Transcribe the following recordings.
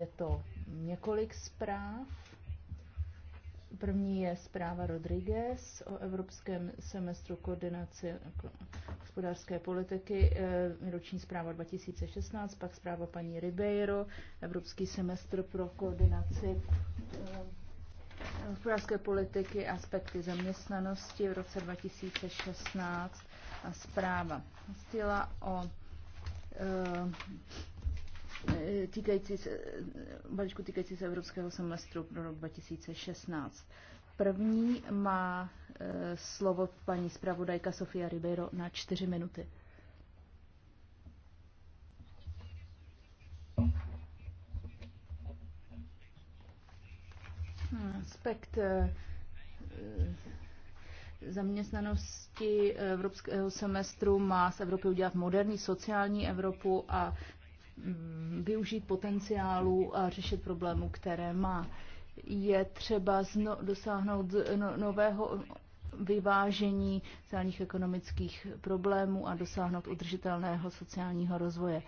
Je to několik zpráv. První je zpráva Rodriguez o Evropském semestru koordinace hospodářské politiky, eh, roční zpráva 2016, pak zpráva paní Ribeiro, Evropský semestr pro koordinaci eh, hospodářské politiky, aspekty zaměstnanosti v roce 2016 a zpráva Stila o eh, Eh, týkající se, eh, balíčku týkající se Evropského semestru pro rok 2016. První má e, slovo paní zpravodajka Sofia Ribeiro na čtyři minuty. Hmm, aspekt e, zaměstnanosti evropského semestru má z Evropy udělat moderní sociální Evropu a Mm, využít potenciálu a řešit problému, které má. Je třeba zno, dosáhnout no, nového vyvážení sociálních ekonomických problémů a dosáhnout udržitelného sociálního rozvoje.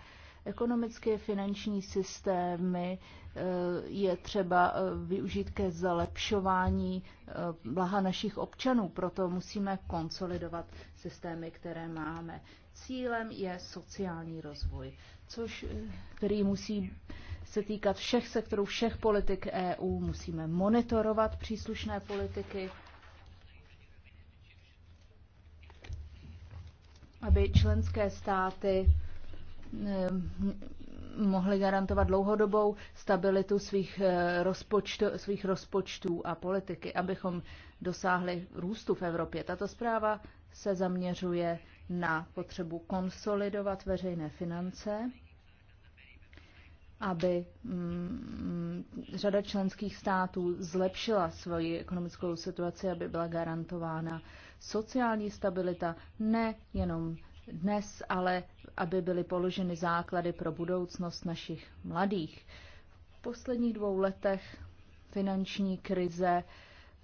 Ekonomické finanční systémy eh, je třeba eh, využít ke zlepšování eh, blaha našich občanů, proto musíme konsolidovat systémy, které máme. Cílem je sociální rozvoj což, eh, který musí se týkat všech sektorů, všech politik EU. Musíme monitorovat příslušné politiky, aby členské státy eh, mohly garantovat dlouhodobou stabilitu svých, eh, rozpočtu, svých rozpočtů a politiky, abychom dosáhli růstu v Evropě. Tato zpráva se zaměřuje na potřebu konsolidovat veřejné finance, aby mm, řada členských států zlepšila svoji ekonomickou situaci, aby byla garantována sociální stabilita ne jenom dnes, ale aby byly položeny základy pro budoucnost našich mladých. V posledních dvou letech finanční krize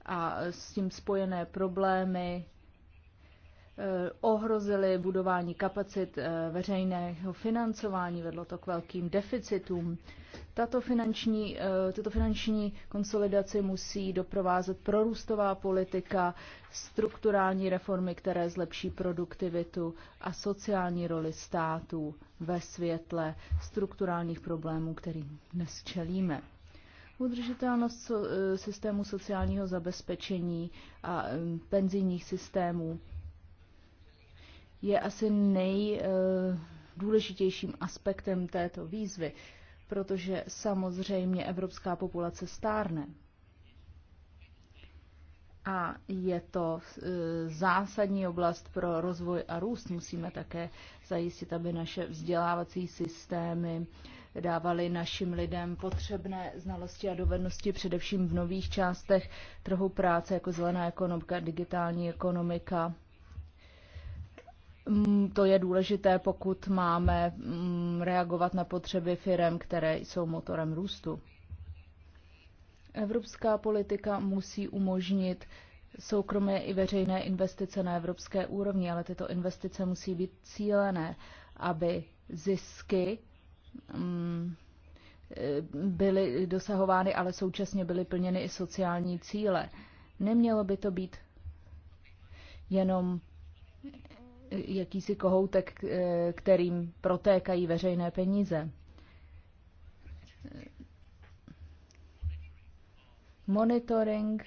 a s tím spojené problémy Eh, ohrozily budování kapacit eh, veřejného financování, vedlo to k velkým deficitům. Tato finanční, eh, tuto finanční konsolidaci musí doprovázet prorůstová politika, strukturální reformy, které zlepší produktivitu a sociální roli států ve světle strukturálních problémů, kterým dnes čelíme. Udržitelnost systému sociálního zabezpečení a penzijních systémů je asi nejdůležitějším eh, aspektem této výzvy, protože samozřejmě evropská populace stárne. A je to eh, zásadní oblast pro rozvoj a růst. Musíme také zajistit, aby naše vzdělávací systémy dávaly našim lidem potřebné znalosti a dovednosti, především v nových částech trhu práce, jako zelená ekonomika, digitální ekonomika Mm, to je důležité, pokud máme mm, reagovat na potřeby firm, které jsou motorem růstu. Evropská politika musí umožnit soukromé i veřejné investice na evropské úrovni, ale tyto investice musí být cílené, aby zisky mm, e, byly dosahovány, ale současně byly plněny i sociální cíle. Nemělo by to být jenom jakýsi kohoutek, kterým protékají veřejné peníze. Monitoring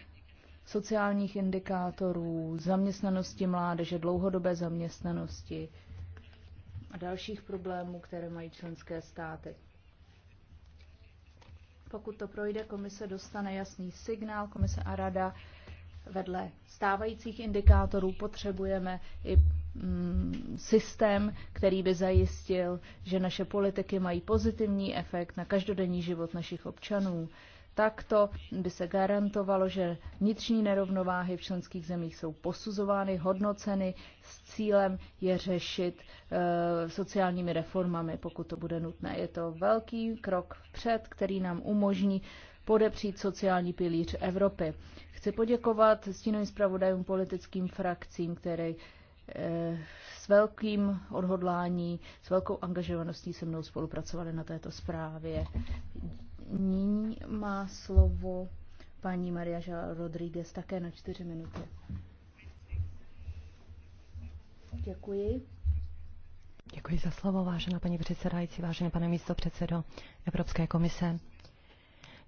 sociálních indikátorů, zaměstnanosti mládeže, dlouhodobé zaměstnanosti a dalších problémů, které mají členské státy. Pokud to projde, komise dostane jasný signál, komise a rada vedle stávajících indikátorů potřebujeme i mm, systém, který by zajistil, že naše politiky mají pozitivní efekt na každodenní život našich občanů. Takto by se garantovalo, že vnitřní nerovnováhy v členských zemích jsou posuzovány, hodnoceny s cílem je řešit e, sociálními reformami, pokud to bude nutné. Je to velký krok vpřed, který nám umožní podepřít sociální pilíř Evropy. Chci poděkovat stínovým zpravodajům politickým frakcím, které eh, s velkým odhodlání, s velkou angažovaností se mnou spolupracovali na této zprávě. Nyní má slovo paní Maria Rodríguez také na čtyři minuty. Děkuji. Děkuji za slovo, vážená paní předsedající, vážený pane místo předsedo Evropské komise.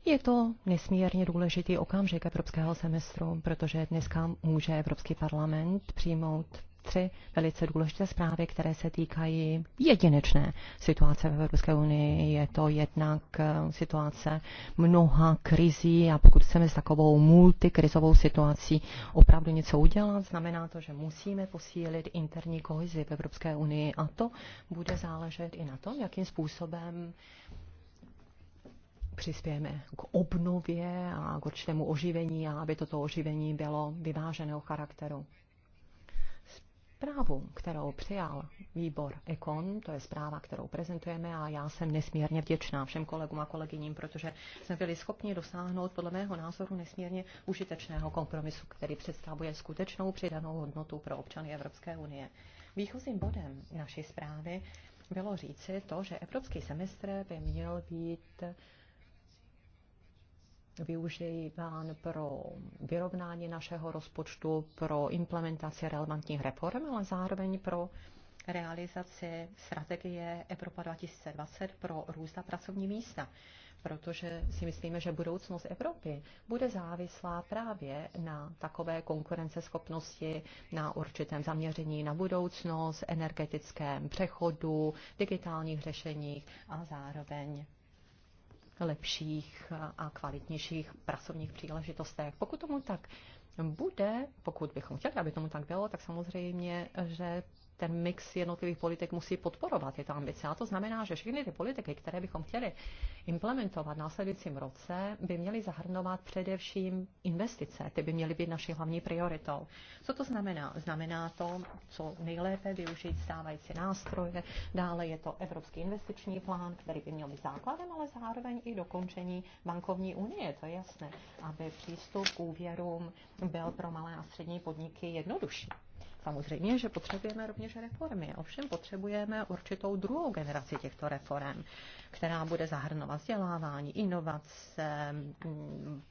Je to nesmírně důležitý okamžik evropského semestru, protože dneska může Evropský parlament přijmout tři velice důležité zprávy, které se týkají jedinečné situace v Evropské unii. Je to jednak eh, situace mnoha krizí a pokud chceme s takovou multikrizovou situací opravdu něco udělat, znamená to, že musíme posílit interní kohezi v Evropské unii a to bude záležet i na tom, jakým způsobem přispějeme k obnově a k určitému oživení a aby toto oživení bylo vyváženého charakteru. Zprávu, kterou přijal výbor Ekon, to je zpráva, kterou prezentujeme a já jsem nesmírně vděčná všem kolegům a kolegyním, protože jsme byli schopni dosáhnout podle mého názoru nesmírně užitečného kompromisu, který představuje skutečnou přidanou hodnotu pro občany Evropské unie. Výchozím bodem naší zprávy bylo říci to, že evropský semestr by měl být využíván pro vyrovnání našeho rozpočtu, pro implementaci relevantních reform, ale zároveň pro realizaci strategie Evropa 2020 pro růsta pracovní místa, protože si myslíme, že budoucnost Evropy bude závislá právě na takové konkurenceschopnosti, na určitém zaměření na budoucnost, energetickém přechodu, digitálních řešeních a zároveň lepších a kvalitnějších pracovních příležitostech. Pokud tomu tak bude, pokud bychom chtěli, aby tomu tak bylo, tak samozřejmě, že ten mix jednotlivých politik musí podporovat tyto ambice. A to znamená, že všechny ty politiky, které bychom chtěli implementovat v následujícím roce, by měly zahrnovat především investice. Ty by měly být naší hlavní prioritou. Co to znamená? Znamená to, co nejlépe využít stávající nástroje. Dále je to Evropský investiční plán, který by měl být základem, ale zároveň i dokončení bankovní unie, to je jasné, aby přístup k úvěrům byl pro malé a střední podniky jednodušší. Samozřejmě, že potřebujeme rovněž reformy, ovšem potřebujeme určitou druhou generaci těchto reform, která bude zahrnovat vzdělávání, inovace, mm,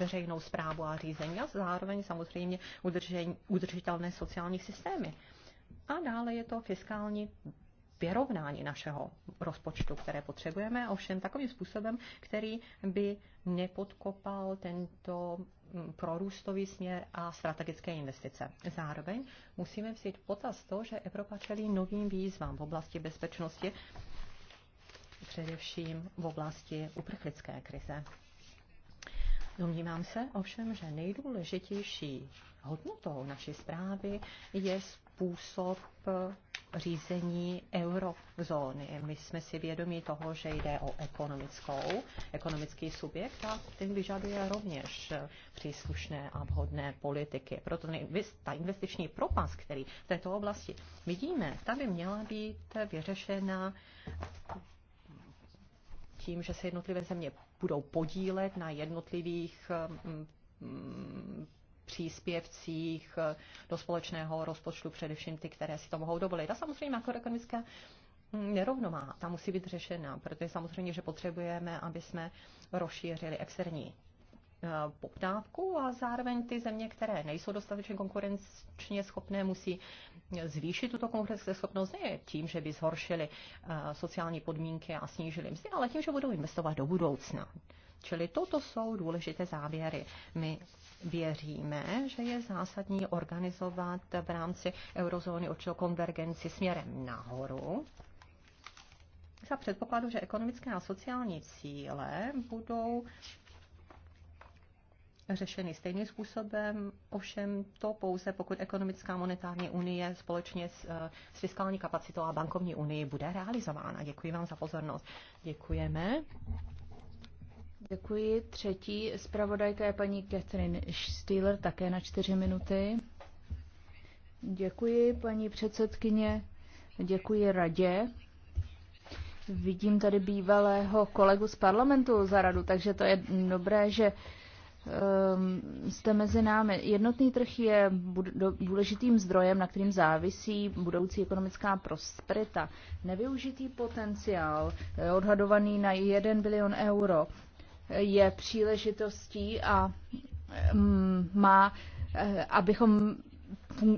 veřejnou zprávu a řízení a zároveň samozřejmě udržení, udržitelné sociální systémy. A dále je to fiskální vyrovnání našeho rozpočtu, které potřebujeme, ovšem takovým způsobem, který by nepodkopal tento mm, prorůstový směr a strategické investice. Zároveň musíme vzít potaz to, že Evropa čelí novým výzvám v oblasti bezpečnosti, především v oblasti uprchlické krize. Domnívám se ovšem, že nejdůležitější hodnotou naší zprávy je způsob řízení eurozóny. My jsme si vědomi toho, že jde o ekonomickou, ekonomický subjekt a ten vyžaduje rovněž příslušné a vhodné politiky. Proto ta investiční propas, který v této oblasti vidíme, ta by měla být vyřešena tím, že se jednotlivé země budou podílet na jednotlivých mm, mm, příspěvcích eh, do společného rozpočtu, především ty, které si to mohou dovolit. A samozřejmě makroekonomická nerovnomá, ta musí být řešena, protože samozřejmě, že potřebujeme, aby jsme rozšířili externí eh, poptávku a zároveň ty země, které nejsou dostatečně konkurenčně schopné, musí zvýšit tuto schopnost ne tím, že by zhoršili eh, sociální podmínky a snížili mzdy, ale tím, že budou investovat do budoucna. Čili toto jsou důležité závěry. My věříme, že je zásadní organizovat v rámci eurozóny určitou konvergenci směrem nahoru. Za předpokladu, že ekonomické a sociální cíle budou řešeny stejným způsobem, ovšem to pouze pokud ekonomická monetární unie společně s, eh, s fiskální kapacitou a bankovní unii bude realizována. Děkuji vám za pozornost. Děkujeme. Děkuji. Třetí zpravodajka je paní Catherine Steeler, také na čtyři minuty. Děkuji, paní předsedkyně. Děkuji radě. Vidím tady bývalého kolegu z parlamentu za radu, takže to je dobré, že um, jste mezi námi. Jednotný trh je důležitým zdrojem, na kterým závisí budoucí ekonomická prosperita. Nevyužitý potenciál, eh, odhadovaný na 1 bilion euro, je příležitostí a mm, má, eh, abychom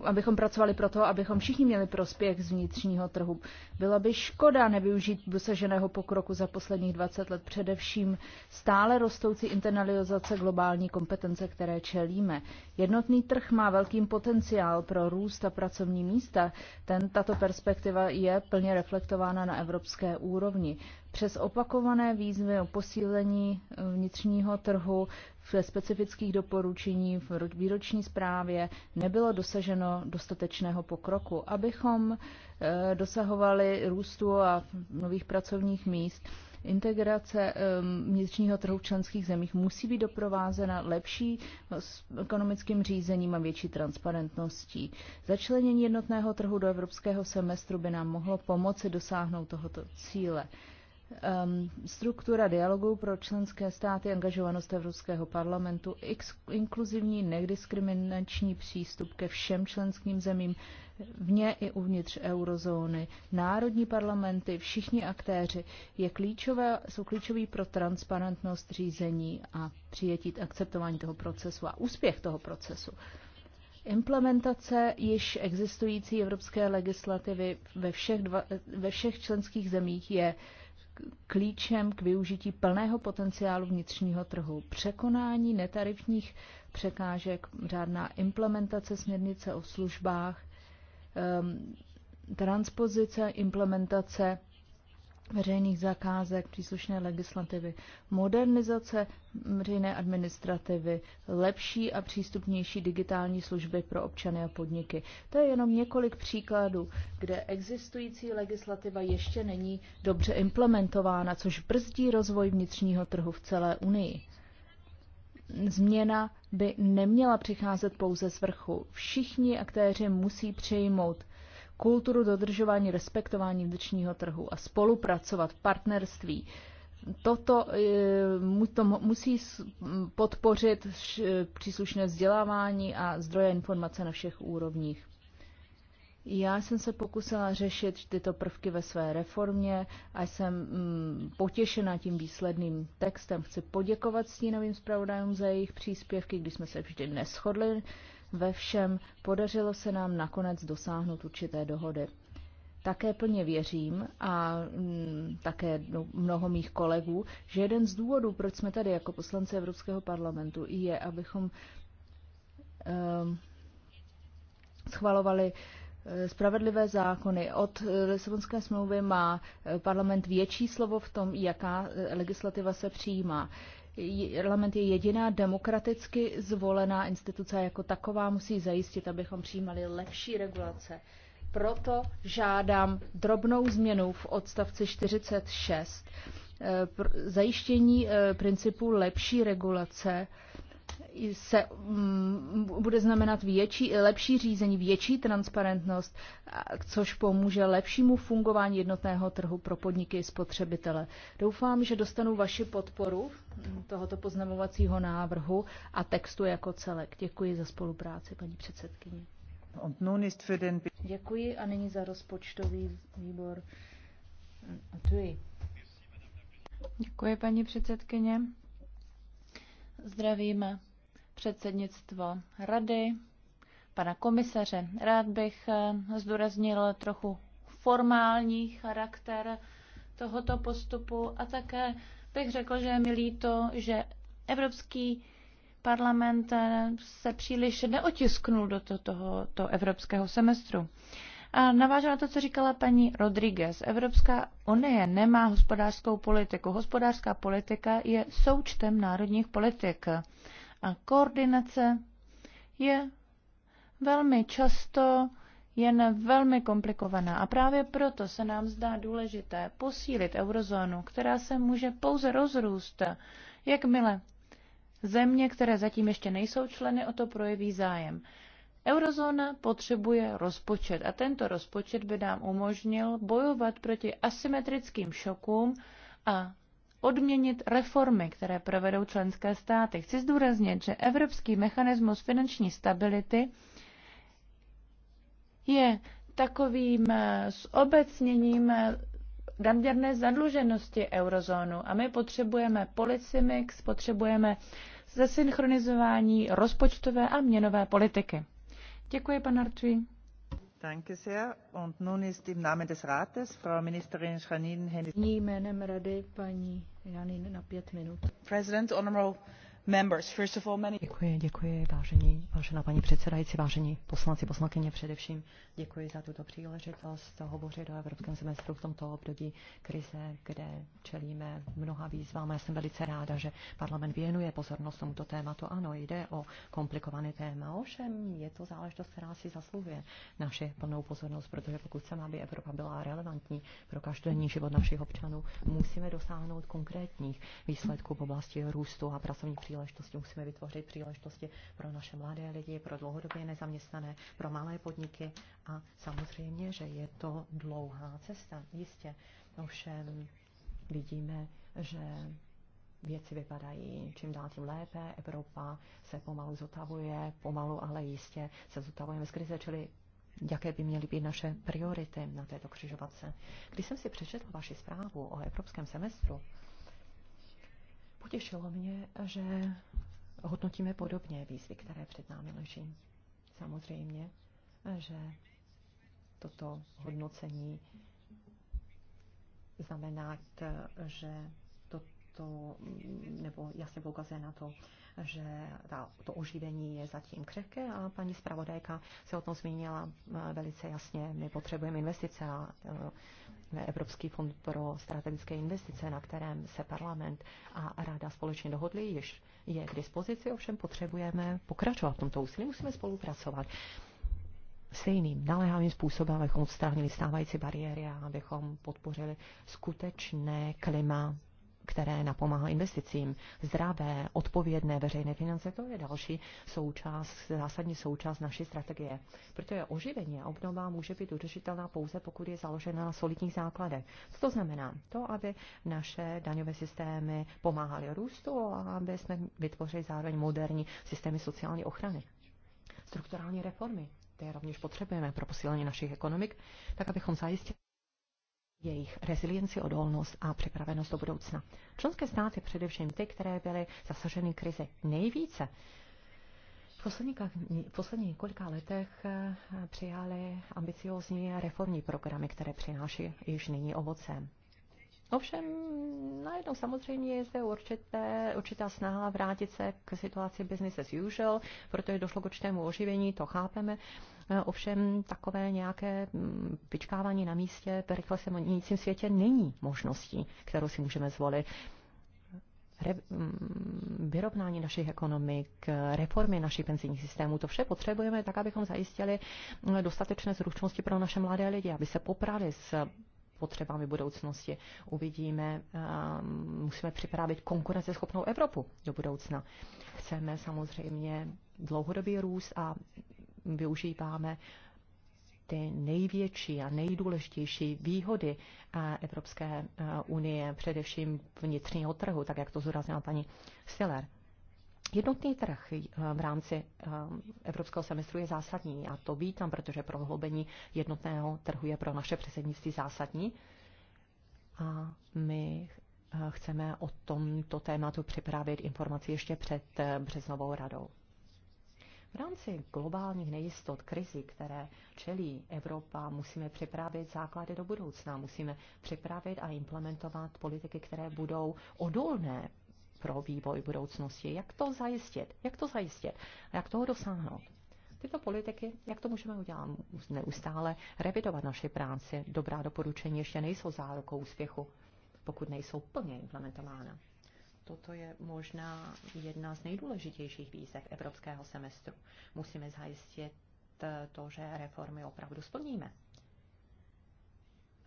abychom pracovali pro to, abychom všichni měli prospěch z vnitřního trhu. Byla by škoda nevyužít dosaženého pokroku za posledních 20 let, především stále rostoucí internalizace globální kompetence, které čelíme. Jednotný trh má velký potenciál pro růst a pracovní místa. Ten, tato perspektiva je plně reflektována na evropské úrovni. Přes opakované výzvy o posílení eh, vnitřního trhu v specifických doporučení v výroční zprávě nebylo dosaženo dostatečného pokroku. Abychom eh, dosahovali růstu a nových pracovních míst, integrace ehm, vnitřního trhu v členských zemích musí být doprovázena lepší eh, ekonomickým řízením a větší transparentností. Začlenění jednotného trhu do evropského semestru by nám mohlo pomoci dosáhnout tohoto cíle um, struktura dialogu pro členské státy, angažovanost Evropského parlamentu, ex- inkluzivní nediskriminační přístup ke všem členským zemím vně i uvnitř eurozóny, národní parlamenty, všichni aktéři je klíčové, jsou klíčový pro transparentnost řízení a přijetí akceptování toho procesu a úspěch toho procesu. Implementace již existující evropské legislativy ve všech, dva, ve všech členských zemích je uh, klíčem k využití plného potenciálu vnitřního trhu. Překonání netarifních překážek, řádná implementace směrnice o službách, ehm, transpozice, implementace veřejných zakázek, příslušné legislativy, modernizace veřejné administrativy, lepší a přístupnější digitální služby pro občany a podniky. To je jenom několik příkladů, kde existující legislativa ještě není dobře implementována, což brzdí rozvoj vnitřního trhu v celé Unii. Změna by neměla přicházet pouze z vrchu. Všichni aktéři musí přejmout kulturu dodržování, respektování vnitřního trhu a spolupracovat, partnerství. Toto e, to musí podpořit e, příslušné vzdělávání a zdroje informace na všech úrovních. Já jsem se pokusila řešit tyto prvky ve své reformě a jsem potěšena tím výsledným textem. Chci poděkovat stínovým zpravodajům za jejich příspěvky, když jsme se vždy neschodli ve všem podařilo se nám nakonec dosáhnout určité dohody. Také plně věřím a mm, také no, mnoho mých kolegů, že jeden z důvodů, proč jsme tady jako poslanci Evropského parlamentu, je, abychom ehm, schvalovali eh, spravedlivé zákony. Od eh, Lisabonské smlouvy má eh, parlament větší slovo v tom, jaká legislativa se přijímá. Parlament je jediná demokraticky zvolená instituce jako taková musí zajistit, abychom přijímali lepší regulace. Proto žádám drobnou změnu v odstavci 46. Eh, zajištění eh, principu lepší regulace se mm, bude znamenat větší, lepší řízení, větší transparentnost, což pomůže lepšímu fungování jednotného trhu pro podniky i spotřebitele. Doufám, že dostanu vaši podporu tohoto poznamovacího návrhu a textu jako celek. Děkuji za spolupráci, paní předsedkyně. Děkuji a nyní za rozpočtový výbor. Děkuji. paní předsedkyně. Zdravím předsednictvo rady, pana komisaře. Rád bych eh, zdůraznil trochu formální charakter tohoto postupu a také bych řekl, že je mi líto, že Evropský parlament eh, se příliš neotisknul do tohoto evropského semestru. A navážu na to, co říkala paní Rodriguez. Evropská unie nemá hospodářskou politiku. Hospodářská politika je součtem národních politik a koordinace je velmi často jen velmi komplikovaná a právě proto se nám zdá důležité posílit eurozónu, která se může pouze rozrůst, jakmile země, které zatím ještě nejsou členy, o to projeví zájem. Eurozóna potřebuje rozpočet a tento rozpočet by nám umožnil bojovat proti asymetrickým šokům a odměnit reformy, které provedou členské státy. Chci zdůraznit, že evropský mechanismus finanční stability je takovým zobecněním eh, eh, nadměrné zadluženosti eurozónu a my potřebujeme policy mix, potřebujeme zesynchronizování rozpočtové a měnové politiky. Děkuji, pan Artví. Danke sehr. Und nun ist im Namen des Rates Frau Jménem rady paní Janine na pět minut. Děkuji, děkuji, vážení, vážená paní předsedající, vážení poslanci, poslankyně především. Děkuji za tuto příležitost hovořit o evropském semestru v tomto období krize, kde čelíme mnoha výzvám. Já jsem velice ráda, že parlament věnuje pozornost tomuto tématu. Ano, jde o komplikované téma, ovšem je to záležitost, která si zasluhuje naše plnou pozornost, protože pokud chceme, aby Evropa byla relevantní pro každodenní život našich občanů, musíme dosáhnout konkrétních výsledků v oblasti růstu a pracovních příležitostí příležitosti, musíme vytvořit příležitosti pro naše mladé lidi, pro dlouhodobě nezaměstnané, pro malé podniky a samozřejmě, že je to dlouhá cesta, jistě. Ovšem vidíme, že věci vypadají čím dál tím lépe, Evropa se pomalu zotavuje, pomalu, ale jistě se zotavujeme z krize, čili jaké by měly být naše priority na této křižovatce. Když jsem si přečetla vaši zprávu o evropském semestru, Potěšilo mě, že hodnotíme podobně výzvy, které před námi leží. Samozřejmě, že toto hodnocení znamená, že toto, nebo jasně poukazuje na to, že ta, to oživení je zatím křehké a paní zpravodajka se o tom zmínila eh, velice jasně. My potřebujeme investice a eh, Evropský fond pro strategické investice, na kterém se parlament a ráda společně dohodli, již je k dispozici, ovšem potřebujeme pokračovat v tomto úsilí, musíme spolupracovat stejným naléhavým způsobem, abychom odstranili stávající bariéry a abychom podpořili skutečné klima které napomáhá investicím. Zdravé, odpovědné veřejné finance, to je další součást, zásadní součást naší strategie. proto je oživení a obnova může být udržitelná pouze, pokud je založena na solidních základech. Co to znamená? To, aby naše daňové systémy pomáhaly růstu a aby jsme vytvořili zároveň moderní systémy sociální ochrany. Strukturální reformy, které rovněž potřebujeme pro posílení našich ekonomik, tak abychom zajistili jejich rezilienci, odolnost a připravenost do budoucna. Členské státy, především ty, které byly zasaženy krizi nejvíce, v posledních, v posledních několika letech eh, přijali ambiciozní reformní programy, které přináší již nyní ovoce. Ovšem, najednou samozřejmě je zde určité, určitá snaha vrátit se k situaci business as usual, protože došlo k určitému oživení, to chápeme. Eh, ovšem, takové nějaké mm, vyčkávání na místě rychle se nicím světě není možností, kterou si můžeme zvolit re, mm, vyrovnání našich ekonomik, reformy našich penzijních systémů. To vše potřebujeme tak, abychom zajistili mm, dostatečné zručnosti pro naše mladé lidi, aby se poprali s potřebami budoucnosti. Uvidíme, musíme připravit konkurenceschopnou Evropu do budoucna. Chceme samozřejmě dlouhodobý růst a využíváme ty největší a nejdůležitější výhody Evropské unie, především vnitřního trhu, tak jak to zúraznila paní Stiller. Jednotný trh eh, v rámci eh, evropského semestru je zásadní a to vítám, protože prohloubení jednotného trhu je pro naše předsednictví zásadní. A my eh, chceme o tomto tématu připravit informaci ještě před březnovou radou. V rámci globálních nejistot, krizi, které čelí Evropa, musíme připravit základy do budoucna, musíme připravit a implementovat politiky, které budou odolné pro vývoj budoucnosti. Jak to zajistit? Jak to zajistit? Jak toho dosáhnout? Tyto politiky, jak to můžeme udělat? Neustále revidovat naši práci. Dobrá doporučení ještě nejsou zárukou úspěchu, pokud nejsou plně implementována. Toto je možná jedna z nejdůležitějších výzev evropského semestru. Musíme zajistit to, že reformy opravdu splníme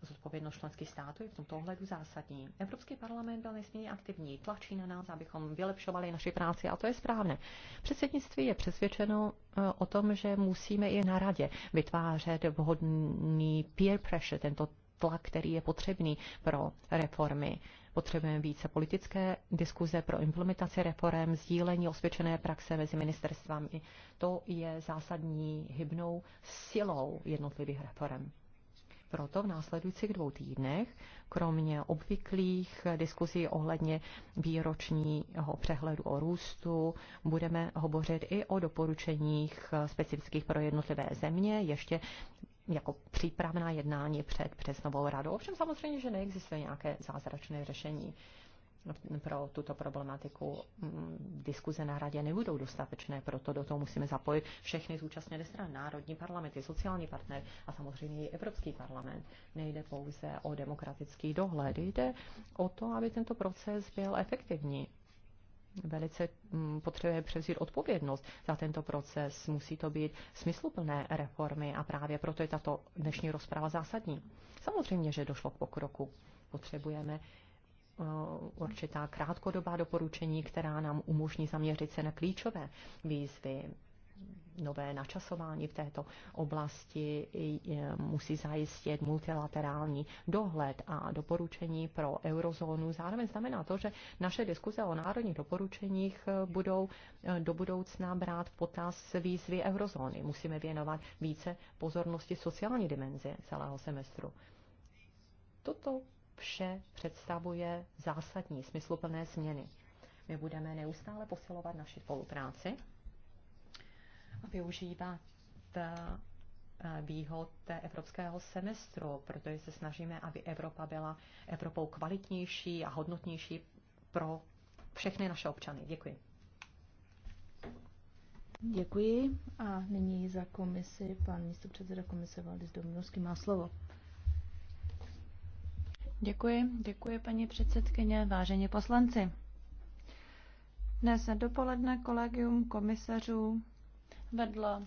zodpovědnost členských států je v tomto ohledu zásadní. Evropský parlament byl nesmírně aktivní, tlačí na nás, abychom vylepšovali naši práci a to je správné. Předsednictví je přesvědčeno eh, o tom, že musíme i na radě vytvářet vhodný peer pressure, tento tlak, který je potřebný pro reformy. Potřebujeme více politické diskuze pro implementaci reform, sdílení osvědčené praxe mezi ministerstvami. To je zásadní hybnou silou jednotlivých reform. Proto v následujících dvou týdnech, kromě obvyklých diskuzí ohledně výročního přehledu o růstu, budeme hovořit i o doporučeních specifických pro jednotlivé země, ještě jako přípravná jednání před přesnovou radou. Ovšem samozřejmě, že neexistuje nějaké zázračné řešení pro tuto problematiku mm, diskuze na radě nebudou dostatečné, proto do toho musíme zapojit všechny zúčastněné strany, národní parlamenty, sociální partner a samozřejmě i Evropský parlament. Nejde pouze o demokratický dohled, jde o to, aby tento proces byl efektivní velice mm, potřebuje převzít odpovědnost za tento proces. Musí to být smysluplné reformy a právě proto je tato dnešní rozprava zásadní. Samozřejmě, že došlo k pokroku. Potřebujeme Eh, určitá krátkodobá doporučení, která nám umožní zaměřit se na klíčové výzvy, nové načasování v této oblasti eh, musí zajistit multilaterální dohled a doporučení pro eurozónu. Zároveň znamená to, že naše diskuze o národních doporučeních eh, budou do budoucna brát v potaz výzvy eurozóny. Musíme věnovat více pozornosti sociální dimenzi celého semestru. Toto vše představuje zásadní, smysluplné změny. My budeme neustále posilovat naši spolupráci a využívat eh, výhod evropského semestru, protože se snažíme, aby Evropa byla Evropou kvalitnější a hodnotnější pro všechny naše občany. Děkuji. Děkuji a nyní za komisi pan místopředseda komise Valdis Dominovský má slovo. Děkuji, děkuji paní předsedkyně, vážení poslanci. Dnes dopoledne kolegium komisařů vedlo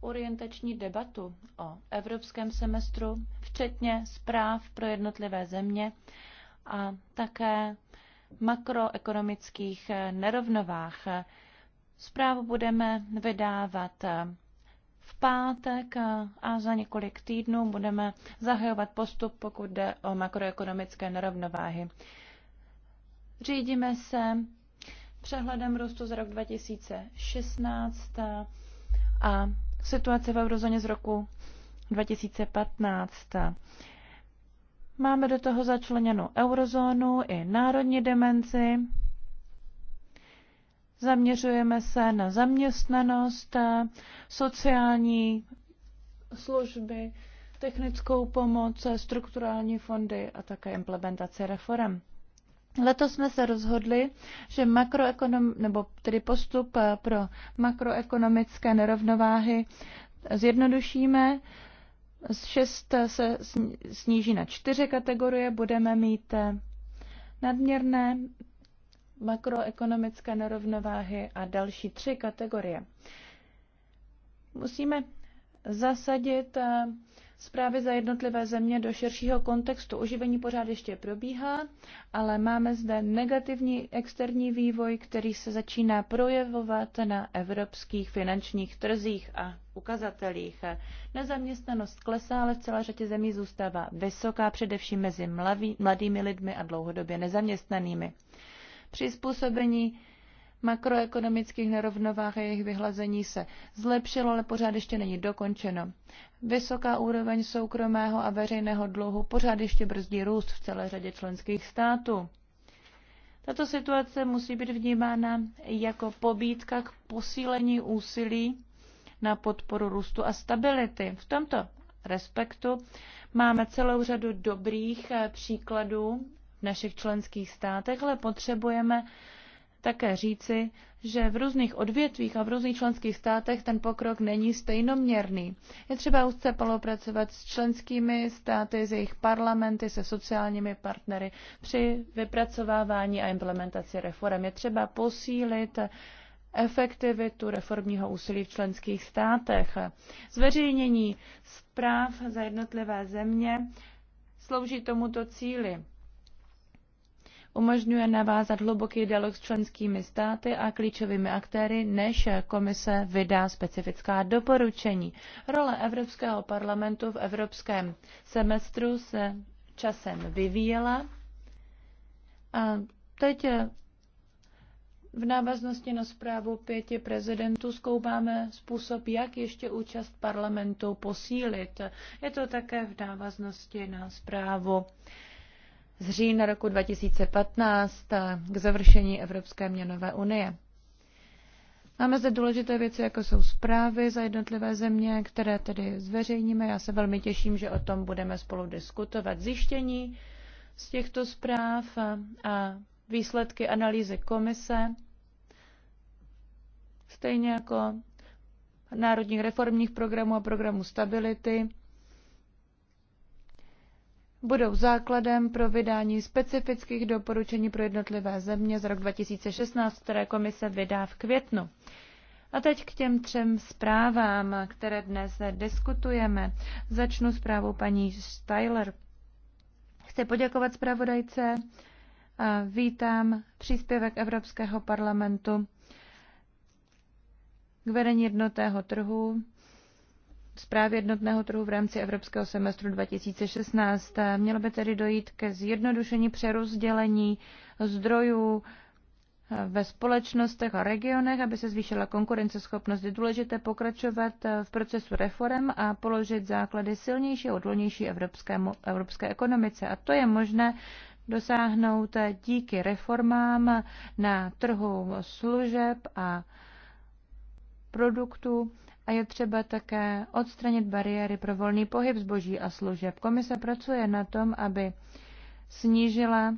orientační debatu o evropském semestru, včetně zpráv pro jednotlivé země a také makroekonomických nerovnovách. Zprávu budeme vydávat v pátek a za několik týdnů budeme zahajovat postup, pokud jde o makroekonomické nerovnováhy. Řídíme se přehledem růstu z roku 2016 a situace v eurozóně z roku 2015. Máme do toho začleněnou eurozónu i národní demenci, Zaměřujeme se na zaměstnanost, sociální služby, technickou pomoc, strukturální fondy a také implementaci reform. Letos jsme se rozhodli, že makroekonom, nebo tedy postup pro makroekonomické nerovnováhy zjednodušíme. Z šest se sníží na čtyři kategorie, budeme mít nadměrné makroekonomické nerovnováhy a další tři kategorie. Musíme zasadit eh, zprávy za jednotlivé země do širšího kontextu. Oživení pořád ještě probíhá, ale máme zde negativní externí vývoj, který se začíná projevovat na evropských finančních trzích a ukazatelích. Nezaměstnanost klesá, ale v celé řadě zemí zůstává vysoká, především mezi mladými lidmi a dlouhodobě nezaměstnanými přizpůsobení makroekonomických nerovnovách a jejich vyhlazení se zlepšilo, ale pořád ještě není dokončeno. Vysoká úroveň soukromého a veřejného dluhu pořád ještě brzdí růst v celé řadě členských států. Tato situace musí být vnímána jako pobídka k posílení úsilí na podporu růstu a stability. V tomto respektu máme celou řadu dobrých příkladů v našich členských státech, ale potřebujeme také říci, že v různých odvětvích a v různých členských státech ten pokrok není stejnoměrný. Je třeba úzce spolupracovat s členskými státy, s jejich parlamenty, se sociálními partnery při vypracovávání a implementaci reform. Je třeba posílit efektivitu reformního úsilí v členských státech. Zveřejnění zpráv za jednotlivé země slouží tomuto cíli umožňuje navázat hluboký dialog s členskými státy a klíčovými aktéry, než komise vydá specifická doporučení. Role Evropského parlamentu v evropském semestru se časem vyvíjela a teď v návaznosti na zprávu pěti prezidentů zkoumáme způsob, jak ještě účast parlamentu posílit. Je to také v návaznosti na zprávu z října roku 2015 k završení Evropské měnové unie. Máme zde důležité věci, jako jsou zprávy za jednotlivé země, které tedy zveřejníme. Já se velmi těším, že o tom budeme spolu diskutovat. Zjištění z těchto zpráv a, a výsledky analýzy komise, stejně jako národních reformních programů a programů stability, budou základem pro vydání specifických doporučení pro jednotlivé země z rok 2016, které komise vydá v květnu. A teď k těm třem zprávám, které dnes diskutujeme. Začnu zprávou paní Styler. Chci poděkovat zpravodajce a vítám příspěvek Evropského parlamentu k vedení jednotného trhu zprávy jednotného trhu v rámci Evropského semestru 2016. Mělo by tedy dojít ke zjednodušení přerozdělení zdrojů ve společnostech a regionech, aby se zvýšila konkurenceschopnost, je důležité pokračovat v procesu reform a položit základy silnější a odolnější evropské ekonomice. A to je možné dosáhnout díky reformám na trhu služeb a produktů a je třeba také odstranit bariéry pro volný pohyb zboží a služeb. Komise pracuje na tom, aby snížila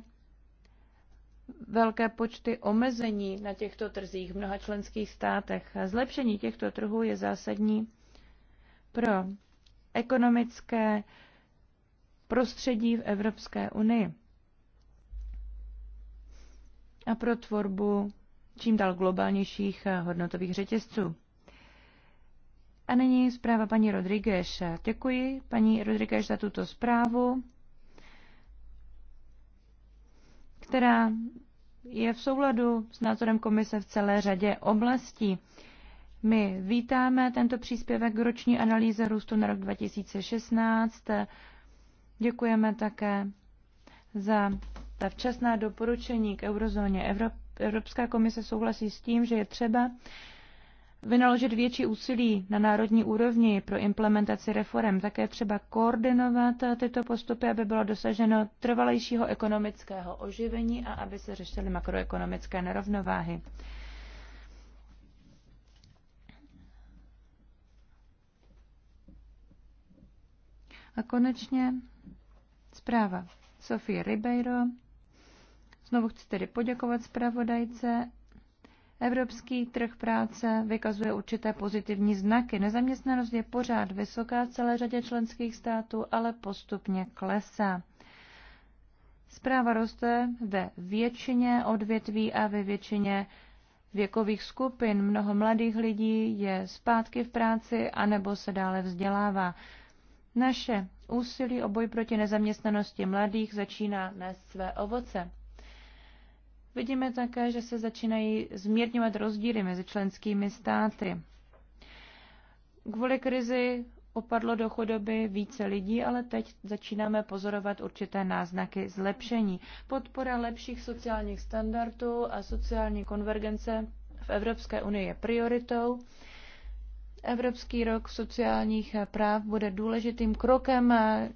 velké počty omezení na těchto trzích v mnoha členských státech. Zlepšení těchto trhů je zásadní pro ekonomické prostředí v Evropské unii a pro tvorbu čím dál globálnějších hodnotových řetězců. A nyní zpráva paní Rodriguez. Děkuji paní Rodriguez za tuto zprávu, která je v souladu s názorem komise v celé řadě oblastí. My vítáme tento příspěvek k roční analýze růstu na rok 2016. Děkujeme také za ta včasná doporučení k eurozóně. Evropská komise souhlasí s tím, že je třeba vynaložit větší úsilí na národní úrovni pro implementaci reform. Také třeba koordinovat tyto postupy, aby bylo dosaženo trvalejšího ekonomického oživení a aby se řešily makroekonomické nerovnováhy. A konečně zpráva Sofie Ribeiro. Znovu chci tedy poděkovat zpravodajce Evropský trh práce vykazuje určité pozitivní znaky. Nezaměstnanost je pořád vysoká v celé řadě členských států, ale postupně klesá. Zpráva roste ve většině odvětví a ve většině věkových skupin. Mnoho mladých lidí je zpátky v práci anebo se dále vzdělává. Naše úsilí o boj proti nezaměstnanosti mladých začíná nést své ovoce. Vidíme také, že se začínají zmírňovat rozdíly mezi členskými státy. Kvůli krizi opadlo do chudoby více lidí, ale teď začínáme pozorovat určité náznaky zlepšení. Podpora lepších sociálních standardů a sociální konvergence v Evropské unii je prioritou. Evropský rok sociálních práv bude důležitým krokem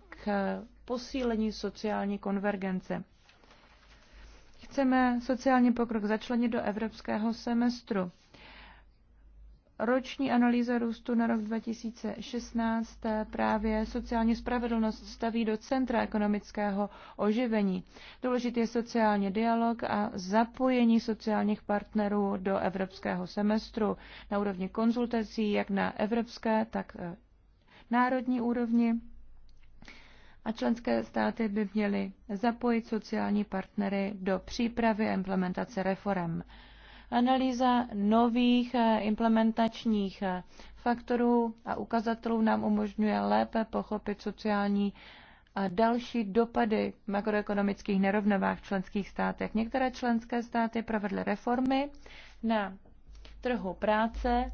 k posílení sociální konvergence. Chceme sociální pokrok začlenit do evropského semestru. Roční analýza růstu na rok 2016 právě sociální spravedlnost staví do centra ekonomického oživení. Důležitý je sociální dialog a zapojení sociálních partnerů do evropského semestru na úrovni konzultací, jak na evropské, tak eh, národní úrovni a členské státy by měly zapojit sociální partnery do přípravy a implementace reform. Analýza nových eh, implementačních eh, faktorů a ukazatelů nám umožňuje lépe pochopit sociální a další dopady makroekonomických nerovnovách v členských státech. Některé členské státy provedly reformy na trhu práce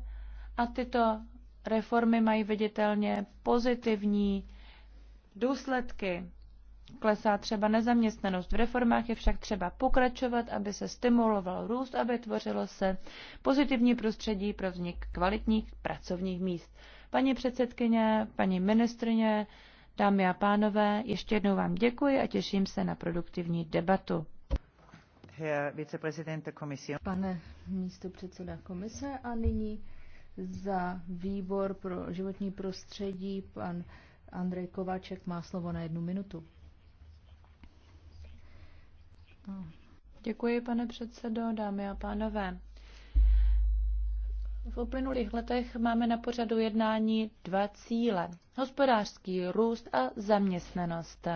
a tyto reformy mají viditelně pozitivní důsledky. Klesá třeba nezaměstnanost. V reformách je však třeba pokračovat, aby se stimuloval růst aby tvořilo se pozitivní prostředí pro vznik kvalitních pracovních míst. Paní předsedkyně, paní ministrně, dámy a pánové, ještě jednou vám děkuji a těším se na produktivní debatu. Pane místo předseda komise a nyní za výbor pro životní prostředí pan Andrej Kováček má slovo na jednu minutu. No. Děkuji, pane předsedo, dámy a pánové. V uplynulých letech máme na pořadu jednání dva cíle. Hospodářský růst a zaměstnanost.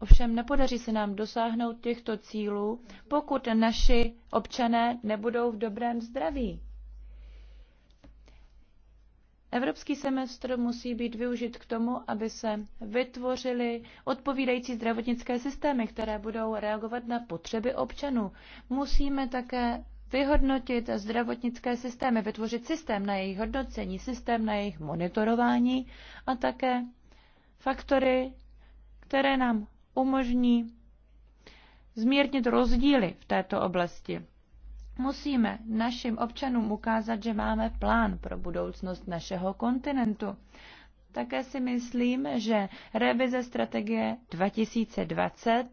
Ovšem nepodaří se nám dosáhnout těchto cílů, pokud naši občané nebudou v dobrém zdraví. Evropský semestr musí být využit k tomu, aby se vytvořily odpovídající zdravotnické systémy, které budou reagovat na potřeby občanů. Musíme také vyhodnotit zdravotnické systémy, vytvořit systém na jejich hodnocení, systém na jejich monitorování a také faktory, které nám umožní zmírnit rozdíly v této oblasti. Musíme našim občanům ukázat, že máme plán pro budoucnost našeho kontinentu. Také si myslím, že revize strategie 2020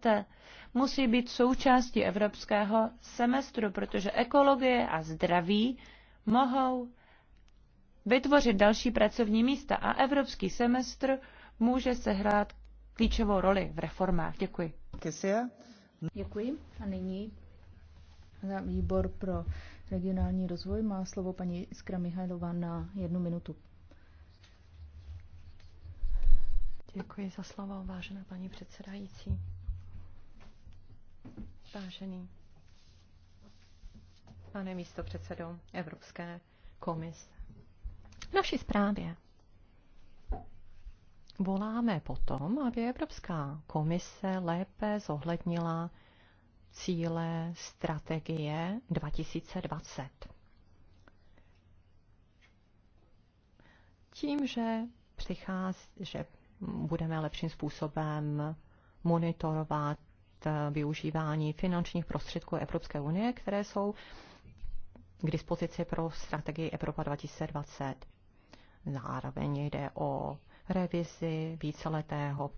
musí být součástí evropského semestru, protože ekologie a zdraví mohou vytvořit další pracovní místa a evropský semestr může sehrát klíčovou roli v reformách. Děkuji. Děkuji. A nyní za výbor pro regionální rozvoj má slovo paní Iskra Mihajlová na jednu minutu. Děkuji za slovo, vážená paní předsedající. Vážený pane místo předsedo Evropské komise. V naší zprávě voláme potom, aby Evropská komise lépe zohlednila cíle strategie 2020. Tím, že přichází, že budeme lepším způsobem monitorovat eh, využívání finančních prostředků Evropské unie, které jsou k dispozici pro strategii Evropa 2020. Zároveň jde o revizi víceletého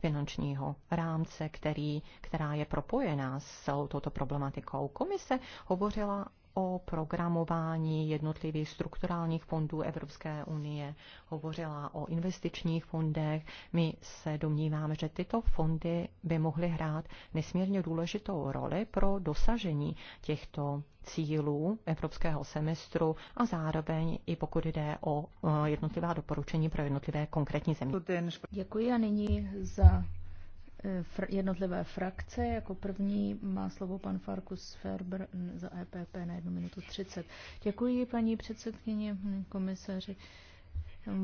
finančního rámce, který, která je propojená s celou touto problematikou. Komise hovořila o programování jednotlivých strukturálních fondů Evropské unie, hovořila o investičních fondech. My se domníváme, že tyto fondy by mohly hrát nesmírně důležitou roli pro dosažení těchto cílů evropského semestru a zároveň i pokud jde o e, jednotlivá doporučení pro jednotlivé konkrétní země. Děkuji a nyní za Eh, jednotlivé frakce. Jako první má slovo pan Farkus Ferber za EPP na 1 minutu 30. Děkuji paní předsedkyně, komisaři.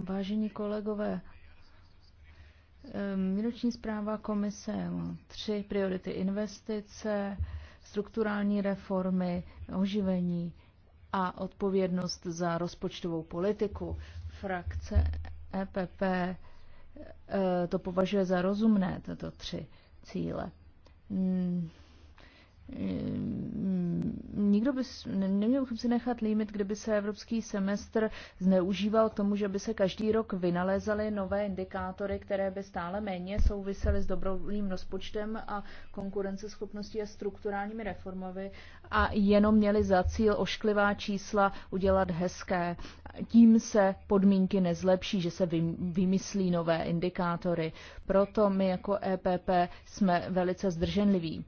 Vážení kolegové, minuční eh, zpráva komise tři priority investice, strukturální reformy, oživení a odpovědnost za rozpočtovou politiku. Frakce EPP Eh, to považuje za rozumné, tyto tři cíle. Hmm. Ehm, nikdo by, neměl bychom si nechat límit, kdyby se evropský semestr zneužíval k tomu, že by se každý rok vynalézaly nové indikátory, které by stále méně souvisely s dobrým rozpočtem a konkurenceschopností a strukturálními reformami a jenom měli za cíl ošklivá čísla udělat hezké. Tím se podmínky nezlepší, že se vymyslí nové indikátory. Proto my jako EPP jsme velice zdrženliví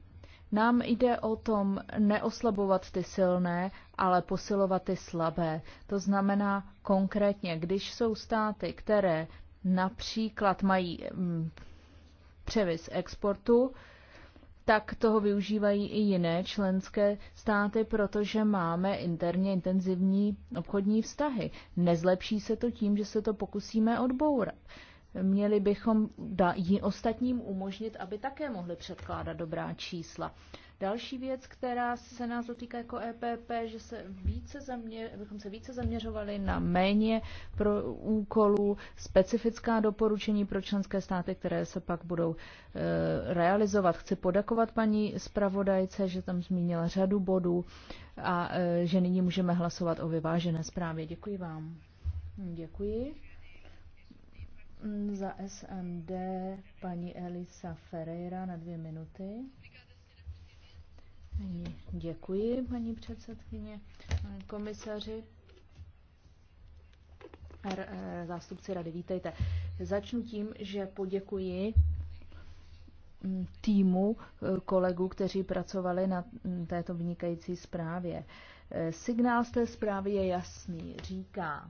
nám jde o tom neoslabovat ty silné, ale posilovat ty slabé. To znamená konkrétně, když jsou státy, které například mají mm, převis exportu, tak toho využívají i jiné členské státy, protože máme interně intenzivní obchodní vztahy. Nezlepší se to tím, že se to pokusíme odbourat. Měli bychom jí ostatním umožnit, aby také mohli předkládat dobrá čísla. Další věc, která se nás dotýká jako EPP, že se více zaměř, bychom se více zaměřovali na méně pro úkolů, specifická doporučení pro členské státy, které se pak budou e, realizovat. Chci podakovat paní zpravodajce, že tam zmínila řadu bodů a e, že nyní můžeme hlasovat o vyvážené zprávě. Děkuji vám. Děkuji. Mm, za SND paní Elisa Ferreira na dvě minuty. Děkuji, paní předsedkyně, komisaři. Eh, zástupci rady, vítejte. Začnu tím, že poděkuji mm, týmu eh, kolegů, kteří pracovali na mm, této vynikající zprávě. Eh, signál z té zprávy je jasný. Říká,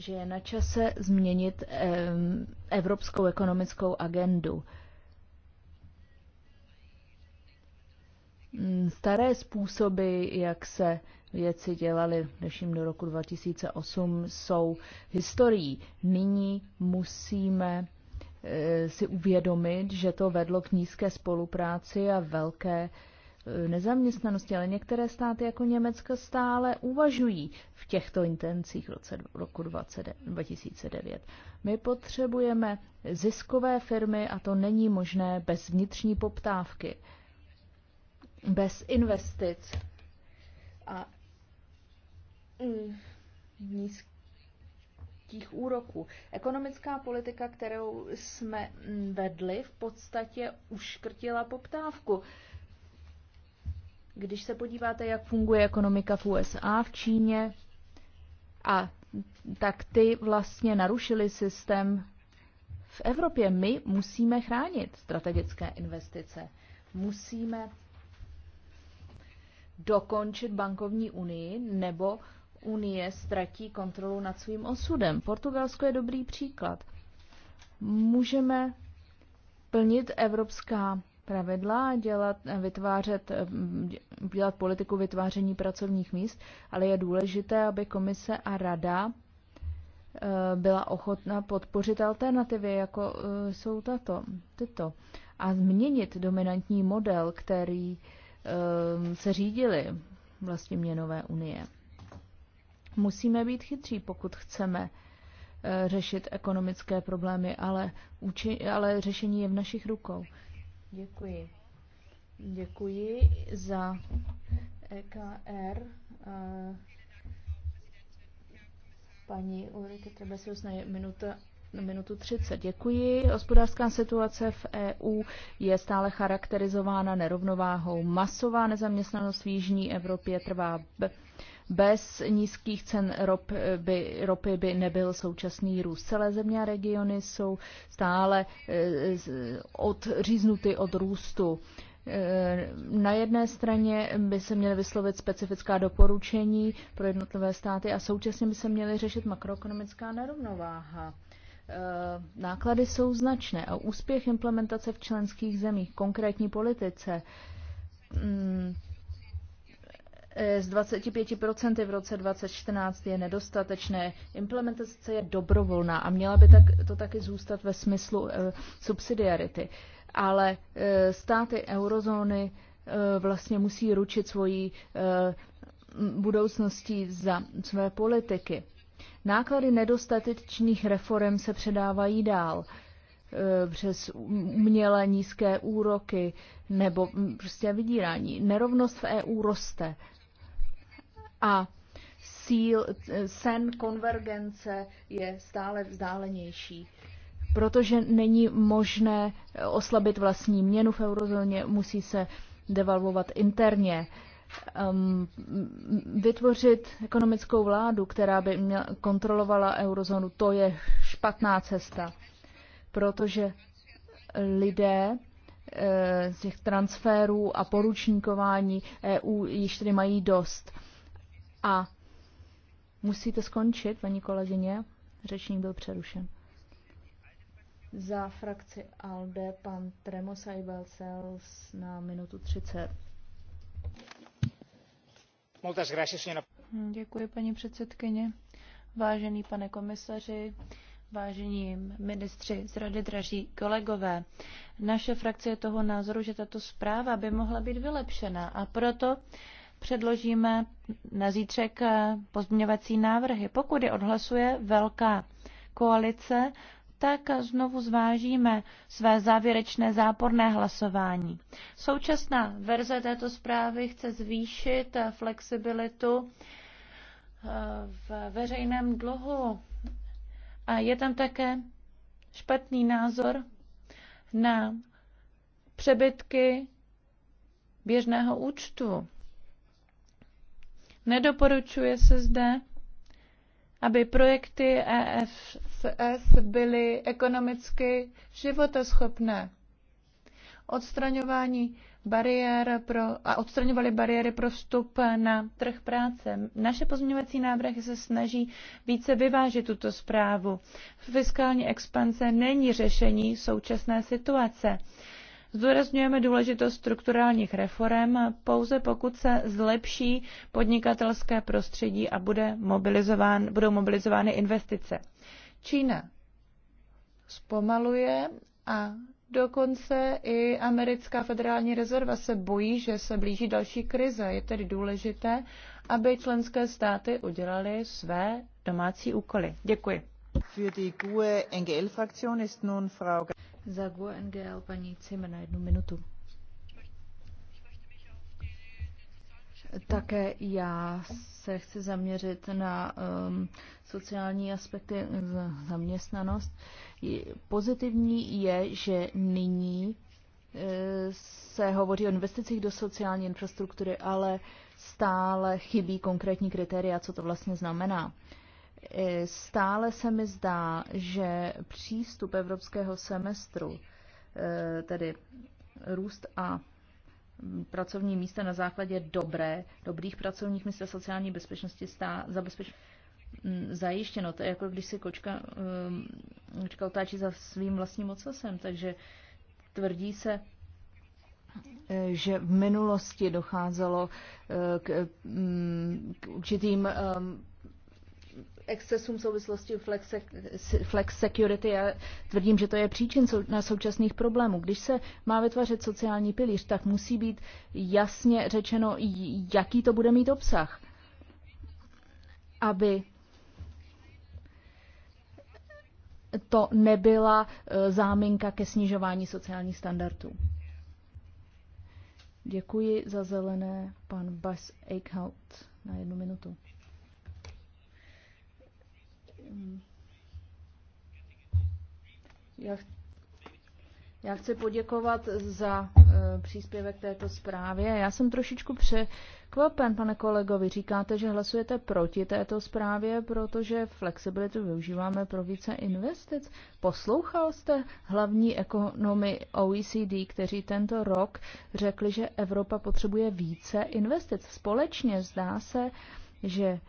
že je na čase změnit evropskou ekonomickou agendu. Mm, staré způsoby, jak se věci dělaly, dnešním do roku 2008, jsou historií. Nyní musíme eh, si uvědomit, že to vedlo k nízké spolupráci a velké Eh, nezaměstnanosti, ale některé státy jako Německo stále uvažují v těchto intencích v roce, roku 2009. My potřebujeme ziskové firmy a to není možné bez vnitřní poptávky, bez investic a mm, nízkých úroků. Ekonomická politika, kterou jsme mm, vedli, v podstatě uškrtila poptávku. Když se podíváte, jak funguje ekonomika v USA, v Číně, a tak ty vlastně narušili systém v Evropě. My musíme chránit strategické investice. Musíme dokončit bankovní unii nebo Unie ztratí kontrolu nad svým osudem. Portugalsko je dobrý příklad. Můžeme plnit evropská pravidla, dělat, vytvářet, dělat politiku vytváření pracovních míst, ale je důležité, aby komise a rada eh, byla ochotna podpořit alternativy, jako eh, jsou tato, tyto, a změnit dominantní model, který eh, se řídili vlastně měnové unie. Musíme být chytří, pokud chceme řešit ekonomické problémy, ale, uči, ale řešení je v našich rukou. Děkuji. Děkuji za EKR. Paní Ulrike Trebesius na minuta na minutu 30. Děkuji. Hospodářská situace v EU je stále charakterizována nerovnováhou. Masová nezaměstnanost v Jižní Evropě trvá bez nízkých cen rop by, ropy by nebyl současný růst. Celé země a regiony jsou stále eh, odříznuty od růstu. Eh, na jedné straně by se měly vyslovit specifická doporučení pro jednotlivé státy a současně by se měly řešit makroekonomická nerovnováha. Eh, náklady jsou značné a úspěch implementace v členských zemích, konkrétní politice, mm, z 25% v roce 2014 je nedostatečné. Implementace je dobrovolná a měla by tak, to taky zůstat ve smyslu uh, subsidiarity. Ale uh, státy eurozóny uh, vlastně musí ručit svojí uh, budoucností za své politiky. Náklady nedostatečných reform se předávají dál přes umělé nízké úroky nebo hm, prostě vydírání. Nerovnost v EU roste a síl, sen konvergence je stále vzdálenější. Protože není možné oslabit vlastní měnu v eurozóně, musí se devalvovat interně. Um, vytvořit ekonomickou vládu, která by měla, kontrolovala eurozónu, to je špatná cesta, protože lidé eh, z těch transferů a poručníkování EU již tedy mají dost a musíte skončit, paní kolegyně. Řečník byl přerušen. Za frakci ALDE pan Tremo Ibelcels na minutu 30. Hm, děkuji, paní předsedkyně. Vážený pane komisaři, vážení ministři z Rady, draží kolegové, naše frakce je toho názoru, že tato zpráva by mohla být vylepšena a proto předložíme na zítřek eh, pozměňovací návrhy. Pokud je odhlasuje velká koalice, tak znovu zvážíme své závěrečné záporné hlasování. Současná verze této zprávy chce zvýšit eh, flexibilitu eh, v veřejném dluhu. A je tam také špatný názor na přebytky běžného účtu. Nedoporučuje se zde, aby projekty EFS byly ekonomicky životoschopné. Odstraňování bariér pro, a odstraňovaly bariéry pro vstup na trh práce. Naše pozměňovací návrhy se snaží více vyvážit tuto zprávu. Fiskální expanze není řešení současné situace. Zdůrazňujeme důležitost strukturálních reform pouze pokud se zlepší podnikatelské prostředí a bude mobilizován, budou mobilizovány investice. Čína zpomaluje a Dokonce i americká federální rezerva se bojí, že se blíží další krize. Je tedy důležité, aby členské státy udělaly své domácí úkoly. Děkuji. Za GUNGL e paní Cime na jednu minutu. Také já se chci zaměřit na um, sociální aspekty zaměstnanost. Pozitivní je, že nyní uh, se hovoří o investicích do sociální infrastruktury, ale stále chybí konkrétní kritéria, co to vlastně znamená. Uh, Stále se mi zdá, že přístup evropského semestru, e, tedy růst a pracovní místa na základě dobré, dobrých pracovních míst a sociální bezpečnosti stá, zabezpeč, zajištěno. To je jako když si kočka, kočka otáčí za svým vlastním ocasem, takže tvrdí se, e, že v minulosti docházelo e, k, k určitým excesům v souvislosti flex, flex security. Já tvrdím, že to je příčin na současných problémů. Když se má vytvářet sociální pilíř, tak musí být jasně řečeno, jaký to bude mít obsah, aby to nebyla e, záminka ke snižování sociálních standardů. Děkuji za zelené pan Bas Eichhout na jednu minutu. Já, já chci poděkovat za uh, příspěvek této zprávě. Já jsem trošičku překvapen, pane kolegovi. Říkáte, že hlasujete proti této zprávě, protože flexibilitu využíváme pro více investic. Poslouchal jste hlavní ekonomy OECD, kteří tento rok řekli, že Evropa potřebuje více investic. Společně zdá se, že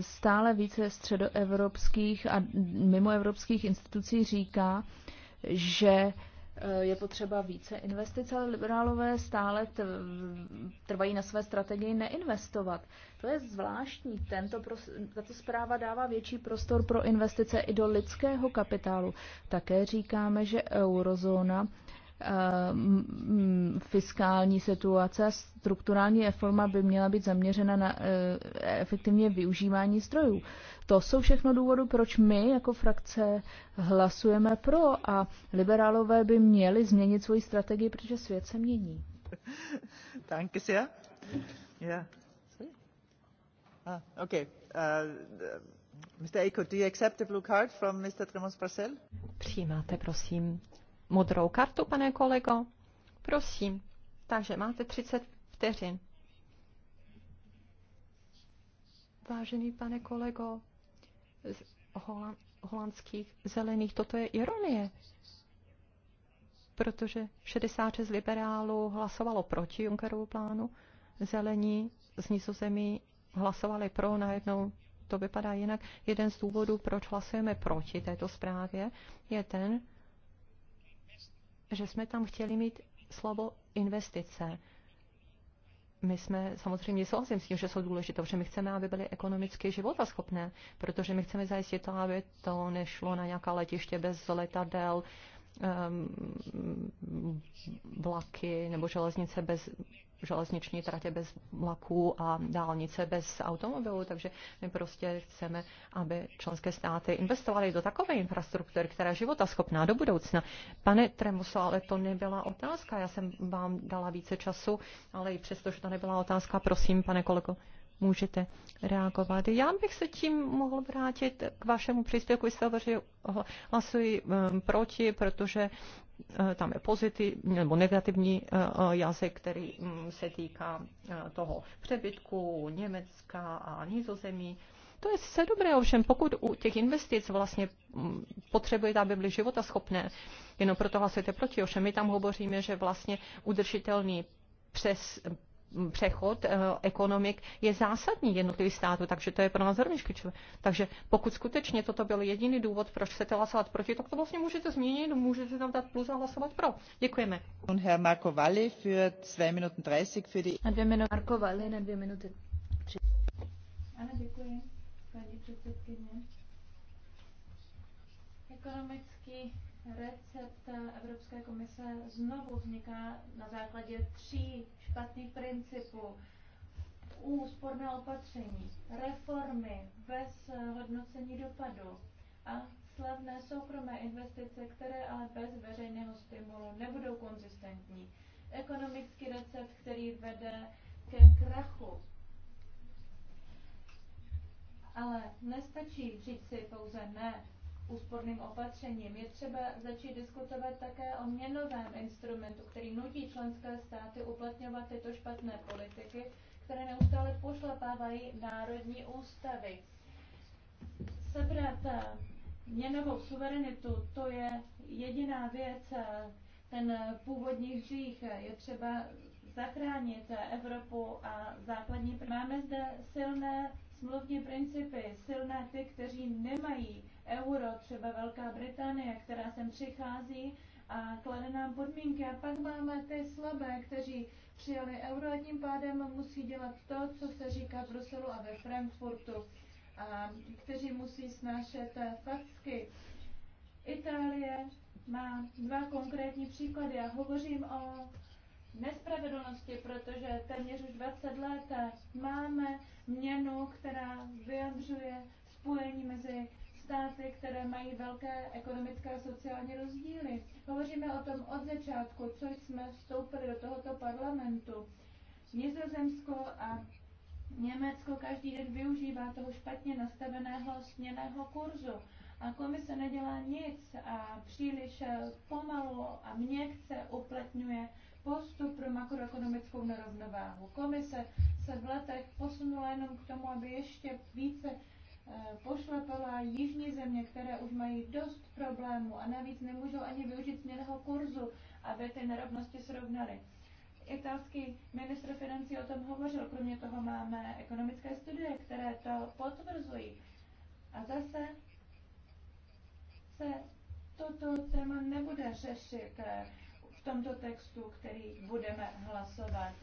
stále více středoevropských a mimoevropských institucí říká, že eh, je potřeba více investic, ale liberálové stále trvají na své strategii neinvestovat. To je zvláštní. Tento, tato zpráva dává větší prostor pro investice i do lidského kapitálu. Také říkáme, že eurozóna Ehm, mm, fiskální situace a strukturální reforma by měla být zaměřena na eh, efektivně využívání strojů. To jsou všechno důvody, proč my jako frakce hlasujeme pro a liberálové by měli změnit svoji strategii, protože svět se mění. Danke sehr. Ja. Ah, okay. Uh, Mr. Eiko, do you accept the blue card from Mr. Tremos-Parcel? Přijímáte, prosím, modrou kartu, pane kolego? Prosím. Takže máte 30 vteřin. Vážený pane kolego z holand, holandských zelených, toto je ironie, protože 66 liberálů hlasovalo proti Junckerovu plánu, zelení z Nizozemí hlasovali pro, najednou to vypadá jinak. Jeden z důvodů, proč hlasujeme proti této zprávě, je ten, že jsme tam chtěli mít slovo investice. My jsme samozřejmě souhlasím s tím, že jsou důležité, protože my chceme, aby byly ekonomicky životaschopné, protože my chceme zajistit to, aby to nešlo na nějaká letiště bez letadel, ehm, vlaky nebo železnice bez železniční tratě bez vlaků a dálnice bez automobilů, takže my prostě chceme, aby členské státy investovaly do takové infrastruktury, která je schopná do budoucna. Pane Tremuso, ale to nebyla otázka, já jsem vám dala více času, ale i přesto, že to nebyla otázka, prosím, pane kolego můžete reagovat. Já bych se tím mohl vrátit k vašemu příspěvku, jste hovořil, hlasuji eh, proti, protože eh, tam je pozitivní, nebo negativní eh, jazyk, který mm, se týká toho přebytku Německa a Nizozemí. To je se dobré, ovšem pokud u těch investic vlastně mm, potřebujete, aby byly schopné, jenom proto hlasujete proti, ovšem my tam hovoříme, že vlastně udržitelný přes přechod eh, ekonomik je zásadní jednotlivých států, takže to je pro nás rovněž klíčové. Takže pokud skutečně toto byl jediný důvod, proč chcete hlasovat proti, tak to vlastně můžete změnit, můžete tam dát plus a hlasovat pro. Děkujeme. Und Herr Marco Valli für 2 Minuten 30 für die... Na dvě minuty. Marco Valli na dvě minuty. Tři. Ano, děkuji, paní předsedkyně. Ekonomický Recept Evropské komise znovu vzniká na základě tří špatných principů. Úsporné opatření, reformy bez hodnocení dopadu a slavné soukromé investice, které ale bez veřejného stimulu nebudou konzistentní. Ekonomický recept, který vede ke krachu. Ale nestačí říct si pouze ne, úsporným opatřením. Je třeba začít diskutovat také o měnovém instrumentu, který nutí členské státy uplatňovat tyto špatné politiky, které neustále pošlapávají národní ústavy. Sebrat eh, měnovou suverenitu, to je jediná věc, eh, ten původní hřích je třeba zachránit eh, Evropu a základní. Máme zde silné smluvní principy, silné ty, kteří nemají euro, třeba Velká Británie, která sem přichází a klade nám podmínky. A pak máme ty slabé, kteří přijali euro a tím pádem musí dělat to, co se říká v Bruselu a ve Frankfurtu, a kteří musí snášet facky. Itálie má dva konkrétní příklady. Já hovořím o nespravedlnosti, protože téměř už 20 let máme měnu, která vyjadřuje spojení mezi státy, které mají velké ekonomické a sociální rozdíly. Hovoříme o tom od začátku, co jsme vstoupili do tohoto parlamentu. Nizozemsko a Německo každý den využívá toho špatně nastaveného směného kurzu a komise nedělá nic a příliš pomalu a měkce uplatňuje postup pro makroekonomickou nerovnováhu. Komise se v letech posunula jenom k tomu, aby ještě více Eh, pošlepala jižní země, které už mají dost problémů a navíc nemůžou ani využít směného kurzu, aby ty nerovnosti srovnaly. Italský ministr financí o tom hovořil, kromě toho máme ekonomické studie, které to potvrzují. A zase se toto téma nebude řešit eh, v tomto textu, který budeme hlasovat.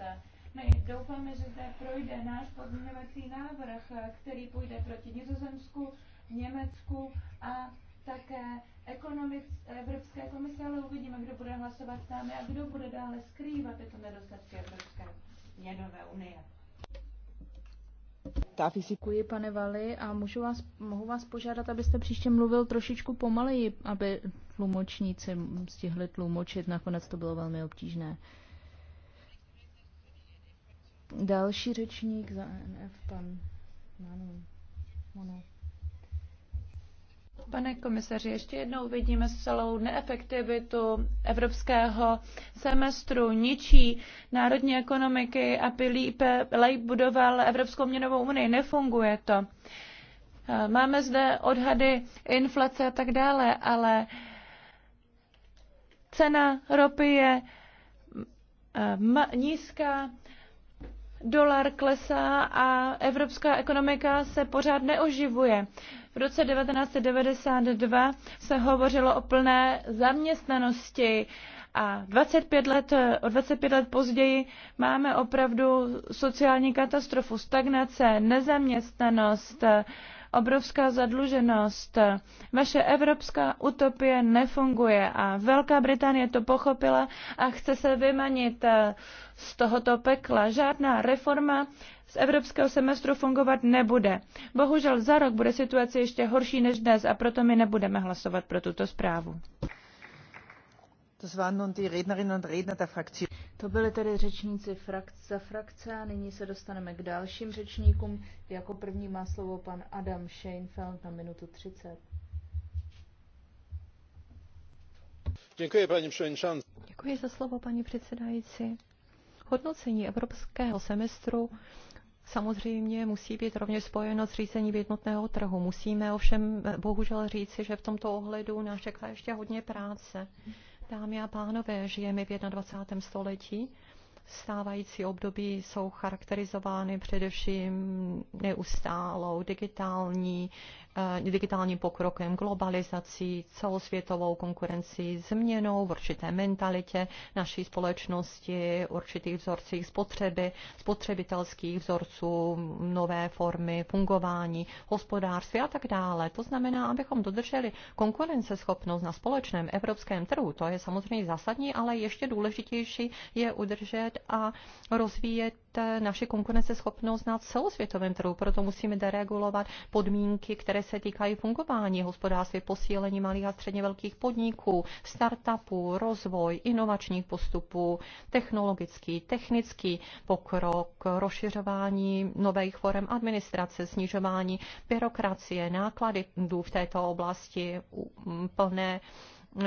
My doufáme, že zde projde náš pozměňovací návrh, který půjde proti Nizozemsku, Německu a také ekonomic, Evropské komise, ale uvidíme, kdo bude hlasovat s námi a kdo bude dále skrývat tyto nedostatky Evropské měnové unie. fyzikuji, pane Vali, a můžu vás, mohu vás požádat, abyste příště mluvil trošičku pomaleji, aby tlumočníci stihli tlumočit. Nakonec to bylo velmi obtížné. Další řečník za NF, pan Manu. Pane komisaři, ještě jednou vidíme celou neefektivitu evropského semestru. Ničí národní ekonomiky a Pilípe Lej budoval Evropskou měnovou unii. Nefunguje to. Máme zde odhady inflace a tak dále, ale cena ropy je nízká, dolar klesá a evropská ekonomika se pořád neoživuje. V roce 1992 se hovořilo o plné zaměstnanosti a 25 let, o 25 let později máme opravdu sociální katastrofu, stagnace, nezaměstnanost, obrovská zadluženost. Vaše evropská utopie nefunguje a Velká Británie to pochopila a chce se vymanit eh, z tohoto pekla. Žádná reforma z evropského semestru fungovat nebude. Bohužel za rok bude situace ještě horší než dnes a proto my nebudeme hlasovat pro tuto zprávu. To byly tedy řečníci frakce za frakce a nyní se dostaneme k dalším řečníkům. Jako první má slovo pan Adam Scheinfeld na minutu 30. Děkuji, paní předsedající. Děkuji za slovo, paní předsedající. Hodnocení evropského semestru samozřejmě musí být rovněž spojeno s řízením jednotného trhu. Musíme ovšem bohužel říci, že v tomto ohledu nás čeká ještě hodně práce. Dámy a pánové, žijeme v 21. století. Stávající období jsou charakterizovány především neustálou digitální Eh, digitálním pokrokem, globalizací, celosvětovou konkurencí, změnou v určité mentalitě naší společnosti, určitých vzorcích spotřeby, spotřebitelských vzorců, nové formy fungování, hospodářství a tak dále. To znamená, abychom dodrželi konkurenceschopnost na společném evropském trhu. To je samozřejmě zásadní, ale ještě důležitější je udržet a rozvíjet Eh, naše konkurenceschopnost na celosvětovém trhu. Proto musíme deregulovat podmínky, které se týkají fungování hospodářství, posílení malých a středně velkých podniků, startupů, rozvoj, inovačních postupů, technologický, technický pokrok, rozšiřování nových forem administrace, snižování byrokracie, nákladů v této oblasti, plné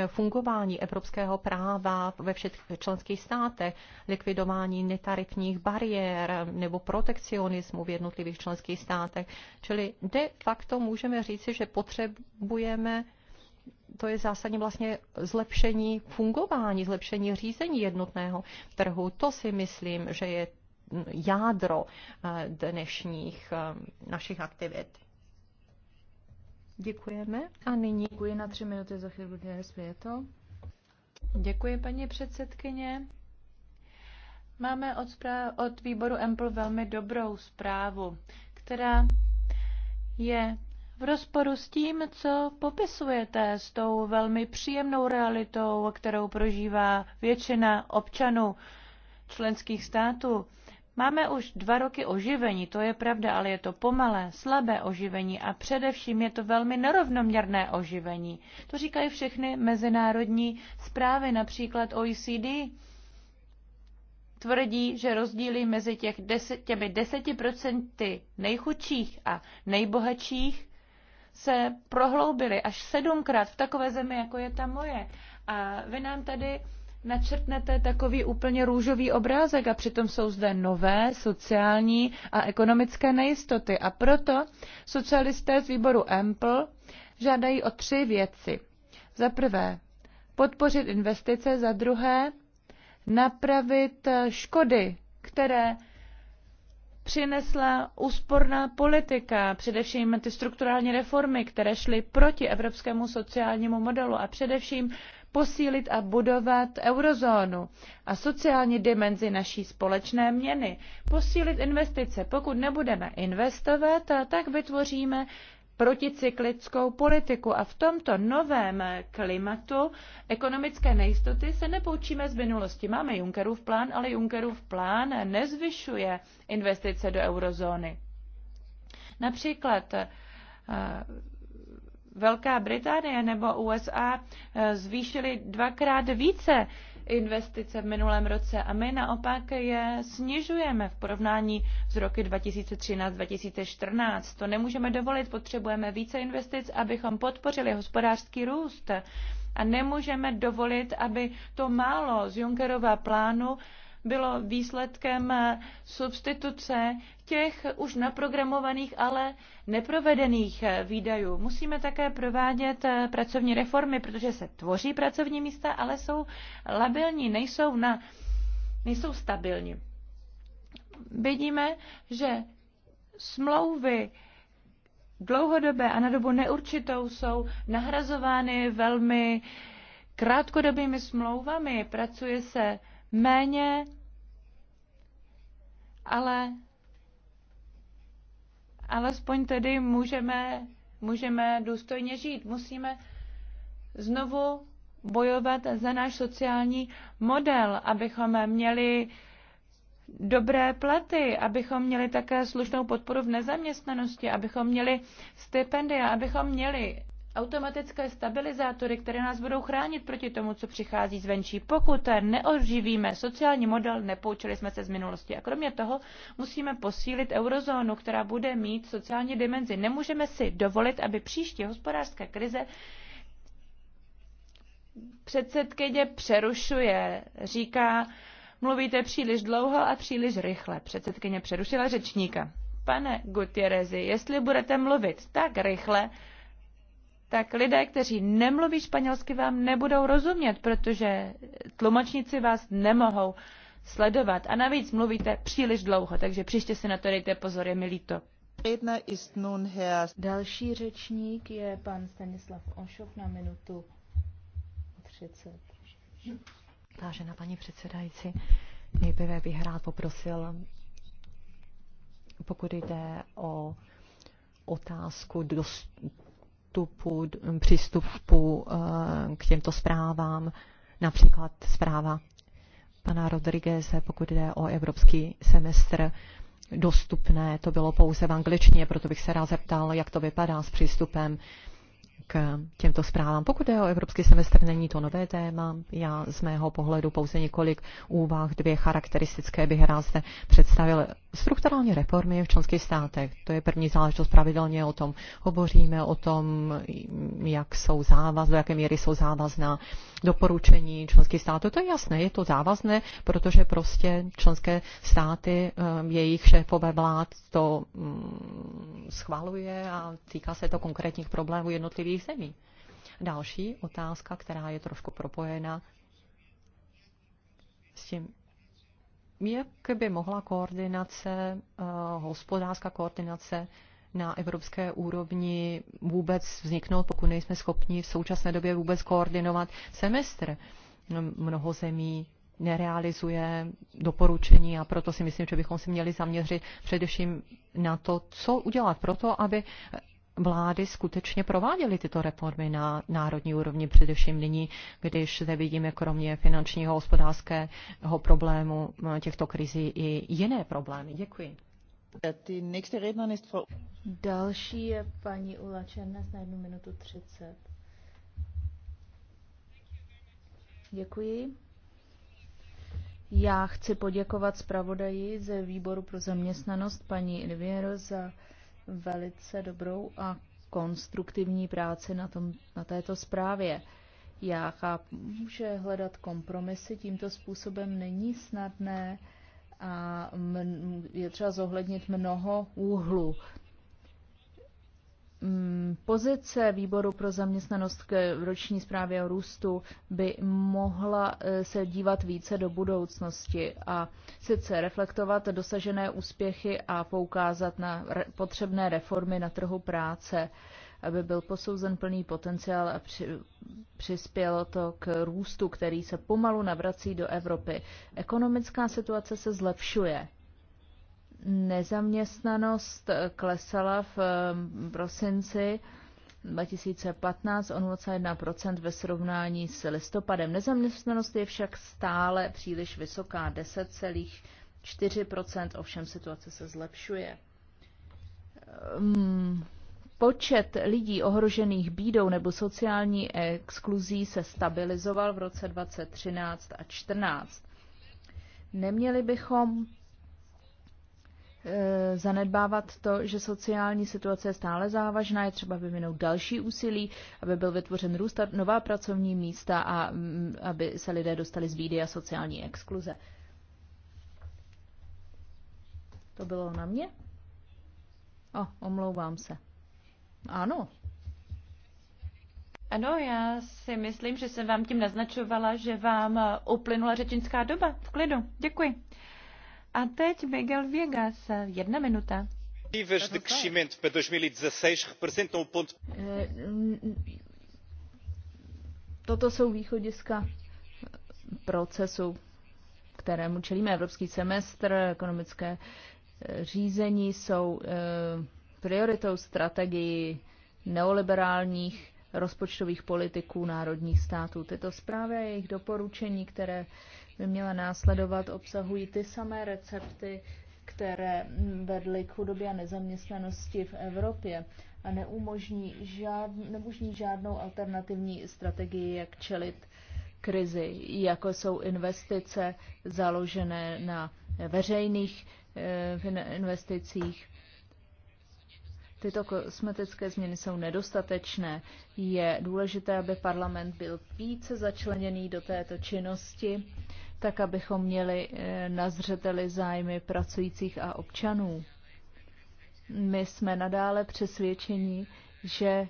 fungování evropského práva ve všech členských státech, likvidování netarifních bariér nebo protekcionismu v jednotlivých členských státech. Čili de facto můžeme říci, že potřebujeme to je zásadně vlastně zlepšení fungování, zlepšení řízení jednotného trhu. To si myslím, že je jádro eh, dnešních eh, našich aktivit. Děkujeme. A nyní... Děkuji na tři minuty za chvíli světo. Děkuji, paní předsedkyně. Máme od, zpráv, od výboru EMPL velmi dobrou zprávu, která je v rozporu s tím, co popisujete, s tou velmi příjemnou realitou, kterou prožívá většina občanů členských států. Máme už dva roky oživení, to je pravda, ale je to pomalé, slabé oživení a především je to velmi nerovnoměrné oživení. To říkají všechny mezinárodní zprávy, například OECD. Tvrdí, že rozdíly mezi těch deset, těmi procenty nejchudších a nejbohatších se prohloubily až sedmkrát v takové zemi, jako je ta moje. A vy nám tady načrtnete takový úplně růžový obrázek a přitom jsou zde nové sociální a ekonomické nejistoty. A proto socialisté z výboru EMPL žádají o tři věci. Za prvé, podpořit investice, za druhé, napravit škody, které přinesla úsporná politika, především ty strukturální reformy, které šly proti evropskému sociálnímu modelu a především posílit a budovat eurozónu a sociální dimenzi naší společné měny, posílit investice. Pokud nebudeme investovat, tak vytvoříme proticyklickou politiku a v tomto novém klimatu ekonomické nejistoty se nepoučíme z minulosti. Máme Junckerův plán, ale Junckerův plán nezvyšuje investice do eurozóny. Například eh, Velká Británie nebo USA eh, zvýšily dvakrát více investice v minulém roce a my naopak je snižujeme v porovnání s roky 2013-2014. To nemůžeme dovolit, potřebujeme více investic, abychom podpořili hospodářský růst a nemůžeme dovolit, aby to málo z Junckerova plánu bylo výsledkem eh, substituce těch už naprogramovaných, ale neprovedených eh, výdajů. Musíme také provádět eh, pracovní reformy, protože se tvoří pracovní místa, ale jsou labilní, nejsou, na, nejsou stabilní. Vidíme, že smlouvy dlouhodobé a na dobu neurčitou jsou nahrazovány velmi krátkodobými smlouvami. Pracuje se méně ale alespoň tedy můžeme, můžeme důstojně žít. Musíme znovu bojovat za náš sociální model, abychom měli dobré platy, abychom měli také slušnou podporu v nezaměstnanosti, abychom měli stipendia, abychom měli automatické stabilizátory, které nás budou chránit proti tomu, co přichází zvenčí. Pokud neoživíme sociální model, nepoučili jsme se z minulosti. A kromě toho musíme posílit eurozónu, která bude mít sociální dimenzi. Nemůžeme si dovolit, aby příští hospodářská krize předsedkyně přerušuje, říká, mluvíte příliš dlouho a příliš rychle. Předsedkyně přerušila řečníka. Pane Gutierrezi, jestli budete mluvit tak rychle, tak lidé, kteří nemluví španělsky, vám nebudou rozumět, protože tlumočníci vás nemohou sledovat. A navíc mluvíte příliš dlouho, takže příště si na to dejte pozor, je mi líto. Další řečník je pan Stanislav Ošok na minutu 30. Vážená paní předsedající, nejprve bych rád poprosil, pokud jde o otázku dost, přístupu, přístupu eh, k těmto zprávám, například zpráva pana Rodrigueze, pokud jde o evropský semestr, dostupné, to bylo pouze v angličtině, proto bych se rád zeptal, jak to vypadá s přístupem k těmto zprávám. Pokud je o evropský semestr, není to nové téma. Já z mého pohledu pouze několik úvah, dvě charakteristické bych rád zde představil. Strukturální reformy v členských státech, to je první záležitost, pravidelně o tom hovoříme, o tom, jak jsou závaz, do jaké míry jsou závazná doporučení členských států. To je jasné, je to závazné, protože prostě členské státy, eh, jejich šéfové vlád to mm, schvaluje a týká se to konkrétních problémů jednotlivých jednotlivých zemí. Další otázka, která je trošku propojena s tím, jak by mohla koordinace, eh, hospodářská koordinace na evropské úrovni vůbec vzniknout, pokud nejsme schopni v současné době vůbec koordinovat semestr. No, mnoho zemí nerealizuje doporučení a proto si myslím, že bychom si měli zaměřit především na to, co udělat proto, aby vlády skutečně prováděly tyto reformy na národní úrovni, především nyní, když zde vidíme kromě finančního hospodářského problému eh, těchto krizí i jiné problémy. Děkuji. Eh, Další je paní Ula Černes na jednu minutu 30. Děkuji. Já chci poděkovat zpravodaji ze výboru pro zaměstnanost paní Riviero za velice dobrou a konstruktivní práci na, tom, na této zprávě. Já chápu, že hledat kompromisy tímto způsobem není snadné a je třeba zohlednit mnoho úhlů Mm, pozice výboru pro zaměstnanost k roční zprávě o růstu by mohla e, se dívat více do budoucnosti a sice reflektovat dosažené úspěchy a poukázat na potřebné reformy na trhu práce, aby byl posouzen plný potenciál a při, přispělo to k růstu, který se pomalu navrací do Evropy. Ekonomická situace se zlepšuje Nezaměstnanost klesala v prosinci 2015 o 0,1 ve srovnání s listopadem. Nezaměstnanost je však stále příliš vysoká, 10,4 ovšem situace se zlepšuje. Počet lidí ohrožených bídou nebo sociální exkluzí se stabilizoval v roce 2013 a 2014. Neměli bychom Eh, zanedbávat to, že sociální situace je stále závažná, je třeba vyvinout další úsilí, aby byl vytvořen růst nová pracovní místa a mm, aby se lidé dostali z bídy a sociální exkluze. To bylo na mě? O, omlouvám se. Ano. Ano, já si myslím, že jsem vám tím naznačovala, že vám uplynula řečnická doba. V klidu. Děkuji. A teď Miguel Viegas, jedna minuta. Perspectivas de crescimento para 2016 representam o ponto. Eh, toto jsou východiska procesu, kterému čelíme. Evropský semestr, ekonomické eh, řízení jsou eh, prioritou strategii neoliberálních rozpočtových politiků národních států. Tyto zprávy a jejich doporučení, které by měla následovat, obsahují ty samé recepty, které vedly k chudobě a nezaměstnanosti v Evropě a neumožní, žádn, žádnou alternativní strategii, jak čelit krizi, jako jsou investice založené na veřejných eh, investicích. Tyto kosmetické změny jsou nedostatečné. Je důležité, aby parlament byl více začleněný do této činnosti tak abychom měli eh, na zřeteli zájmy pracujících a občanů. My jsme nadále přesvědčeni, že eh,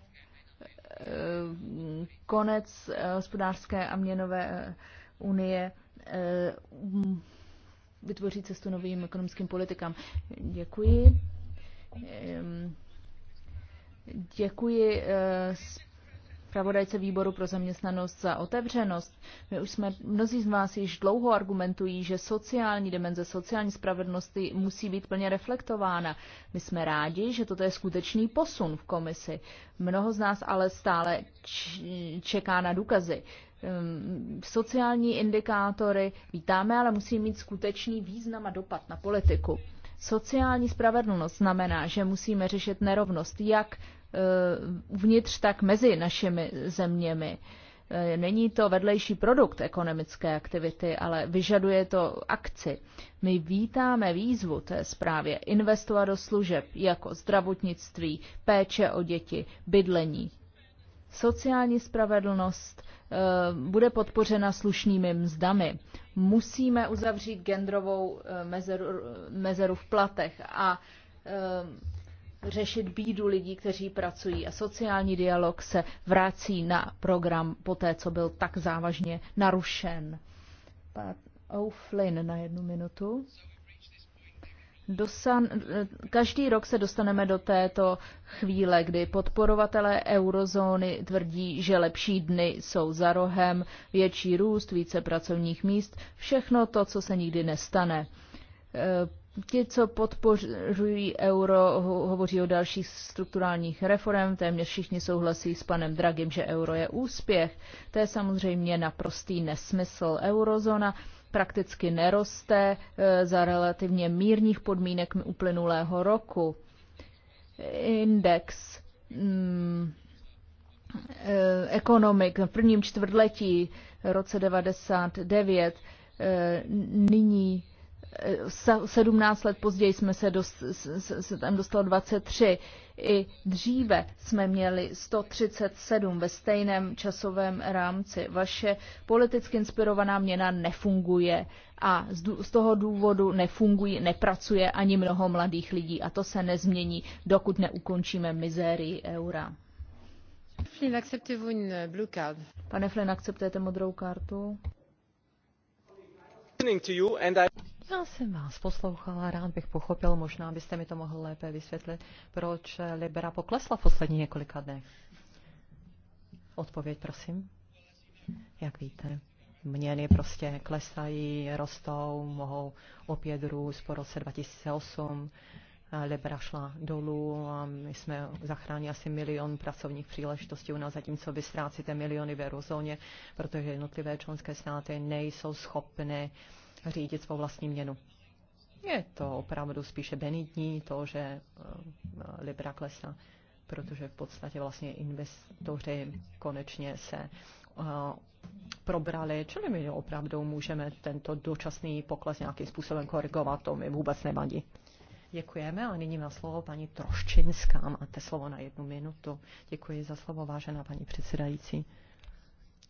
konec eh, hospodářské a měnové unie um, vytvoří cestu novým ekonomickým politikám. Děkuji. Děkuji zpravodajce výboru pro zaměstnanost za otevřenost. My už jsme, mnozí z vás již dlouho argumentují, že sociální dimenze, sociální spravedlnosti musí být plně reflektována. My jsme rádi, že toto je skutečný posun v komisi. Mnoho z nás ale stále čeká na důkazy ehm, sociální indikátory vítáme, ale musí mít skutečný význam a dopad na politiku. Sociální spravedlnost znamená, že musíme řešit nerovnost jak Eh, vnitř tak mezi našimi zeměmi. Eh, není to vedlejší produkt ekonomické aktivity, ale vyžaduje to akci. My vítáme výzvu té zprávě investovat do služeb jako zdravotnictví, péče o děti, bydlení. Sociální spravedlnost eh, bude podpořena slušnými mzdami. Musíme uzavřít genderovou mezeru, mezeru v platech a řešit bídu lidí, kteří pracují. A sociální dialog se vrací na program po té, co byl tak závažně narušen. Pat O'Flynn na jednu minutu. Dosan, každý rok se dostaneme do této chvíle, kdy podporovatelé eurozóny tvrdí, že lepší dny jsou za rohem, větší růst, více pracovních míst, všechno to, co se nikdy nestane Ti, co podpořují euro, hovoří o dalších strukturálních reform, téměř všichni souhlasí s panem Dragim, že euro je úspěch. To je samozřejmě naprostý nesmysl. Eurozona prakticky neroste e, za relativně mírných podmínek uplynulého roku. Index hmm, ekonomik v prvním čtvrtletí roce 99 e, nyní 17 let později jsme se, dost, se tam dostalo 23. I dříve jsme měli 137 ve stejném časovém rámci. Vaše politicky inspirovaná měna nefunguje a z toho důvodu nefungují, nepracuje ani mnoho mladých lidí a to se nezmění, dokud neukončíme mizérii eura. Pane Flynn, akceptujete modrou kartu? Já jsem vás poslouchala, rád bych pochopil, možná byste mi to mohl lépe vysvětlit, proč Libera poklesla v posledních několika dnech. Odpověď, prosím. Jak víte, měny prostě klesají, rostou, mohou opět růst po roce 2008. Libra šla dolů a my jsme zachránili asi milion pracovních příležitostí u nás, zatímco vy ztrácíte miliony v eurozóně, protože jednotlivé členské státy nejsou schopny uh, řídit svou vlastní měnu. Je to opravdu spíše benitní, to, že eh, Libra klesá, protože v podstatě vlastně investoři konečně se eh, probrali, čili my opravdu můžeme tento dočasný pokles nějakým způsobem korigovat, to mi vůbec nevadí. Děkujeme a nyní má slovo paní Troščinská. Máte slovo na jednu minutu. Děkuji za slovo, vážená paní předsedající.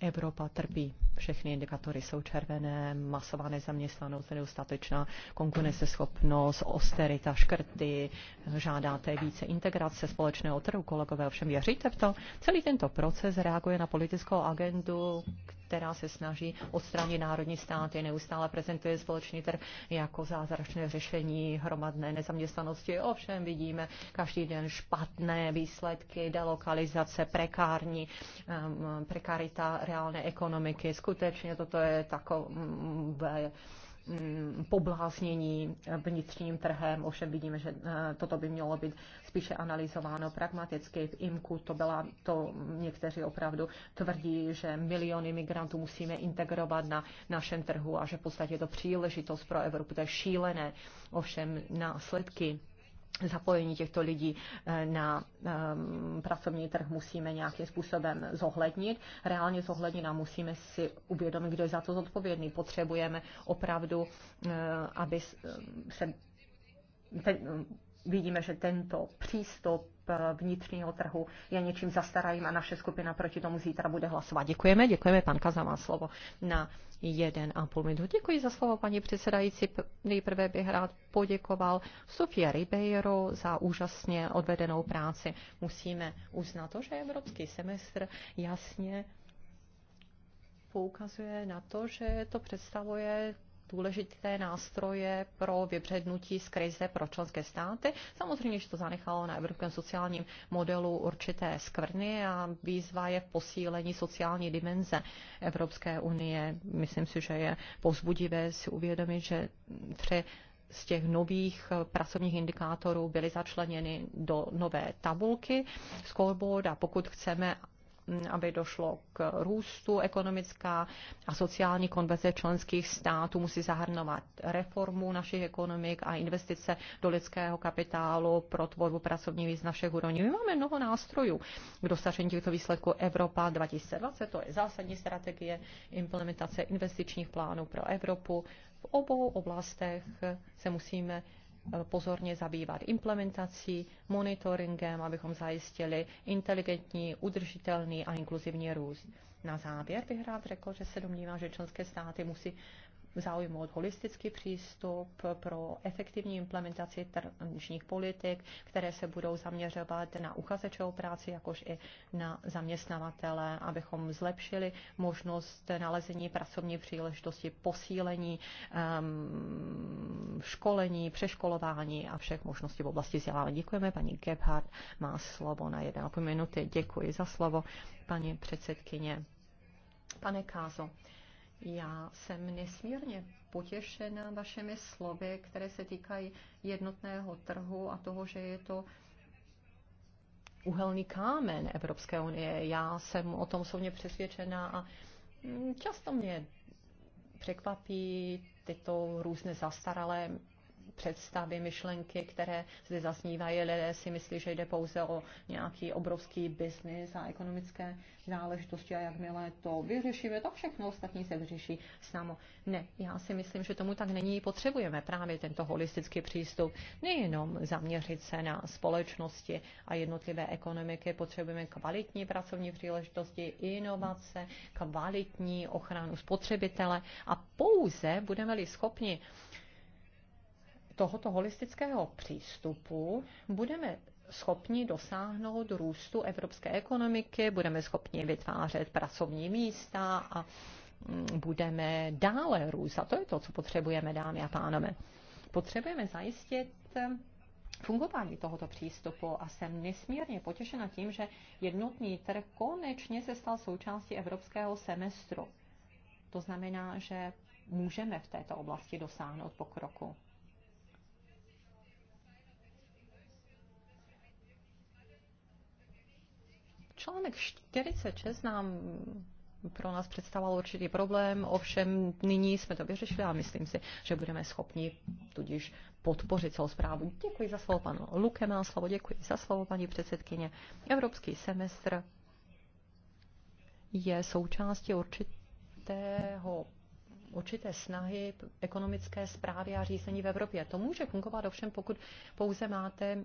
Evropa trpí. Všechny indikatory jsou červené, masová nezaměstnanost, nedostatečná konkurenceschopnost, austerita, škrty, žádáte více integrace společného trhu, kolegové, ovšem věříte v to? Celý tento proces reaguje na politickou agendu, která se snaží odstranit národní státy, neustále prezentuje společný trh jako zázračné řešení hromadné nezaměstnanosti. Ovšem vidíme každý den špatné výsledky, delokalizace, prekární, um, prekarita reálné ekonomiky. Skutečně toto je takové Mm, pobláznění vnitřním trhem, ovšem vidíme, že eh, toto by mělo být spíše analyzováno pragmaticky. V IMKU to byla, to někteří opravdu tvrdí, že miliony migrantů musíme integrovat na našem trhu a že v podstatě je to příležitost pro Evropu. To je šílené, ovšem následky zapojení těchto lidí eh, na ehm, pracovní trh musíme nějakým způsobem zohlednit. Reálně zohlednit a musíme si uvědomit, kdo je za to zodpovědný. Potřebujeme opravdu, eh, aby se ten, vidíme, že tento přístup eh, vnitřního trhu je něčím zastaralým a naše skupina proti tomu zítra bude hlasovat. Děkujeme, děkujeme, panka, za má slovo na jeden a půl minut. Děkuji za slovo, paní předsedající. Nejprve bych rád poděkoval Sofie Ribeiro za úžasně odvedenou práci. Musíme uznat to, že evropský semestr jasně poukazuje na to, že to představuje důležité nástroje pro vybřednutí z krize pro členské státy. Samozřejmě, že to zanechalo na evropském sociálním modelu určité skvrny a výzva je v posílení sociální dimenze Evropské unie. Myslím si, že je povzbudivé si uvědomit, že tři z těch nových pracovních indikátorů byly začleněny do nové tabulky scoreboard a pokud chceme, Mm, aby došlo k růstu ekonomická a sociální konverze členských států musí zahrnovat reformu našich ekonomik a investice do lidského kapitálu pro tvorbu pracovních míst na všech úrovních. My máme mnoho nástrojů k dosažení těchto výsledků Evropa 2020, to je zásadní strategie implementace investičních plánů pro Evropu. V obou oblastech se musíme pozorně zabývat implementací, monitoringem, abychom zajistili inteligentní, udržitelný a inkluzivní růst. Na závěr bych rád řekl, že se domnívám, že členské státy musí zaujmout holistický přístup pro efektivní implementaci tržních politik, které se budou zaměřovat na uchazeče o práci, jakož i na zaměstnavatele, abychom zlepšili možnost nalezení pracovní příležitosti, posílení um, školení, přeškolování a všech možností v oblasti vzdělávání. Děkujeme. Paní Gebhardt má slovo na 1,5 minuty. Děkuji za slovo, paní předsedkyně. Pane Kázo, já jsem nesmírně potěšena vašimi slovy, které se týkají jednotného trhu a toho, že je to uhelný kámen Evropské unie. Já jsem o tom souvně přesvědčená a mm, často mě překvapí tyto různé zastaralé představy, myšlenky, které zde zasnívají. Lidé si myslí, že jde pouze o nějaký obrovský biznis a ekonomické záležitosti a jakmile to vyřešíme, tak všechno ostatní se vyřeší samo. Ne, já si myslím, že tomu tak není. Potřebujeme právě tento holistický přístup. Nejenom zaměřit se na společnosti a jednotlivé ekonomiky, potřebujeme kvalitní pracovní příležitosti, inovace, kvalitní ochranu spotřebitele a pouze budeme-li schopni tohoto holistického přístupu budeme schopni dosáhnout růstu evropské ekonomiky, budeme schopni vytvářet pracovní místa a mm, budeme dále růst. A to je to, co potřebujeme, dámy a pánové. Potřebujeme zajistit mm, fungování tohoto přístupu a jsem nesmírně potěšena tím, že jednotný trh konečně se stal součástí evropského semestru. To znamená, že můžeme v této oblasti dosáhnout pokroku. Článek 46 nám pro nás představoval určitý problém, ovšem nyní jsme to vyřešili a myslím si, že budeme schopni tudíž podpořit celou zprávu. Děkuji za slovo panu Luke, má slovo, děkuji za slovo paní předsedkyně. Evropský semestr je součástí určitého určité snahy ekonomické zprávy a řízení v Evropě. To může fungovat ovšem, pokud pouze máte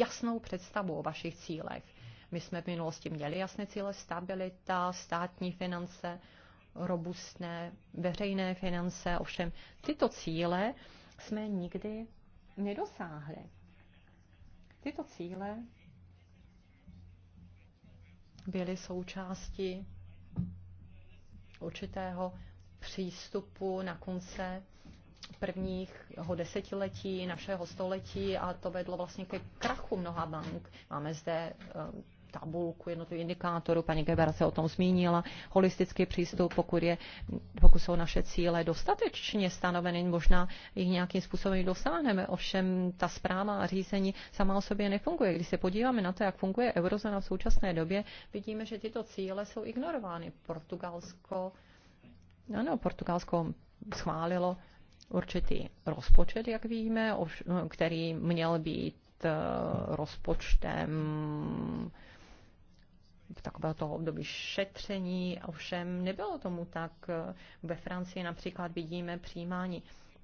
jasnou představu o vašich cílech my jsme v minulosti měli jasné cíle, stabilita, státní finance, robustné veřejné finance, ovšem tyto cíle jsme nikdy nedosáhli. Tyto cíle byly součástí určitého přístupu na konce prvního desetiletí našeho století a to vedlo vlastně ke krachu mnoha bank. Máme zde tabulku jednotlivých indikátorů, paní Gebera se o tom zmínila, holistický přístup, pokud, je, pokud jsou naše cíle dostatečně stanoveny, možná jich nějakým způsobem dosáhneme, ovšem ta zpráva a řízení sama o sobě nefunguje. Když se podíváme na to, jak funguje eurozona v současné době, vidíme, že tyto cíle jsou ignorovány. Portugalsko, ano, Portugalsko schválilo určitý rozpočet, jak víme, no, který měl být eh, rozpočtem takového toho období šetření, ovšem nebylo tomu tak. Ve Francii například vidíme přijímání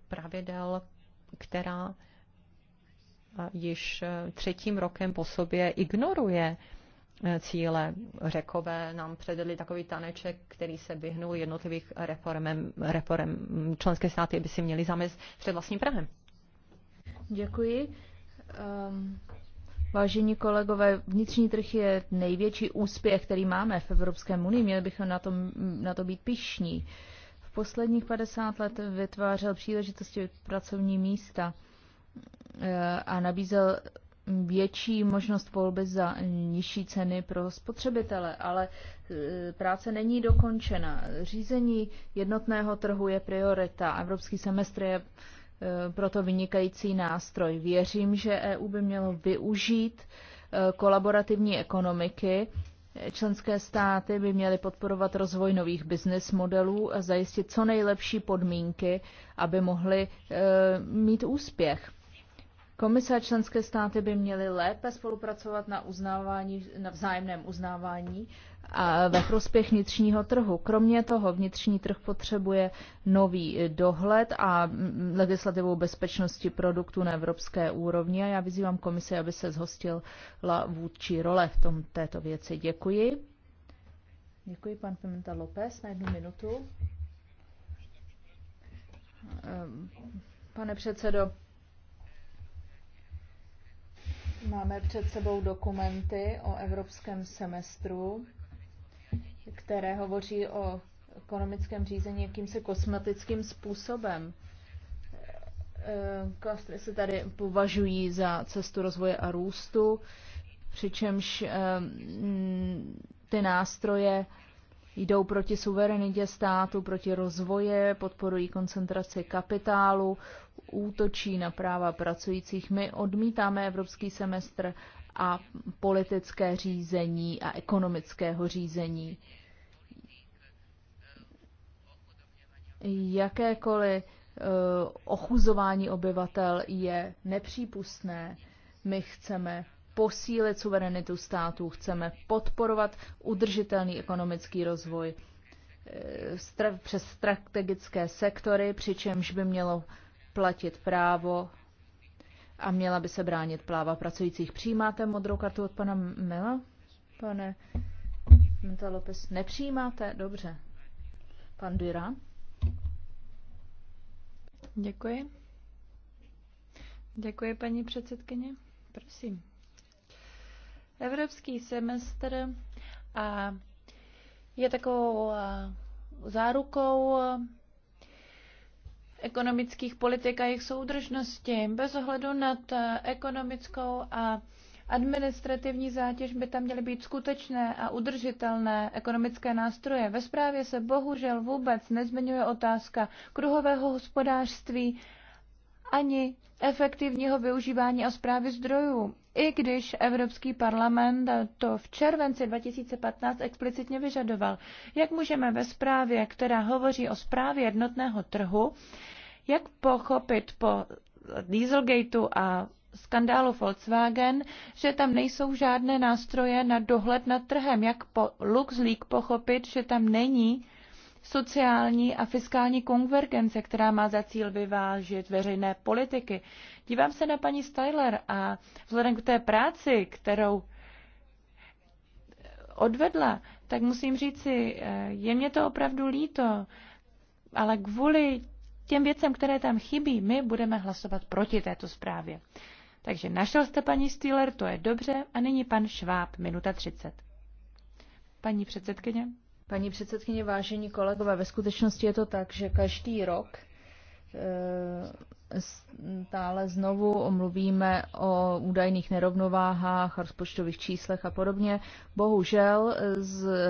pravidel, která eh, již eh, třetím rokem po sobě ignoruje eh, cíle. Řekové nám předvedli takový taneček, který se vyhnul jednotlivých reformem, reform členské státy, by si měli zamez před vlastním Prahem. Děkuji. Um... Vážení kolegové, vnitřní trh je největší úspěch, který máme v Evropské unii. Měli bychom na to, na to být pišní. V posledních 50 let vytvářel příležitosti pracovní místa eh, a nabízel větší možnost volby za nižší ceny pro spotřebitele, ale eh, práce není dokončena. Řízení jednotného trhu je priorita. Evropský semestr je Eh, proto vynikající nástroj. Věřím, že EU by mělo využít eh, kolaborativní ekonomiky. Členské státy by měly podporovat rozvoj nových business modelů a zajistit co nejlepší podmínky, aby mohly eh, mít úspěch. Komise a členské státy by měly lépe spolupracovat na, uznávání, na vzájemném uznávání a ve prospěch vnitřního trhu. Kromě toho vnitřní trh potřebuje nový dohled a legislativou bezpečnosti produktů na evropské úrovni a já vyzývám komisi, aby se zhostila vůdčí role v tom, této věci. Děkuji. Děkuji, pan Pimenta López, na jednu minutu. Ehm, pane předsedo, Máme před sebou dokumenty o evropském semestru, které hovoří o ekonomickém řízení jakýmsi kosmetickým způsobem. Eh, klastry se tady považují za cestu rozvoje a růstu, přičemž eh, mm, ty nástroje jdou proti suverenitě státu, proti rozvoje, podporují koncentraci kapitálu, útočí na práva pracujících. My odmítáme evropský semestr a politické řízení a ekonomického řízení. Jakékoliv eh, ochuzování obyvatel je nepřípustné. My chceme posílit suverenitu států, chceme podporovat udržitelný ekonomický rozvoj eh, přes strategické sektory, přičemž by mělo platit právo a měla by se bránit práva pracujících. Přijímáte modrou kartu od pana Mila? Pane Menta Lopez, nepřijímáte? Dobře. Pan Dura? Děkuji. Děkuji, paní předsedkyně. Prosím. Evropský semestr a je takovou zárukou ekonomických politik a jejich soudržnosti. Bez ohledu nad ekonomickou a administrativní zátěž by tam měly být skutečné a udržitelné ekonomické nástroje. Ve zprávě se bohužel vůbec nezmiňuje otázka kruhového hospodářství ani efektivního využívání a zprávy zdrojů, i když Evropský parlament to v červenci 2015 explicitně vyžadoval. Jak můžeme ve zprávě, která hovoří o zprávě jednotného trhu, jak pochopit po Dieselgateu a skandálu Volkswagen, že tam nejsou žádné nástroje na dohled nad trhem. Jak po LuxLeak pochopit, že tam není sociální a fiskální konvergence, která má za cíl vyvážit veřejné politiky. Dívám se na paní Styler a vzhledem k té práci, kterou odvedla, tak musím říci, eh, je mě to opravdu líto, ale kvůli těm věcem, které tam chybí, my budeme hlasovat proti této zprávě. Takže našel jste paní Steeler, to je dobře, a nyní pan Šváb, minuta 30. Paní předsedkyně. Paní předsedkyně, vážení kolegové, ve skutečnosti je to tak, že každý rok e, stále znovu omluvíme o údajných nerovnováhách, rozpočtových číslech a podobně. Bohužel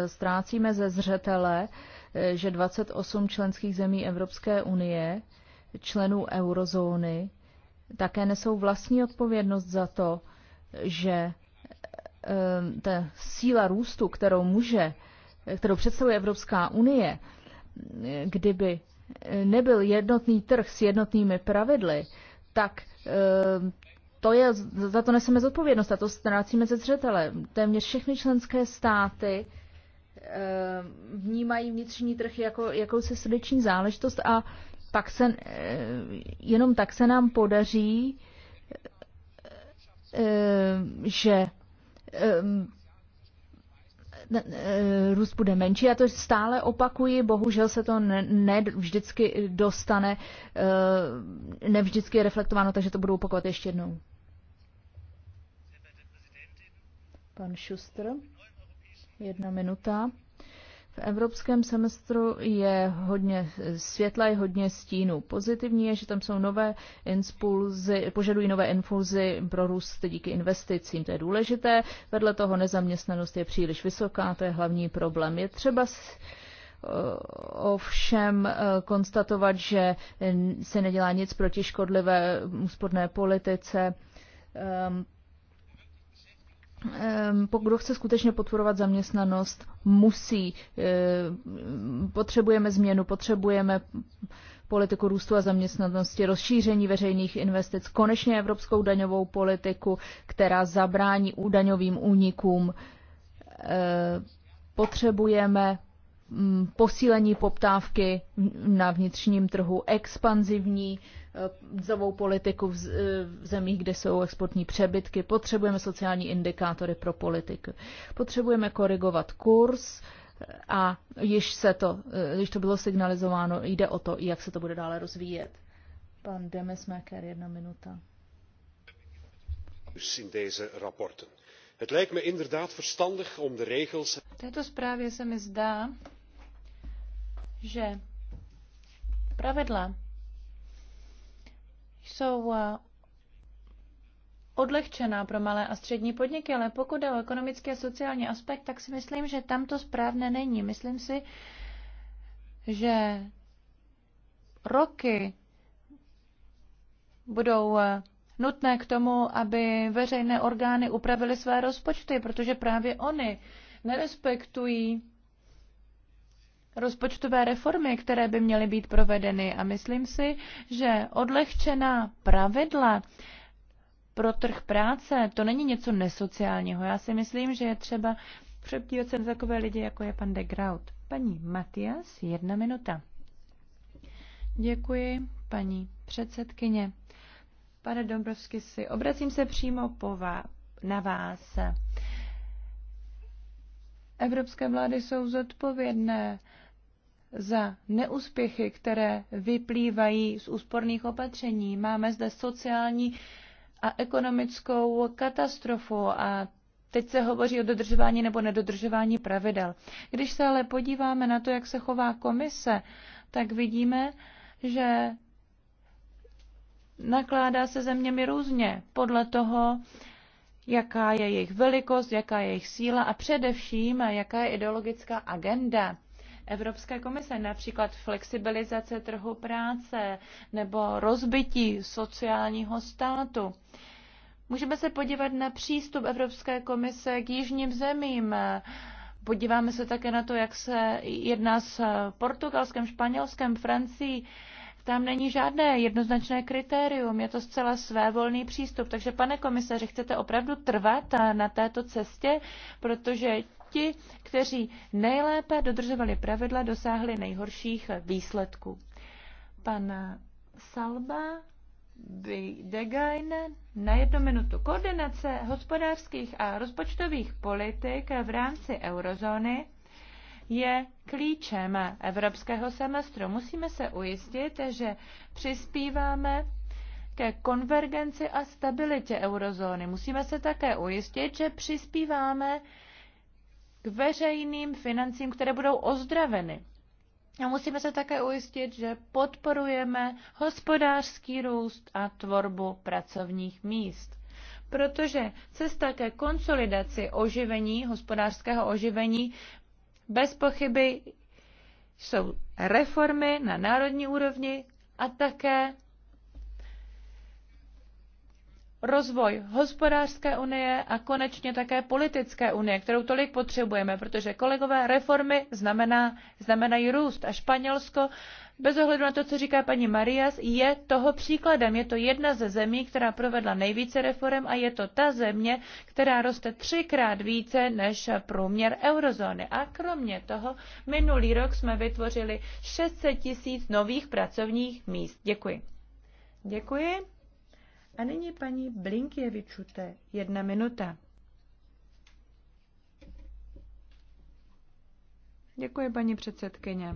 ztrácíme ze zřetele, e, že 28 členských zemí Evropské unie, členů eurozóny, také nesou vlastní odpovědnost za to, že e, ta síla růstu, kterou může kterou představuje Evropská unie, kdyby nebyl jednotný trh s jednotnými pravidly, tak eh, to je, za to neseme zodpovědnost a to ztrácíme ze zřetele. Téměř všechny členské státy eh, vnímají vnitřní trh jako jakousi srdeční záležitost a pak se, eh, jenom tak se nám podaří, že růst bude menší. Já to stále opakuji, bohužel se to ne, ne vždycky dostane, eh, ne vždycky je reflektováno, takže to budu opakovat ještě jednou. Pan Šustr, jedna minuta. V evropském semestru je hodně světla, je hodně stínů. Pozitivní je, že tam jsou nové impulzy, požadují nové infuzy pro růst díky investicím. To je důležité. Vedle toho nezaměstnanost je příliš vysoká, to je hlavní problém. Je třeba ovšem eh, konstatovat, že se nedělá nic proti škodlivé úsporné politice. Ehm, Ehm, pokud chce skutečně podporovat zaměstnanost, musí, ehm, potřebujeme změnu, potřebujeme politiku růstu a zaměstnanosti, rozšíření veřejných investic, konečně evropskou daňovou politiku, která zabrání daňovým únikům. Ehm, potřebujeme Mm, posílení poptávky na vnitřním trhu, expanzivní eh, zavou politiku eh, v zemích, kde jsou exportní přebytky, potřebujeme sociální indikátory pro politiku. potřebujeme korigovat kurz eh, a již, se to, již to bylo signalizováno, jde o to, jak se to bude dále rozvíjet. Pan Demesmaker, jedna minuta. In deze rapporten. Het lijkt me inderdaad verstandig om de regels. V této zprávě se mi zdá, že pravidla jsou eh, odlehčená pro malé a střední podniky, ale pokud je o ekonomický a sociální aspekt, tak si myslím, že tam to správné není. Myslím si, že roky budou eh, nutné k tomu, aby veřejné orgány upravily své rozpočty, protože právě oni nerespektují rozpočtové reformy, které by měly být provedeny. A myslím si, že odlehčená pravidla pro trh práce, to není něco nesociálního. Já si myslím, že je třeba přeptívat se na takové lidi, jako je pan de Graut. Paní Matias, jedna minuta. Děkuji, paní předsedkyně. Pane Dombrovsky, si obracím se přímo po vá, na vás. Evropské vlády jsou zodpovědné za neúspěchy, které vyplývají z úsporných opatření. Máme zde sociální a ekonomickou katastrofu a Teď se hovoří o dodržování nebo nedodržování pravidel. Když se ale podíváme na to, jak se chová komise, tak vidíme, že nakládá se zeměmi různě podle toho, jaká je jejich velikost, jaká je jejich síla a především, jaká je ideologická agenda. Evropské komise, například flexibilizace trhu práce nebo rozbití sociálního státu. Můžeme se podívat na přístup Evropské komise k jižním zemím. Podíváme se také na to, jak se jedná s Portugalskem, Španělskem, Francií. Tam není žádné jednoznačné kritérium, je to zcela svévolný přístup. Takže, pane komisaři, chcete opravdu trvat na této cestě, protože ti, kteří nejlépe dodržovali pravidla, dosáhli nejhorších výsledků. Pan Salba Degain na jednu minutu. Koordinace hospodářských a rozpočtových politik v rámci eurozóny je klíčem evropského semestru. Musíme se ujistit, že přispíváme ke konvergenci a stabilitě eurozóny. Musíme se také ujistit, že přispíváme k veřejným financím, které budou ozdraveny. A musíme se také ujistit, že podporujeme hospodářský růst a tvorbu pracovních míst. Protože cesta ke konsolidaci oživení, hospodářského oživení, bez pochyby jsou reformy na národní úrovni a také rozvoj hospodářské unie a konečně také politické unie, kterou tolik potřebujeme, protože kolegové reformy znamená, znamenají růst a Španělsko bez ohledu na to, co říká paní Marias, je toho příkladem. Je to jedna ze zemí, která provedla nejvíce reform a je to ta země, která roste třikrát více než průměr eurozóny. A kromě toho, minulý rok jsme vytvořili 600 tisíc nových pracovních míst. Děkuji. Děkuji. A nyní paní Blinkjevičute, jedna minuta. Děkuji, paní předsedkyně.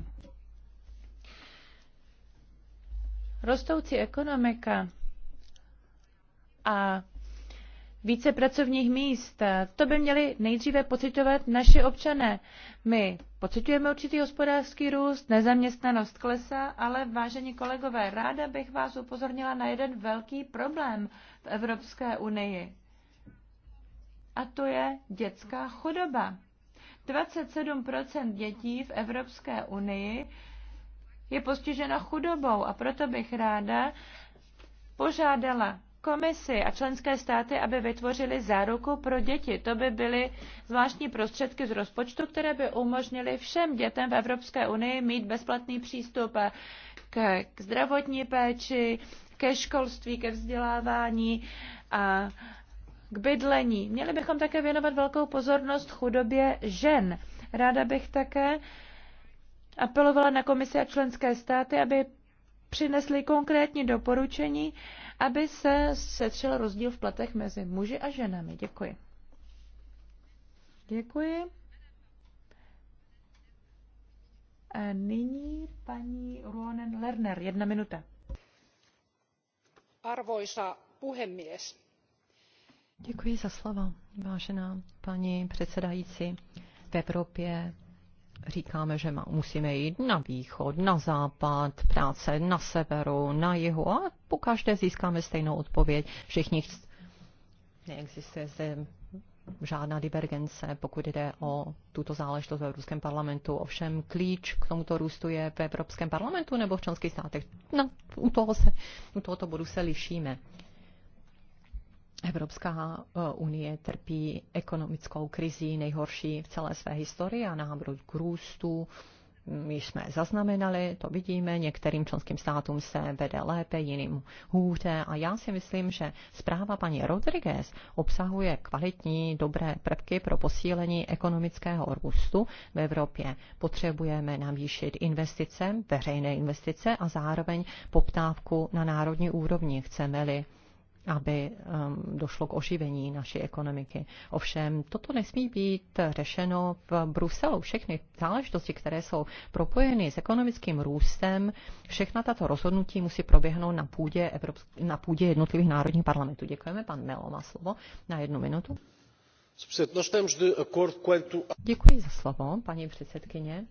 Rostoucí ekonomika a více pracovních míst. To by měli nejdříve pocitovat naši občané. My pocitujeme určitý hospodářský růst, nezaměstnanost klesá, ale vážení kolegové, ráda bych vás upozornila na jeden velký problém v Evropské unii. A to je dětská chudoba. 27 dětí v Evropské unii je postiženo chudobou a proto bych ráda požádala komisi a členské státy, aby vytvořili záruku pro děti. To by byly zvláštní prostředky z rozpočtu, které by umožnily všem dětem v Evropské unii mít bezplatný přístup k zdravotní péči, ke školství, ke vzdělávání a k bydlení. Měli bychom také věnovat velkou pozornost chudobě žen. Ráda bych také apelovala na komisi a členské státy, aby přinesli konkrétní doporučení aby se setřel rozdíl v platech mezi muži a ženami. Děkuji. Děkuji. A nyní paní Ruonen Lerner, jedna minuta. Arvoisa puhemies. Děkuji za slovo, vážená paní předsedající. V Evropě říkáme, že musíme jít na východ, na západ, práce na severu, na jihu a po každé získáme stejnou odpověď. Všichni chc... neexistuje zde žádná divergence, pokud jde o tuto záležitost v Evropském parlamentu. Ovšem klíč k tomuto růstu je v Evropském parlamentu nebo v členských státech. No, u, toho se, u tohoto bodu se lišíme. Evropská eh, unie trpí ekonomickou krizí nejhorší v celé své historii a návrh k růstu My mm, jsme zaznamenali, to vidíme, některým členským státům se vede lépe, jiným hůře a já si myslím, že zpráva paní Rodriguez obsahuje kvalitní, dobré prvky pro posílení ekonomického růstu v Evropě. Potřebujeme navýšit investice, veřejné investice a zároveň poptávku na národní úrovni, chceme-li aby um, došlo k oživení naší ekonomiky. Ovšem, toto nesmí být řešeno v Bruselu. Všechny záležitosti, které jsou propojeny s ekonomickým růstem, všechna tato rozhodnutí musí proběhnout na půdě, Evropsk- na půdě jednotlivých národních parlamentů. Děkujeme, pan Melo má slovo na jednu minutu. Děkuji za slovo, paní předsedkyně.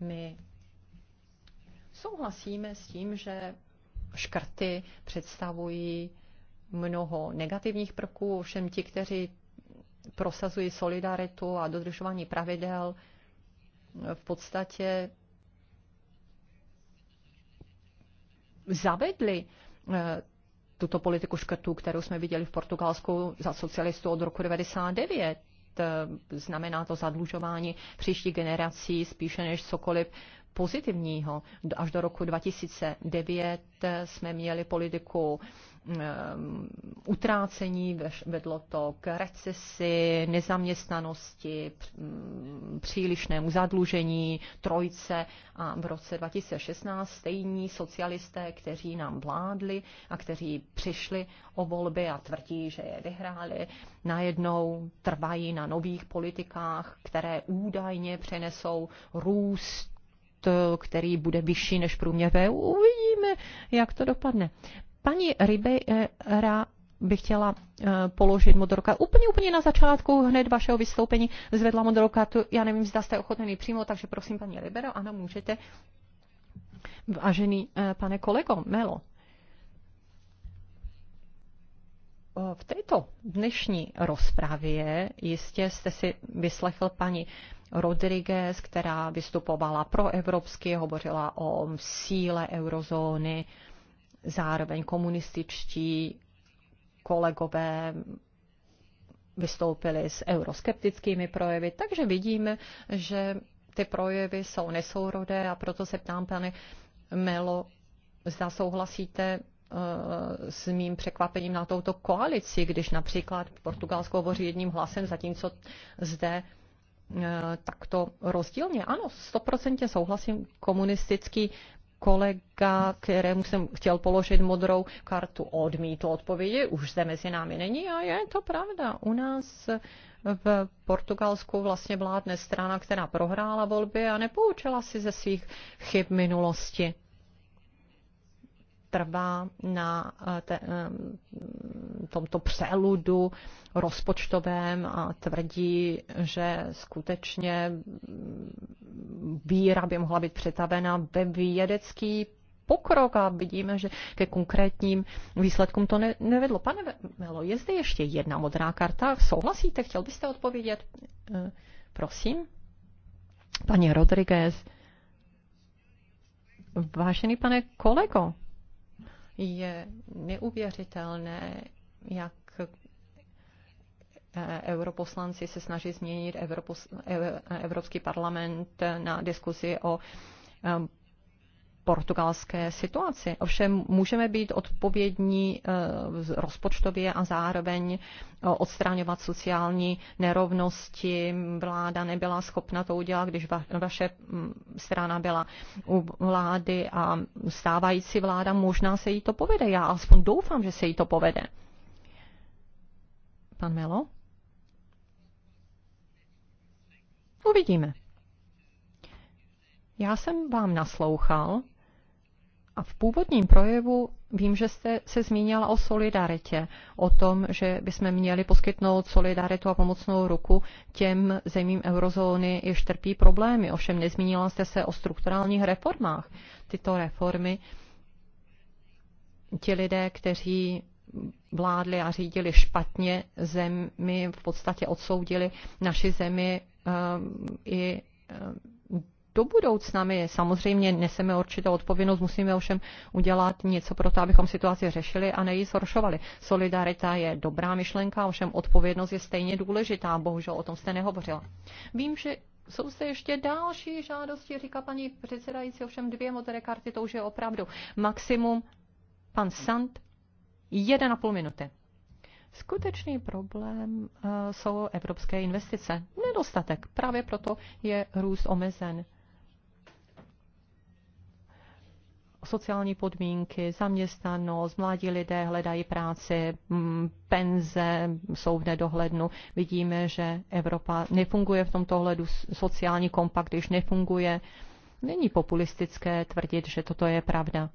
My souhlasíme s tím, že škrty představují mnoho negativních prvků, ovšem ti, kteří prosazují solidaritu a dodržování pravidel, v podstatě zavedli eh, tuto politiku škrtů, kterou jsme viděli v Portugalsku za socialistů od roku 1999. Eh, znamená to zadlužování příští generací spíše než cokoliv pozitivního. Až do roku 2009 jsme měli politiku mm, eh, utrácení, vedlo to k recesi, nezaměstnanosti, mm, přílišnému zadlužení, trojce a v roce 2016 stejní socialisté, kteří nám vládli a kteří přišli o volby a tvrdí, že je vyhráli, najednou trvají na nových politikách, které údajně přenesou růst Eh, který bude vyšší než průměr EU. Uvidíme, jak to dopadne. Paní Ribeira bych chtěla eh, položit modroka. Úplně, úplně na začátku hned vašeho vystoupení zvedla modroka. Tu, Já nevím, zda jste ochotný přímo, takže prosím, paní Libero, ano, můžete. Vážený eh, pane kolego, Melo, v této dnešní rozpravě jistě jste si vyslechl paní Rodriguez, která vystupovala proevropsky, hovořila o síle eurozóny, zároveň komunističtí kolegové vystoupili s euroskeptickými projevy, takže vidíme, že ty projevy jsou nesourodé a proto se ptám, pane Melo, zda souhlasíte Eh, s mým překvapením na touto koalici, když například Portugalsko hovoří jedním hlasem, zatímco zde eh, takto rozdílně. Ano, stoprocentně souhlasím, komunistický kolega, kterému jsem chtěl položit modrou kartu, odmítl odpovědi, už zde mezi námi není a je to pravda. U nás v Portugalsku vlastně vládne strana, která prohrála volby a nepoučila si ze svých chyb minulosti trvá na eh, te, eh, tomto přeludu rozpočtovém a tvrdí, že skutečně víra by mohla být přetavena ve vědecký pokrok a vidíme, že ke konkrétním výsledkům to ne, nevedlo. Pane Melo, je zde ještě jedna modrá karta. Souhlasíte? Chtěl byste odpovědět? Eh, prosím. Paní Rodriguez. Vážený pane kolego, je neuvěřitelné, jak eh, europoslanci se snaží změnit Evropos, eh, eh, Evropský parlament na diskuzi o portugalské situaci. Ovšem můžeme být odpovědní eh, rozpočtově a zároveň eh, odstraňovat sociální nerovnosti. Vláda nebyla schopna to udělat, když vaše mm, strana byla u vlády a stávající vláda možná se jí to povede. Já alespoň doufám, že se jí to povede. Pan Melo? Uvidíme. Já jsem vám naslouchal a v původním projevu vím, že jste se zmínila o solidaritě, o tom, že bychom měli poskytnout solidaritu a pomocnou ruku těm zemím eurozóny, jež trpí problémy. Ovšem nezmínila jste se o strukturálních reformách. Tyto reformy ti lidé, kteří vládli a řídili špatně zemi, v podstatě odsoudili naši zemi um, i um, do budoucna. My samozřejmě neseme určitou odpovědnost, musíme ovšem udělat něco pro to, abychom situaci řešili a neji zhoršovali. Solidarita je dobrá myšlenka, ovšem odpovědnost je stejně důležitá. Bohužel o tom jste nehovořila. Vím, že jsou se ještě další žádosti, říká paní předsedající, ovšem dvě modré karty, to už je opravdu maximum. Pan Sant, jeden a půl minuty. Skutečný problém uh, jsou evropské investice. Nedostatek. Právě proto je růst omezen. sociální podmínky, zaměstnanost, mladí lidé hledají práci, mm, penze jsou v nedohlednu. Vidíme, že Evropa nefunguje v tomto ohledu, sociální kompakt, již nefunguje, není populistické tvrdit, že toto je pravda.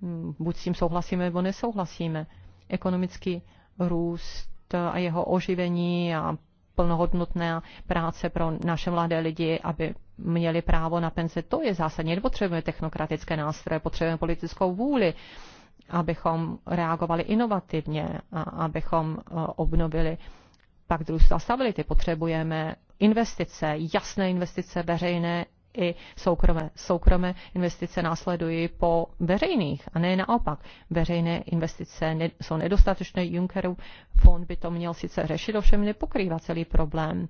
Mm, buď s tím souhlasíme, nebo nesouhlasíme. Ekonomický růst a jeho oživení a plnohodnotná práce pro naše mladé lidi, aby měli právo na penze. To je zásadně Potřebujeme technokratické nástroje, potřebujeme politickou vůli, abychom reagovali inovativně a abychom eh, obnovili pak družstva stability. Potřebujeme investice, jasné investice veřejné i soukromé. Soukromé investice následují po veřejných a ne naopak. Veřejné investice ne, jsou nedostatečné. Junckerův fond by to měl sice řešit, ovšem nepokrývá celý problém.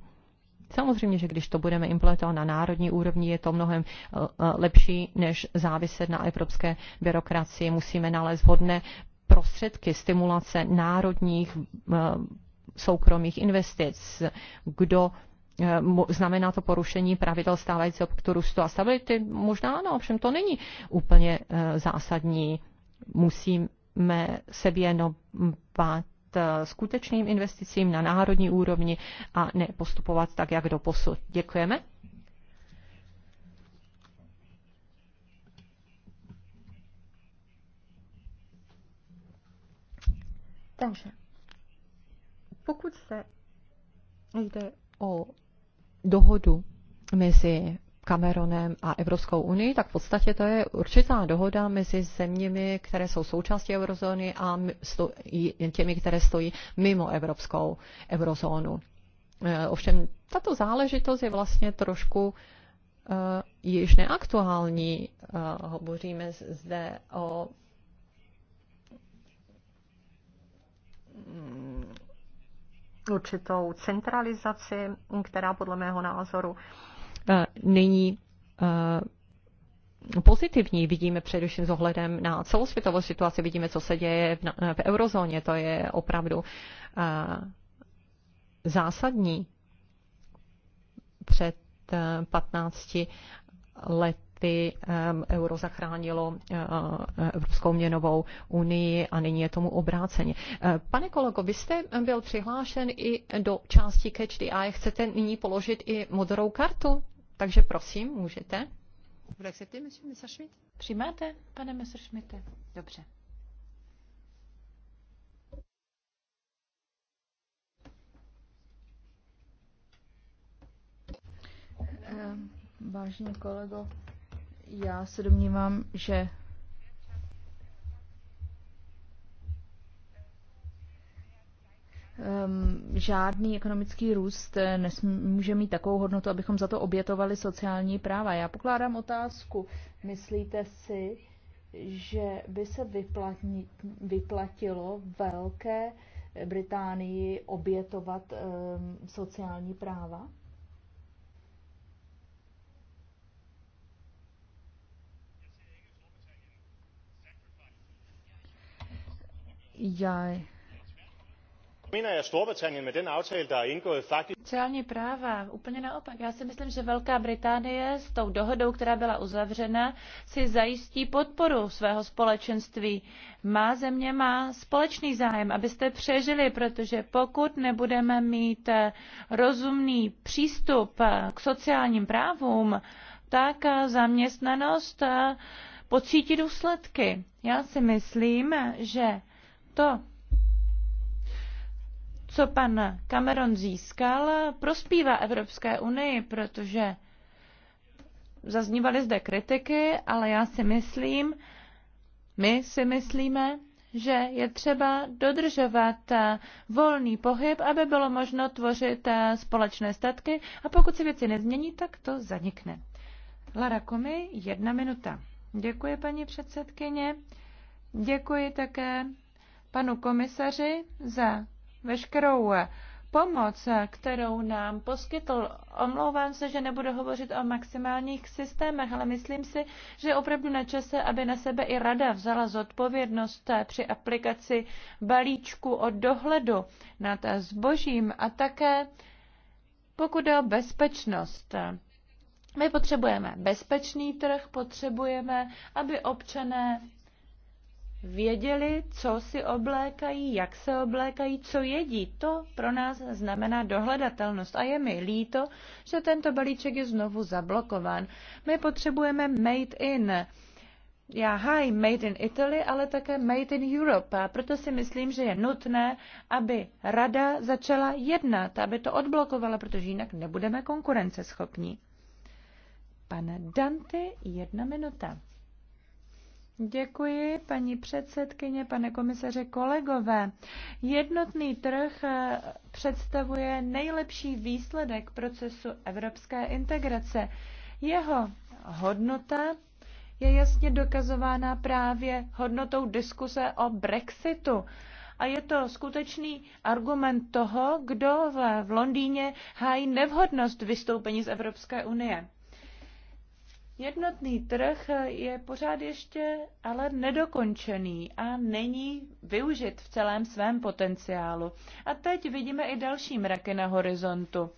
Samozřejmě, že když to budeme implementovat na národní úrovni, je to mnohem eh, eh, lepší, než záviset na evropské byrokracii. Musíme nalézt vhodné prostředky stimulace národních eh, soukromých investic. Kdo Eh, znamená to porušení pravidel stávajícího paktu růstu a stability? Možná ano, ovšem to není úplně eh, zásadní. Musíme se věnovat eh, skutečným investicím na národní úrovni a ne postupovat tak, jak do posud. Děkujeme. Takže pokud se jde o dohodu mezi Cameronem a Evropskou unii, tak v podstatě to je určitá dohoda mezi zeměmi, které jsou součástí eurozóny a těmi, které stojí mimo Evropskou eurozónu. Eh, ovšem, tato záležitost je vlastně trošku uh, již neaktuální. Uh, hovoříme zde o mm, určitou centralizaci, která podle mého názoru eh, není eh, pozitivní. Vidíme především s ohledem na celosvětovou situaci, vidíme, co se děje v, v eurozóně. To je opravdu eh, zásadní. Před 15 let by ehm, euro zachránilo eh, Evropskou měnovou unii a nyní je tomu obráceně. Eh, pane kolego, vy jste byl přihlášen i do části Catch the Eye. Chcete nyní položit i modrou kartu? Takže prosím, můžete. Přijímáte, pane Messerschmitte? Dobře. Ehm, Vážený kolego, já se domnívám, že um, žádný ekonomický růst eh, nemůže mít takovou hodnotu, abychom za to obětovali sociální práva. Já pokládám otázku, myslíte si, že by se vyplatni, vyplatilo Velké Británii obětovat um, sociální práva? Er Sociální práva, úplně naopak. Já si myslím, že Velká Británie s tou dohodou, která byla uzavřena, si zajistí podporu svého společenství. Má země má společný zájem, abyste přežili, protože pokud nebudeme mít eh, rozumný přístup eh, k sociálním právům, tak eh, zaměstnanost pocítí důsledky. Já si myslím, že to, co pan Cameron získal, prospívá Evropské unii, protože zaznívaly zde kritiky, ale já si myslím, my si myslíme, že je třeba dodržovat volný pohyb, aby bylo možno tvořit společné statky a pokud se věci nezmění, tak to zanikne. Lara Komi, jedna minuta. Děkuji, paní předsedkyně. Děkuji také panu komisaři za veškerou eh, pomoc, eh, kterou nám poskytl. Omlouvám se, že nebudu hovořit o maximálních systémech, ale myslím si, že je opravdu na čase, aby na sebe i rada vzala zodpovědnost eh, při aplikaci balíčku o dohledu nad zbožím a také pokud je o bezpečnost. My potřebujeme bezpečný trh, potřebujeme, aby občané věděli, co si oblékají, jak se oblékají, co jedí. To pro nás znamená dohledatelnost a je mi líto, že tento balíček je znovu zablokován. My potřebujeme made in. Já hi Made in Italy, ale také Made in Europe. A proto si myslím, že je nutné, aby rada začala jednat, aby to odblokovala, protože jinak nebudeme konkurenceschopní. Pan Dante, jedna minuta. Děkuji, paní předsedkyně, pane komisaře, kolegové. Jednotný trh eh, představuje nejlepší výsledek procesu evropské integrace. Jeho hodnota je jasně dokazována právě hodnotou diskuse o Brexitu. A je to skutečný argument toho, kdo v Londýně hájí nevhodnost vystoupení z Evropské unie. Jednotný trh je pořád ještě ale nedokončený a není využit v celém svém potenciálu. A teď vidíme i další mraky na horizontu.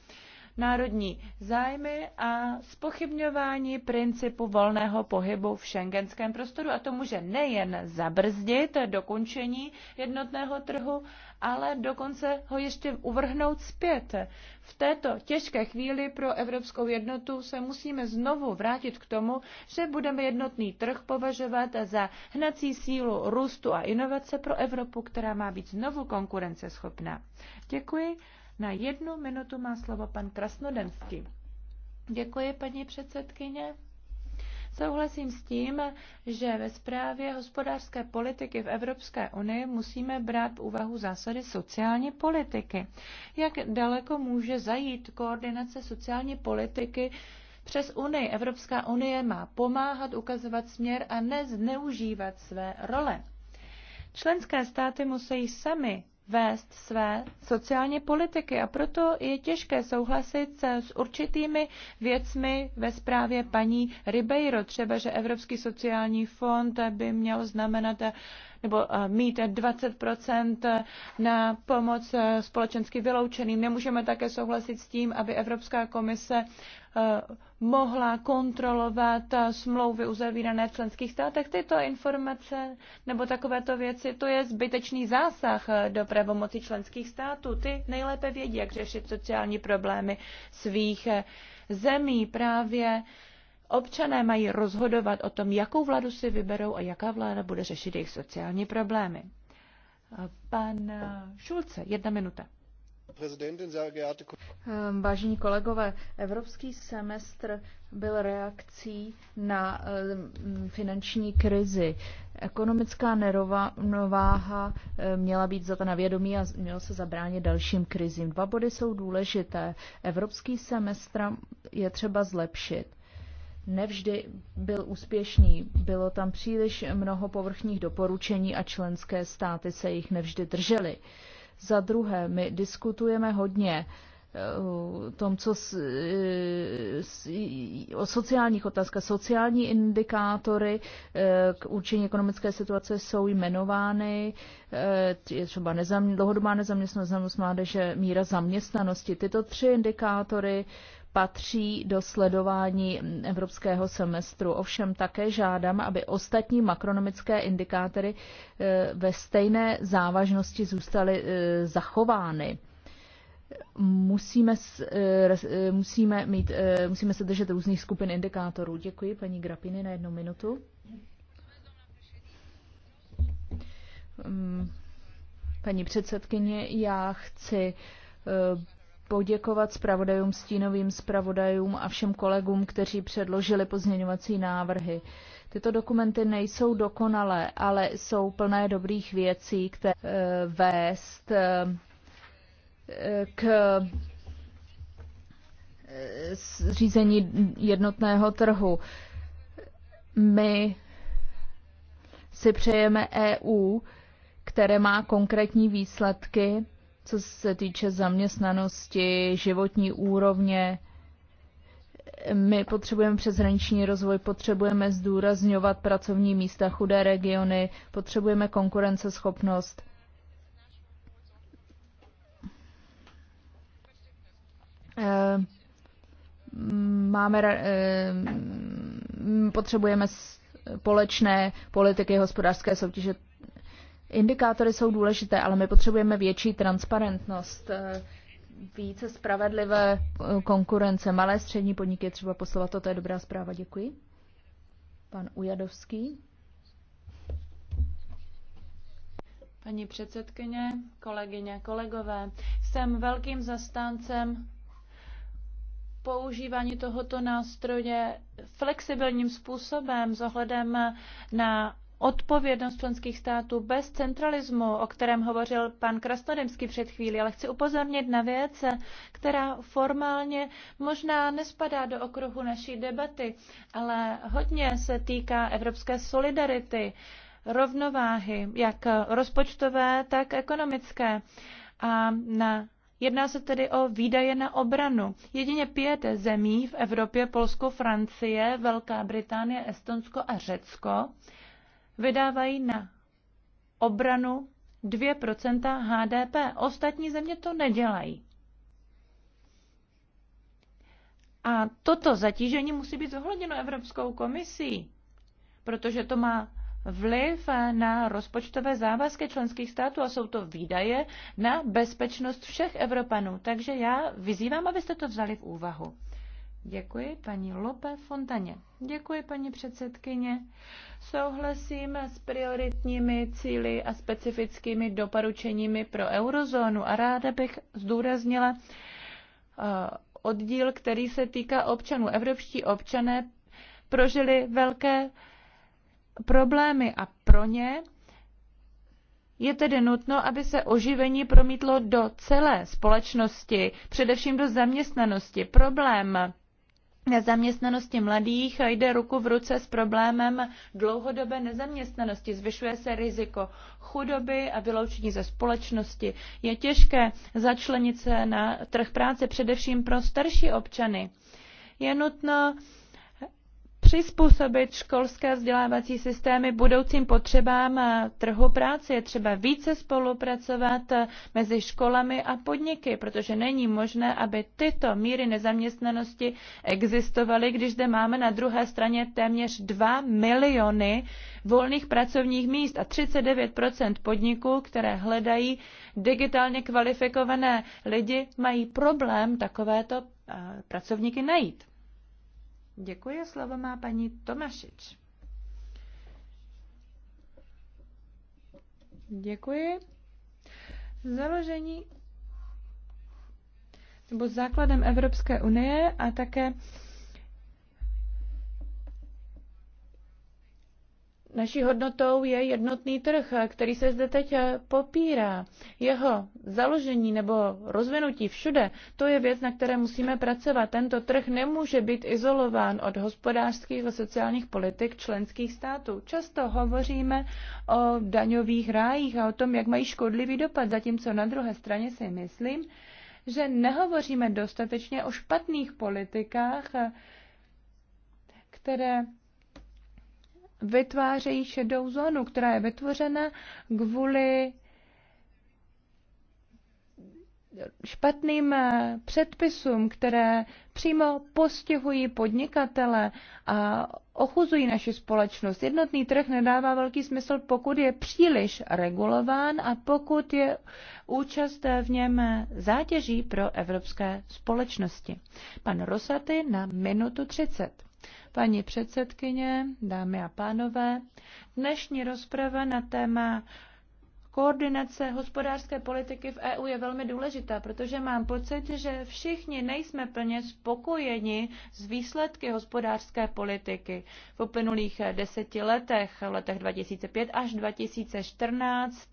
Národní zájmy a spochybňování principu volného pohybu v šengenském prostoru. A to může nejen zabrzdit dokončení jednotného trhu, ale dokonce ho ještě uvrhnout zpět. V této těžké chvíli pro evropskou jednotu se musíme znovu vrátit k tomu, že budeme jednotný trh považovat za hnací sílu růstu a inovace pro Evropu, která má být znovu konkurenceschopná. Děkuji. Na jednu minutu má slovo pan Krasnodenský. Děkuji, paní předsedkyně. Souhlasím s tím, že ve zprávě hospodářské politiky v Evropské unii musíme brát v úvahu zásady sociální politiky. Jak daleko může zajít koordinace sociální politiky přes Unii. Evropská unie má pomáhat, ukazovat směr a nezneužívat své role. Členské státy musí sami vést své sociální politiky a proto je těžké souhlasit se s určitými věcmi ve zprávě paní Ribeiro, třeba, že Evropský sociální fond by měl znamenat nebo eh, mít 20% na pomoc eh, společensky vyloučeným. Nemůžeme také souhlasit s tím, aby Evropská komise eh, mohla kontrolovat smlouvy uzavírané v členských státech. Tyto informace nebo takovéto věci, to je zbytečný zásah do pravomoci členských států. Ty nejlépe vědí, jak řešit sociální problémy svých zemí právě Občané mají rozhodovat o tom, jakou vládu si vyberou a jaká vláda bude řešit jejich sociální problémy. Pan Šulce, jedna minuta. Ehm, vážení kolegové, evropský semestr byl reakcí na ehm, finanční krizi. Ekonomická nerováha ehm, měla být za to na vědomí a mělo se zabránit dalším krizím. Dva body jsou důležité. Evropský semestr je třeba zlepšit nevždy byl úspěšný. Bylo tam příliš mnoho povrchních doporučení a členské státy se jich nevždy držely. Za druhé, my diskutujeme hodně eh, tom, co s, eh, s, o sociálních otázkách. Sociální indikátory eh, k určení ekonomické situace jsou jmenovány, je třeba nezam, dlouhodobá nezaměstnanost, zaměstnanost mládeže, míra zaměstnanosti. Tyto tři indikátory patří do sledování evropského semestru. Ovšem také žádám, aby ostatní makronomické indikátory eh, ve stejné závažnosti zůstaly eh, zachovány. Musíme, eh, musíme, mít, musíme se držet různých skupin indikátorů. Děkuji, paní Grapiny, na jednu minutu. Hm, paní předsedkyně, já chci poděkovat zpravodajům, stínovým zpravodajům a všem kolegům, kteří předložili pozměňovací návrhy. Tyto dokumenty nejsou dokonalé, ale jsou plné dobrých věcí, které eh, vést eh, eh, k řízení jednotného trhu. My si přejeme EU, které má konkrétní výsledky co se týče zaměstnanosti, životní úrovně. My potřebujeme přeshraniční rozvoj, potřebujeme zdůrazňovat pracovní místa, chudé regiony, potřebujeme konkurenceschopnost. Eh, máme, eh, potřebujeme společné politiky hospodářské soutěže Indikátory jsou důležité, ale my potřebujeme větší transparentnost, eh, více spravedlivé eh, konkurence. Malé střední podniky třeba poslovat, to je dobrá zpráva, děkuji. Pan Ujadovský. Paní předsedkyně, kolegyně, kolegové, jsem velkým zastáncem používání tohoto nástroje flexibilním způsobem zohledem na odpovědnost členských států bez centralismu, o kterém hovořil pan Krasnodemský před chvílí, ale chci upozornit na věc, která formálně možná nespadá do okruhu naší debaty, ale hodně se týká evropské solidarity, rovnováhy, jak rozpočtové, tak ekonomické. A na Jedná se tedy o výdaje na obranu. Jedině pět zemí v Evropě, Polsko, Francie, Velká Británie, Estonsko a Řecko, vydávají na obranu 2% HDP. Ostatní země to nedělají. A toto zatížení musí být zohledněno Evropskou komisí, protože to má vliv na rozpočtové závazky členských států a jsou to výdaje na bezpečnost všech Evropanů. Takže já vyzývám, abyste to vzali v úvahu. Děkuji paní Lope Fontaně. Děkuji paní předsedkyně. Souhlasím s prioritními cíly a specifickými doporučeními pro eurozónu a ráda bych zdůraznila eh, oddíl, který se týká občanů. Evropští občané prožili velké problémy a pro ně je tedy nutno, aby se oživení promítlo do celé společnosti, především do zaměstnanosti. Problém nezaměstnanosti mladých jde ruku v ruce s problémem dlouhodobé nezaměstnanosti. Zvyšuje se riziko chudoby a vyloučení ze společnosti. Je těžké začlenit se na trh práce především pro starší občany. Je nutno přizpůsobit školské vzdělávací systémy budoucím potřebám eh, trhu práce. Je třeba více spolupracovat eh, mezi školami a podniky, protože není možné, aby tyto míry nezaměstnanosti existovaly, když zde máme na druhé straně téměř 2 miliony volných pracovních míst a 39 podniků, které hledají digitálně kvalifikované lidi, mají problém takovéto eh, pracovníky najít. Děkuji, slovo má paní Tomašič. Děkuji. Založení nebo základem Evropské unie a také Naší hodnotou je jednotný trh, který se zde teď popírá. Jeho založení nebo rozvinutí všude, to je věc, na které musíme pracovat. Tento trh nemůže být izolován od hospodářských a sociálních politik členských států. Často hovoříme o daňových rájích a o tom, jak mají škodlivý dopad, zatímco na druhé straně si myslím, že nehovoříme dostatečně o špatných politikách, které vytvářejí šedou zónu, která je vytvořena kvůli špatným eh, předpisům, které přímo postihují podnikatele a ochuzují naši společnost. Jednotný trh nedává velký smysl, pokud je příliš regulován a pokud je účast v něm zátěží pro evropské společnosti. Pan Rosaty na minutu 30. Paní předsedkyně, dámy a pánové, dnešní rozprava na téma koordinace hospodářské politiky v EU je velmi důležitá, protože mám pocit, že všichni nejsme plně spokojeni s výsledky hospodářské politiky. V uplynulých deseti letech, v letech 2005 až 2014,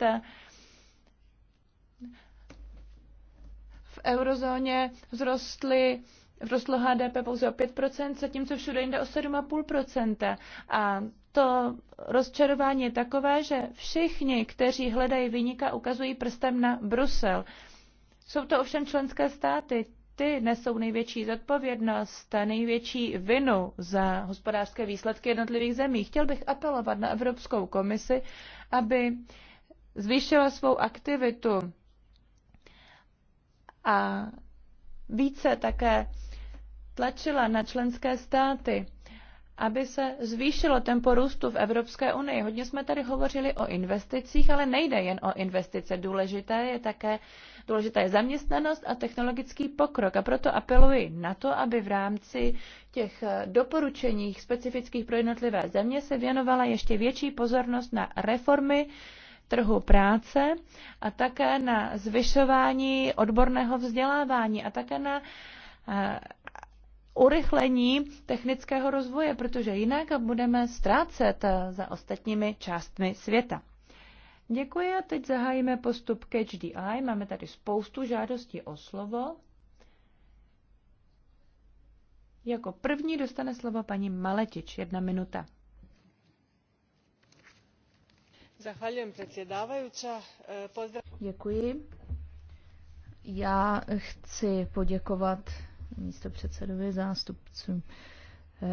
v eurozóně vzrostly vzrostlo HDP pouze o 5%, zatímco všude jinde o 7,5%. A to rozčarování je takové, že všichni, kteří hledají vyníka, ukazují prstem na Brusel. Jsou to ovšem členské státy, ty nesou největší zodpovědnost a největší vinu za hospodářské výsledky jednotlivých zemí. Chtěl bych apelovat na Evropskou komisi, aby zvýšila svou aktivitu a více také tlačila na členské státy, aby se zvýšilo tempo růstu v Evropské unii. Hodně jsme tady hovořili o investicích, ale nejde jen o investice. Důležité je také důležitá je zaměstnanost a technologický pokrok. A proto apeluji na to, aby v rámci těch eh, doporučení specifických pro jednotlivé země se věnovala ještě větší pozornost na reformy trhu práce a také na zvyšování odborného vzdělávání a také na eh, urychlení technického rozvoje, protože jinak budeme ztrácet eh, za ostatními částmi světa. Děkuji a teď zahájíme postup Catch the Eye. Máme tady spoustu žádostí o slovo. Jako první dostane slovo paní Maletič. Jedna minuta. Zahvaljujem předsedávajúča. Eh, pozdrav... Děkuji. Já chci poděkovat místo předsedovi zástupců.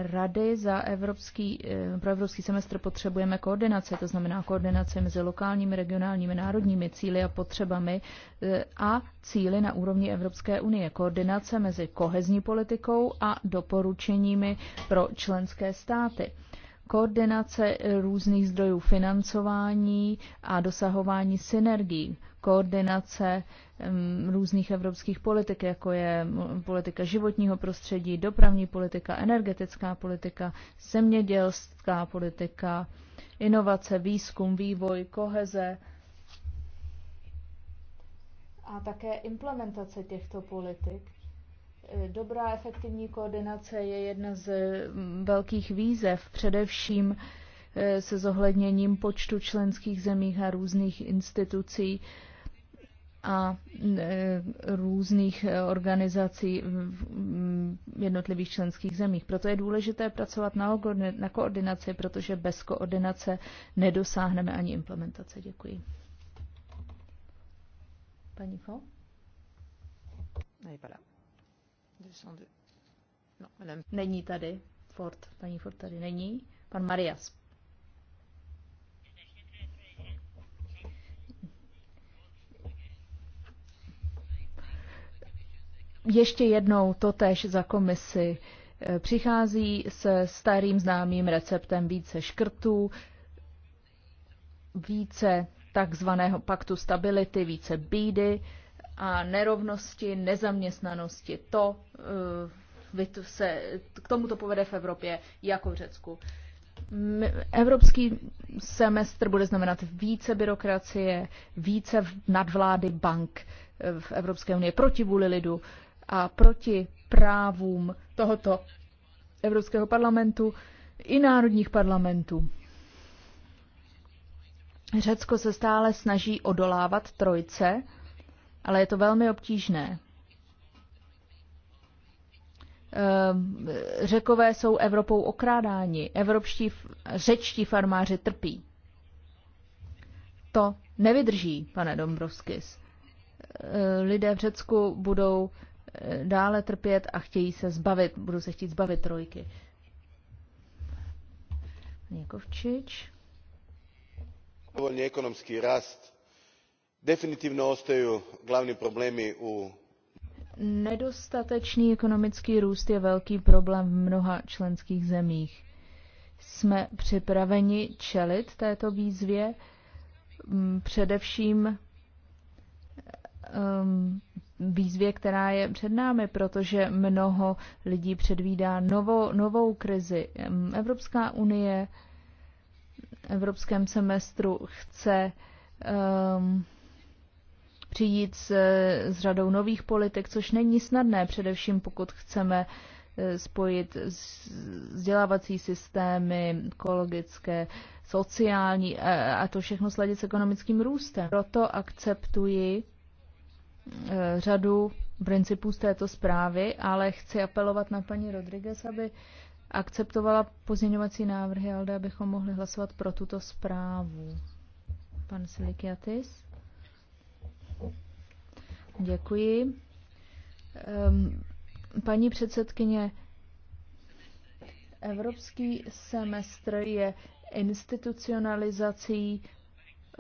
Rady za evropský, eh, pro evropský semestr potřebujeme koordinaci, to znamená koordinaci mezi lokálními, regionálními, národními cíly a potřebami eh, a cíly na úrovni Evropské unie. Koordinace mezi kohezní politikou a doporučeními pro členské státy. Koordinace různých zdrojů financování a dosahování synergií koordinace různých evropských politik, jako je politika životního prostředí, dopravní politika, energetická politika, zemědělská politika, inovace, výzkum, vývoj, koheze a také implementace těchto politik. E, dobrá efektivní koordinace je jedna z velkých výzev, především E, se zohledněním počtu členských zemí a různých institucí a e, různých e, organizací v jednotlivých členských zemích. Proto je důležité pracovat na koordinaci, protože bez koordinace nedosáhneme ani implementace. Děkuji. Pani Fo? No, není tady. Ford. Paní Ford tady není. Pan Marias. ještě jednou totež za komisi. Eh, přichází se starým známým receptem více škrtů, více takzvaného paktu stability, více bídy a nerovnosti, nezaměstnanosti. To eh, se, k tomu to povede v Evropě jako v Řecku. Evropský semestr bude znamenat více byrokracie, více nadvlády bank eh, v Evropské unii proti vůli lidu a proti právům tohoto Evropského parlamentu i národních parlamentů. Řecko se stále snaží odolávat trojce, ale je to velmi obtížné. Ehm, Řekové jsou Evropou okrádáni, evropští, řečtí farmáři trpí. To nevydrží, pane Dombrovskis. Ehm, lidé v Řecku budou dále trpět a chtějí se zbavit, budou se chtít zbavit trojky. Někovčič. Dovoljni ekonomický rast definitivně ostají hlavní problémy u Nedostatečný ekonomický růst je velký problém v mnoha členských zemích. Jsme připraveni čelit této výzvě, mm, především um, výzvě, která je před námi, protože mnoho lidí předvídá novou, novou krizi. Evropská unie v evropském semestru chce um, přijít s, s řadou nových politik, což není snadné, především pokud chceme e, spojit vzdělávací systémy, ekologické, sociální e, a to všechno sladit s ekonomickým růstem. Proto akceptuji Eh, řadu principů z této zprávy, ale chci apelovat na paní Rodriguez, aby akceptovala pozměňovací návrhy ale abychom mohli hlasovat pro tuto zprávu. Pan Silikiatis. Děkuji. Ehm, paní předsedkyně, evropský semestr je institucionalizací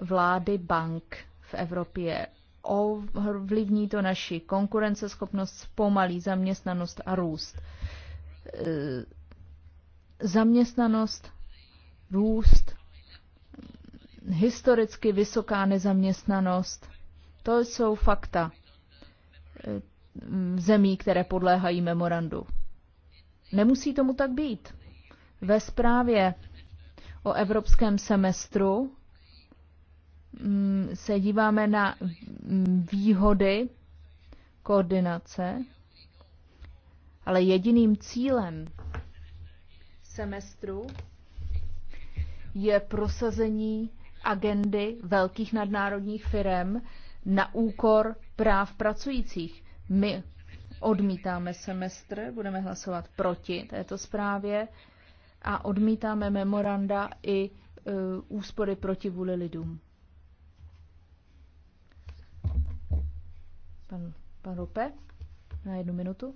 vlády bank v Evropě ovlivní to naši konkurenceschopnost, zpomalí zaměstnanost a růst. E, zaměstnanost, růst, historicky vysoká nezaměstnanost, to jsou fakta e, zemí, které podléhají memorandu. Nemusí tomu tak být. Ve zprávě o evropském semestru Mm, se díváme na mm, výhody koordinace, ale jediným cílem semestru je prosazení agendy velkých nadnárodních firm na úkor práv pracujících. My odmítáme semestr, budeme hlasovat proti této zprávě a odmítáme memoranda i e, úspory proti vůli lidům. Pan, pan Rupe na jednu minutu.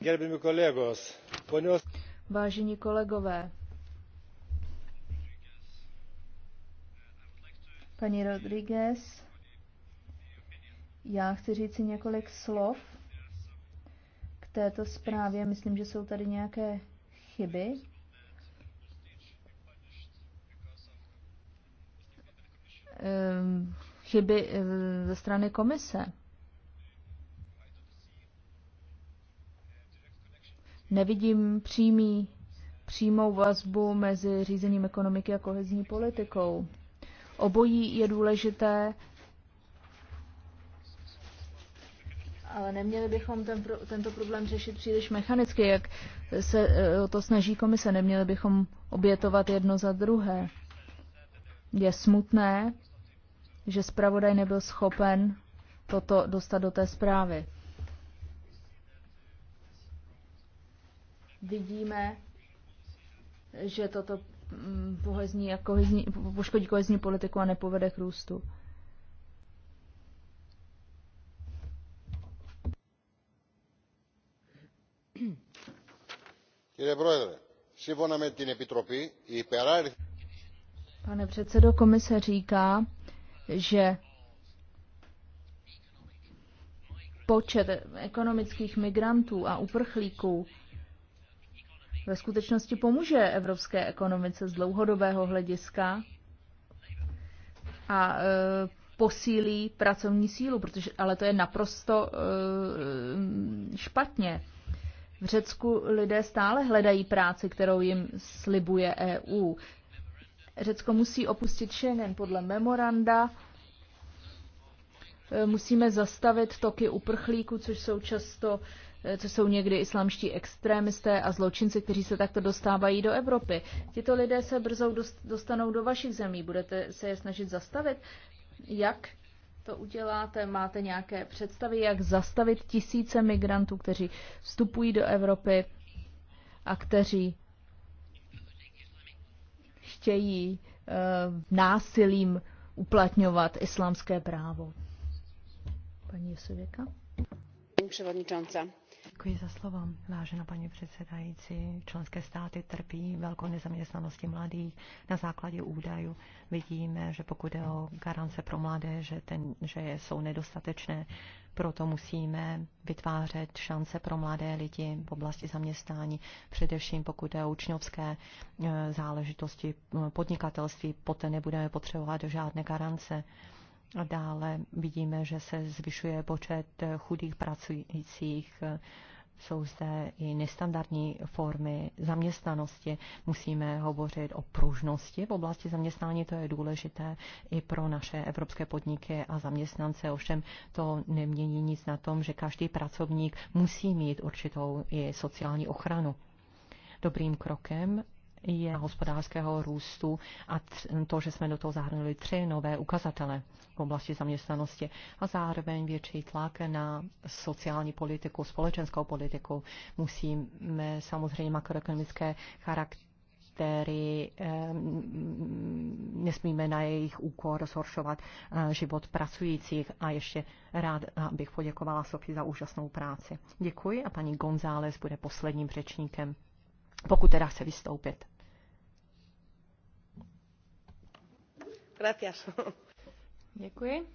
gerbimi kolegos, ponios. Vážení kolegové, paní Rodriguez, já chci říct si několik slov k této zprávě. Myslím, že jsou tady nějaké chyby. Ehm, chyby eh, ze strany komise. Nevidím přímý, přímou vazbu mezi řízením ekonomiky a kohezní politikou. Obojí je důležité, ale neměli bychom ten pro, tento problém řešit příliš mechanicky, jak se eh, o to snaží komise. Neměli bychom obětovat jedno za druhé. Je smutné, že zpravodaj nebyl schopen toto dostat do té zprávy. Vidíme, že toto mm, pohezní, hezní, poškodí kohezní politiku a nepovede k růstu. Pane předsedo, komise říká, že počet ekonomických migrantů a uprchlíků ve skutečnosti pomůže evropské ekonomice z dlouhodobého hlediska a e, posílí pracovní sílu, protože, ale to je naprosto e, špatně. V Řecku lidé stále hledají práci, kterou jim slibuje EU. Řecko musí opustit Schengen podle memoranda. E, musíme zastavit toky uprchlíků, což jsou často e, co jsou někdy islámští extrémisté a zločinci, kteří se takto dostávají do Evropy. Tito lidé se brzo dostanou do vašich zemí. Budete se je snažit zastavit? Jak to uděláte? Máte nějaké představy, jak zastavit tisíce migrantů, kteří vstupují do Evropy a kteří chtějí eh, násilím uplatňovat islámské právo. Paní Jesověka. Převodničanca. Děkuji za slovo, vážená paní předsedající. Členské státy trpí velkou nezaměstnaností mladých. Na základě údajů vidíme, že pokud je o garance pro mladé, že, ten, že jsou nedostatečné proto musíme vytvářet šance pro mladé lidi v oblasti zaměstnání, především pokud je učňovské e, záležitosti, e, podnikatelství, poté nebudeme potřebovat žádné garance. A dále vidíme, že se zvyšuje počet e, chudých pracujících jsou zde i nestandardní formy zaměstnanosti. Musíme hovořit o pružnosti v oblasti zaměstnání, to je důležité i pro naše evropské podniky a zaměstnance. Ovšem to nemění nic na tom, že každý pracovník musí mít určitou i sociální ochranu. Dobrým krokem je hospodářského růstu a to, že jsme do toho zahrnuli tři nové ukazatele v oblasti zaměstnanosti a zároveň větší tlak na sociální politiku, společenskou politiku. Musíme samozřejmě makroekonomické charaktery eh, nesmíme na jejich úkor zhoršovat eh, život pracujících a ještě rád bych poděkovala Sofii za úžasnou práci. Děkuji a paní González bude posledním řečníkem pokud teda chce vystoupit. Gracias. Děkuji.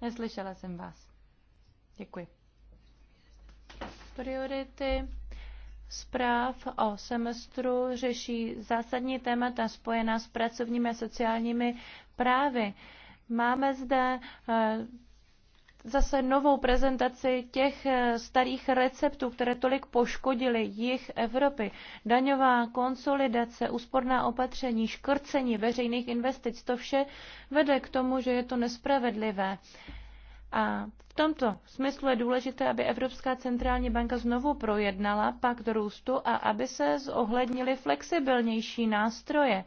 Neslyšela jsem vás. Děkuji. Priority zpráv o semestru řeší zásadní témata spojená s pracovními a sociálními právy. Máme zde eh, zase novou prezentaci těch eh, starých receptů, které tolik poškodily jich Evropy. Daňová konsolidace, úsporná opatření, škrcení veřejných investic, to vše vede k tomu, že je to nespravedlivé. A v tomto smyslu je důležité, aby Evropská centrální banka znovu projednala pakt růstu a aby se zohlednily flexibilnější nástroje.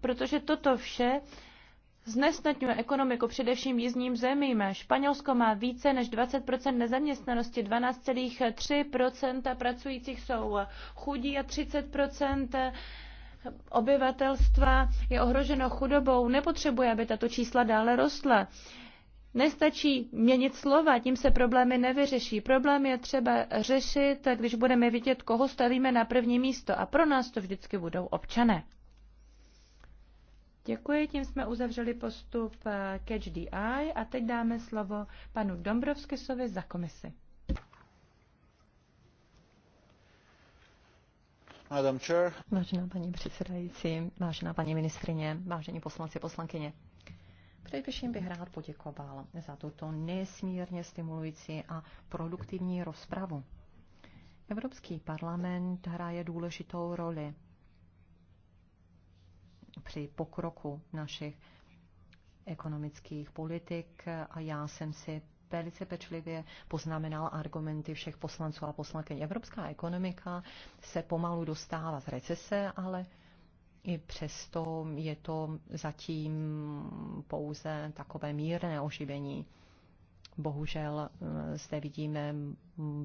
Protože toto vše znesnatňuje ekonomiku především jižním zemím. Španělsko má více než 20 nezaměstnanosti, 12,3 pracujících jsou chudí a 30 obyvatelstva je ohroženo chudobou. Nepotřebuje, aby tato čísla dále rostla. Nestačí měnit slova, tím se problémy nevyřeší. Problém je třeba řešit, když budeme vidět, koho stavíme na první místo. A pro nás to vždycky budou občané. Děkuji, tím jsme uzavřeli postup eh, Catch the Eye a teď dáme slovo panu Dombrovskisovi za komisi. Madam Chair. Vážená paní předsedající, vážená paní ministrině, vážení poslanci, poslankyně. Především bych rád poděkoval za tuto nesmírně stimulující a produktivní rozpravu. Evropský parlament hraje důležitou roli při pokroku našich ekonomických politik a já jsem si velice pečlivě poznamenal argumenty všech poslanců a poslankyň. Evropská ekonomika se pomalu dostává z recese, ale i přesto je to zatím pouze takové mírné oživení. Bohužel eh, zde vidíme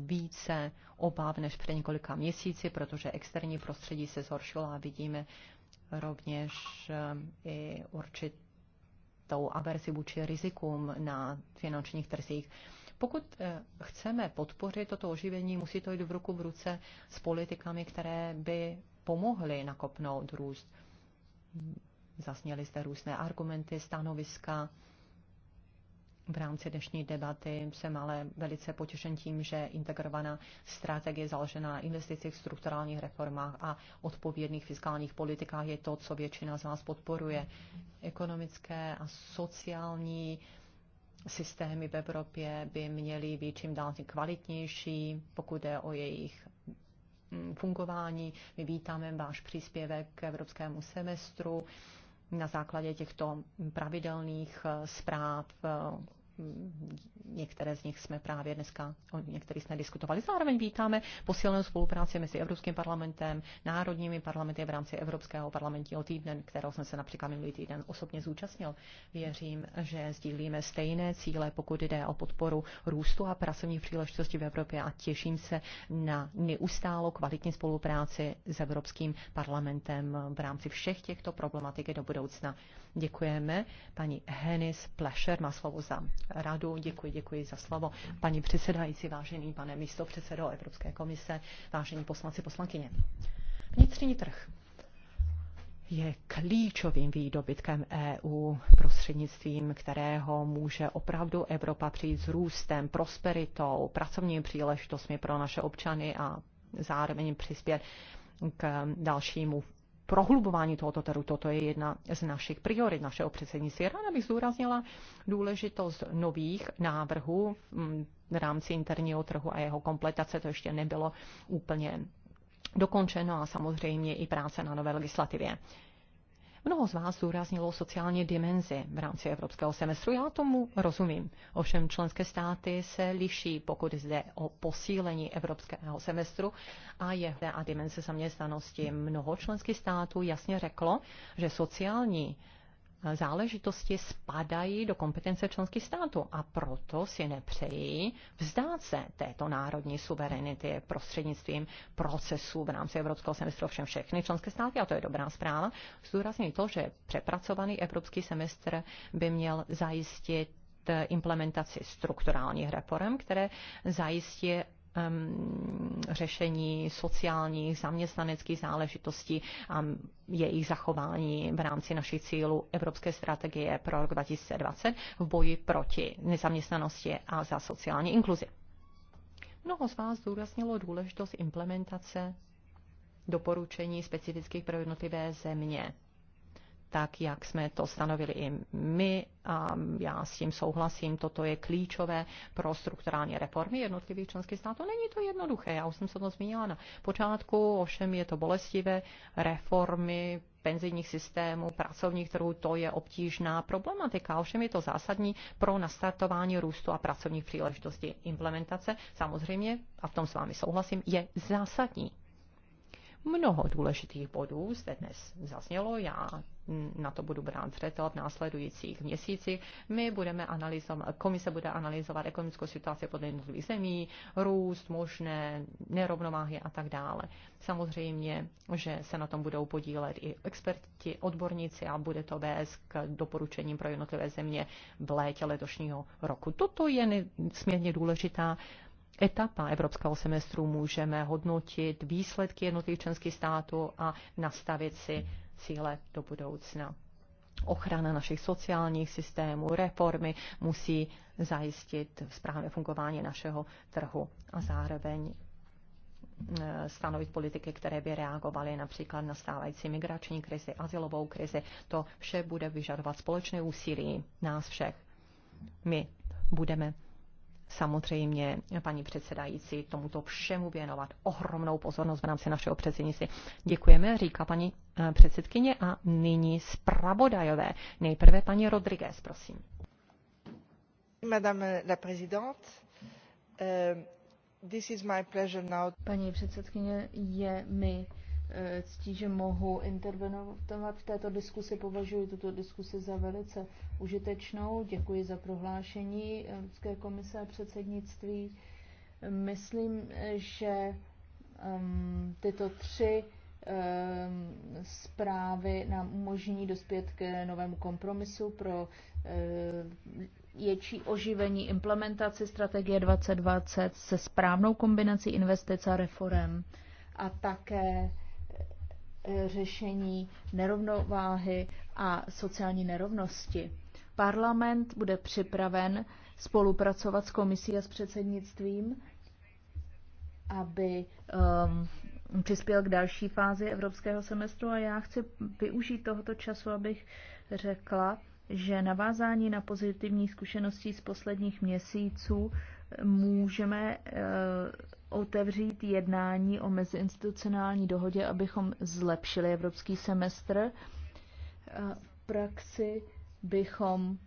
více obav než před několika měsíci, protože externí prostředí se zhoršilo a vidíme rovněž eh, i určitou averzi vůči rizikům na finančních trzích. Pokud eh, chceme podpořit toto oživení, musí to jít v ruku v ruce s politikami, které by pomohly nakopnout růst. Zasněli jste různé argumenty, stanoviska, v rámci dnešní debaty. Jsem ale velice potěšen tím, že integrovaná strategie založená na investicích, strukturálních reformách a odpovědných fiskálních politikách je to, co většina z vás podporuje. Ekonomické a sociální systémy v Evropě by měly být čím dál tím kvalitnější, pokud jde o jejich mm, fungování. My vítáme váš příspěvek k evropskému semestru na základě těchto pravidelných eh, zpráv eh, Některé z nich jsme právě dneska, o některých jsme diskutovali. Zároveň vítáme posílenou spolupráci mezi Evropským parlamentem, národními parlamenty v rámci Evropského parlamentního týdne, kterého jsem se například minulý týden osobně zúčastnil. Věřím, že sdílíme stejné cíle, pokud jde o podporu růstu a pracovních příležitostí v Evropě a těším se na neustálou kvalitní spolupráci s Evropským parlamentem v rámci všech těchto problematiky do budoucna. Děkujeme. Paní Henis Plešer má slovo za radu. Děkuji, děkuji za slovo. Paní předsedající, vážený pane místo předsedo Evropské komise, vážení poslanci, poslankyně. Vnitřní trh je klíčovým výdobytkem EU, prostřednictvím kterého může opravdu Evropa přijít s růstem, prosperitou, pracovními příležitostmi pro naše občany a zároveň přispět k dalšímu prohlubování tohoto teru. Toto je jedna z našich priorit našeho předsednictví. Ráda bych zdůraznila důležitost nových návrhů mm, v rámci interního trhu a jeho kompletace. To ještě nebylo úplně dokončeno a samozřejmě i práce na nové legislativě. Mnoho z vás zúraznilo sociální dimenzi v rámci evropského semestru. Já tomu rozumím. Ovšem členské státy se liší, pokud zde o posílení evropského semestru a je a dimenze zaměstnanosti. Mnoho členských států jasně řeklo, že sociální záležitosti spadají do kompetence členských států a proto si nepřejí vzdát se této národní suverenity prostřednictvím procesu v rámci Evropského semestru všem všechny členské státy a to je dobrá zpráva. Zdůrazňuji to, že přepracovaný Evropský semestr by měl zajistit implementaci strukturálních reform, které zajistí um, řešení sociálních, zaměstnaneckých záležitostí a jejich zachování v rámci našich cílů Evropské strategie pro rok 2020 v boji proti nezaměstnanosti a za sociální inkluzi. Mnoho z vás zdůraznilo důležitost implementace doporučení specifických pro jednotlivé země tak jak jsme to stanovili i my, a já s tím souhlasím, toto je klíčové pro strukturální reformy jednotlivých členských států. Není to jednoduché, já už jsem se to zmínila na počátku, ovšem je to bolestivé reformy penzijních systémů, pracovních trhů, to je obtížná problematika. Ovšem je to zásadní pro nastartování růstu a pracovních příležitostí. Implementace samozřejmě, a v tom s vámi souhlasím, je zásadní. Mnoho důležitých bodů zde dnes zaznělo, já na to budu brát zřetel v následujících měsících. My budeme analyzovat, komise bude analyzovat ekonomickou situaci podle jednotlivých zemí, růst, možné nerovnováhy a tak dále. Samozřejmě, že se na tom budou podílet i experti, odborníci a bude to vést k doporučením pro jednotlivé země v létě letošního roku. Toto je nesmírně důležitá etapa evropského semestru můžeme hodnotit výsledky jednotlivých členských států a nastavit si cíle do budoucna. Ochrana našich sociálních systémů, reformy musí zajistit správné fungování našeho trhu a zároveň e, stanovit politiky, které by reagovaly například na stávající migrační krizi, asilovou krizi. To vše bude vyžadovat společné úsilí nás všech. My budeme samozřejmě, paní předsedající, tomuto všemu věnovat ohromnou pozornost v rámci našeho předsednictví. Děkujeme, říká paní eh, předsedkyně a nyní zpravodajové. Nejprve paní Rodriguez, prosím. Madame la présidente, eh, This is my pleasure now. Paní předsedkyně, je mi Eh, ctí, že mohu intervenovat v této diskusi. Považuji tuto diskusi za velice užitečnou. Děkuji za prohlášení Evropské komise a předsednictví. Myslím, že um, tyto tři um, zprávy nám umožní dospět k novému kompromisu pro eh, větší oživení implementaci strategie 2020 se správnou kombinací investic a reform a také Eh, řešení nerovnováhy a sociální nerovnosti. Parlament bude připraven spolupracovat s komisí a s předsednictvím, aby um, přispěl k další fázi evropského semestru a já chci využít tohoto času, abych řekla, že navázání na pozitivní zkušenosti z posledních měsíců můžeme uh, otevřít jednání o meziinstitucionální dohodě, abychom zlepšili evropský semestr. V praxi bychom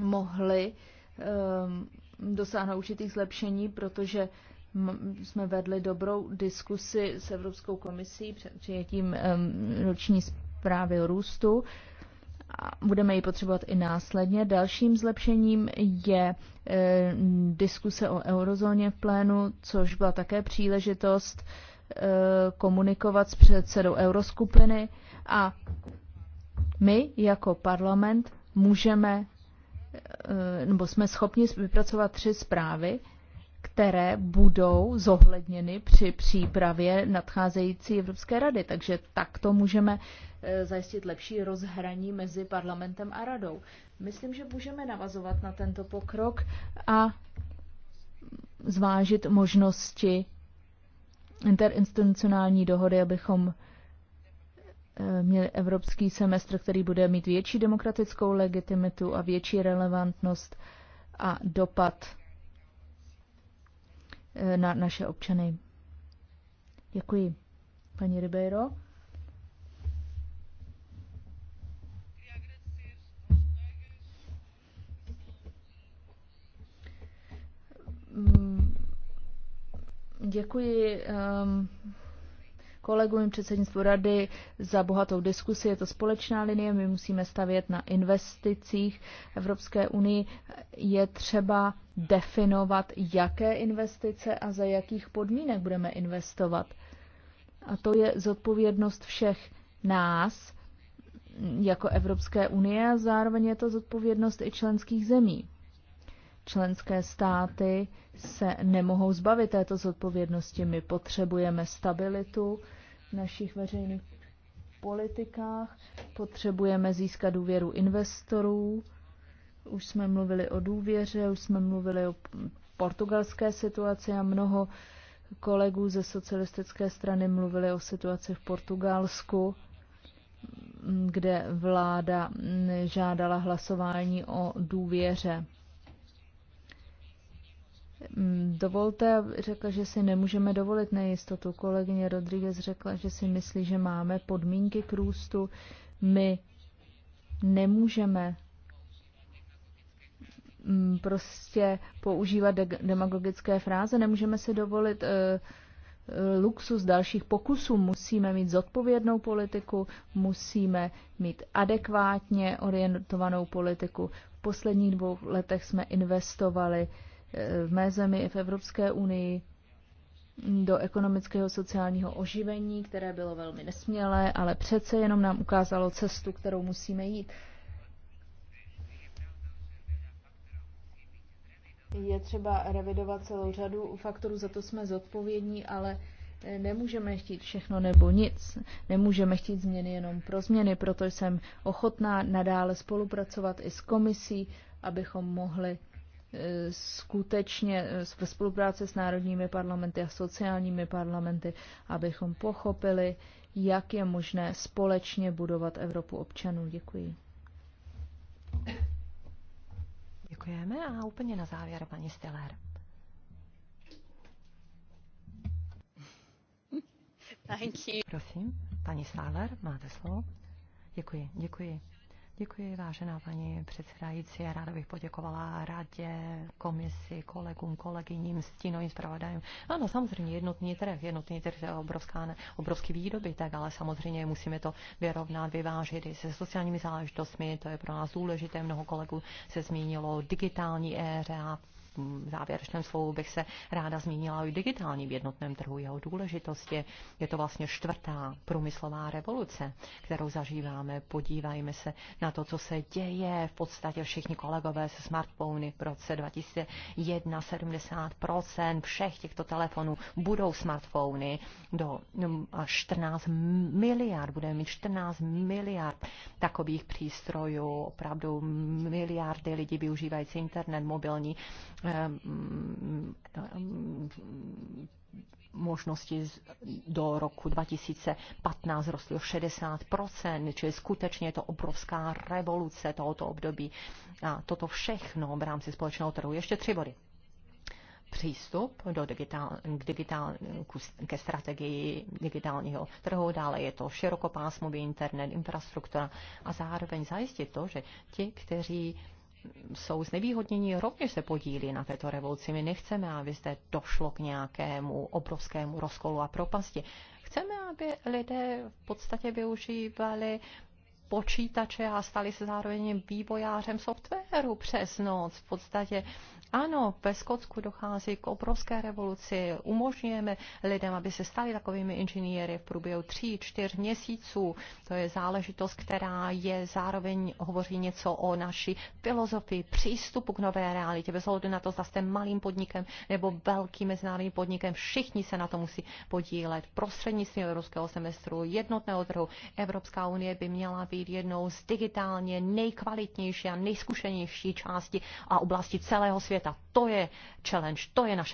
mohli ehm, dosáhnout určitých zlepšení, protože jsme vedli dobrou diskusi s Evropskou komisí před přijetím ehm, roční zprávy o růstu a budeme ji potřebovat i následně. Dalším zlepšením je e, diskuse o eurozóně v plénu, což byla také příležitost e, komunikovat s předsedou euroskupiny a my jako parlament můžeme, e, nebo jsme schopni vypracovat tři zprávy, které budou zohledněny při přípravě nadcházející Evropské rady. Takže takto můžeme Eh, zajistit lepší rozhraní mezi parlamentem a radou. Myslím, že můžeme navazovat na tento pokrok a zvážit možnosti interinstitucionální dohody, abychom eh, měli evropský semestr, který bude mít větší demokratickou legitimitu a větší relevantnost a dopad eh, na naše občany. Děkuji, paní Ribeiro. Děkuji um, kolegům předsednictvu rady za bohatou diskusi. Je to společná linie, my musíme stavět na investicích Evropské unii. Je třeba definovat, jaké investice a za jakých podmínek budeme investovat. A to je zodpovědnost všech nás jako Evropské unie a zároveň je to zodpovědnost i členských zemí. Členské státy se nemohou zbavit této zodpovědnosti. My potřebujeme stabilitu v našich veřejných politikách, potřebujeme získat důvěru investorů. Už jsme mluvili o důvěře, už jsme mluvili o portugalské situaci a mnoho kolegů ze socialistické strany mluvili o situaci v Portugalsku, kde vláda žádala hlasování o důvěře. Mm, dovolte, řekla, že si nemůžeme dovolit nejistotu. Kolegyně Rodriguez řekla, že si myslí, že máme podmínky k růstu. My nemůžeme mm, prostě používat de- demagogické fráze, nemůžeme si dovolit e, luxus dalších pokusů. Musíme mít zodpovědnou politiku, musíme mít adekvátně orientovanou politiku. V posledních dvou letech jsme investovali e, Eh, v mé zemi i v Evropské unii do ekonomického sociálního oživení, které bylo velmi nesmělé, ale přece jenom nám ukázalo cestu, kterou musíme jít. Je třeba revidovat celou řadu faktorů, za to jsme zodpovědní, ale eh, nemůžeme chtít všechno nebo nic. Nemůžeme chtít změny jenom pro změny, proto jsem ochotná nadále spolupracovat i s komisí, abychom mohli skutečně ve spolupráci s národními parlamenty a sociálními parlamenty, abychom pochopili, jak je možné společně budovat Evropu občanů. Děkuji. Děkujeme a úplně na závěr paní Steller. Thank you. Prosím, paní Steller, máte slovo. Děkuji, děkuji. Děkuji, vážená paní předsedající. Ráda bych poděkovala radě, komisi, kolegům, kolegyním, stínovým zpravodajům. Ano, samozřejmě jednotný trh. Jednotný trh je obrovská, ne, obrovský výdobytek, ale samozřejmě musíme to vyrovnat, vyvážit i se sociálními záležitostmi. To je pro nás důležité. Mnoho kolegů se zmínilo o digitální éře a závěrečném slovu bych se ráda zmínila o digitálním jednotném trhu, jeho důležitosti. Je to vlastně čtvrtá průmyslová revoluce, kterou zažíváme. Podívejme se na to, co se děje. V podstatě všichni kolegové se smartphony v roce 2001 70% všech těchto telefonů budou smartphony. Do 14 no, miliard, budeme mít 14 miliard takových přístrojů, opravdu miliardy lidí využívající internet, mobilní Ehm, ehm, možnosti do roku 2015 rostly o 60%, čili skutečně je to obrovská revoluce tohoto období. A toto všechno v rámci společného trhu. Ještě tři body přístup do digitál, k digitál, ke strategii digitálního trhu, dále je to širokopásmový internet, infrastruktura a zároveň zajistit to, že ti, kteří jsou znevýhodnění, rovněž se podílí na této revoluci. My nechceme, aby zde došlo k nějakému obrovskému rozkolu a propasti. Chceme, aby lidé v podstatě využívali počítače a stali se zároveň vývojářem softwaru přes noc. V podstatě ano, ve Skotsku dochází k obrovské revoluci. Umožňujeme lidem, aby se stali takovými inženýry v průběhu tří, čtyř měsíců. To je záležitost, která je zároveň hovoří něco o naší filozofii, přístupu k nové realitě. Bez ohledu na to, zda jste malým podnikem nebo velkým mezinárodním podnikem, všichni se na to musí podílet. Prostřednictvím evropského semestru, jednotného trhu, Evropská unie by měla být být jednou z digitálně nejkvalitnější a nejzkušenější části a oblasti celého světa. To je challenge, to je naše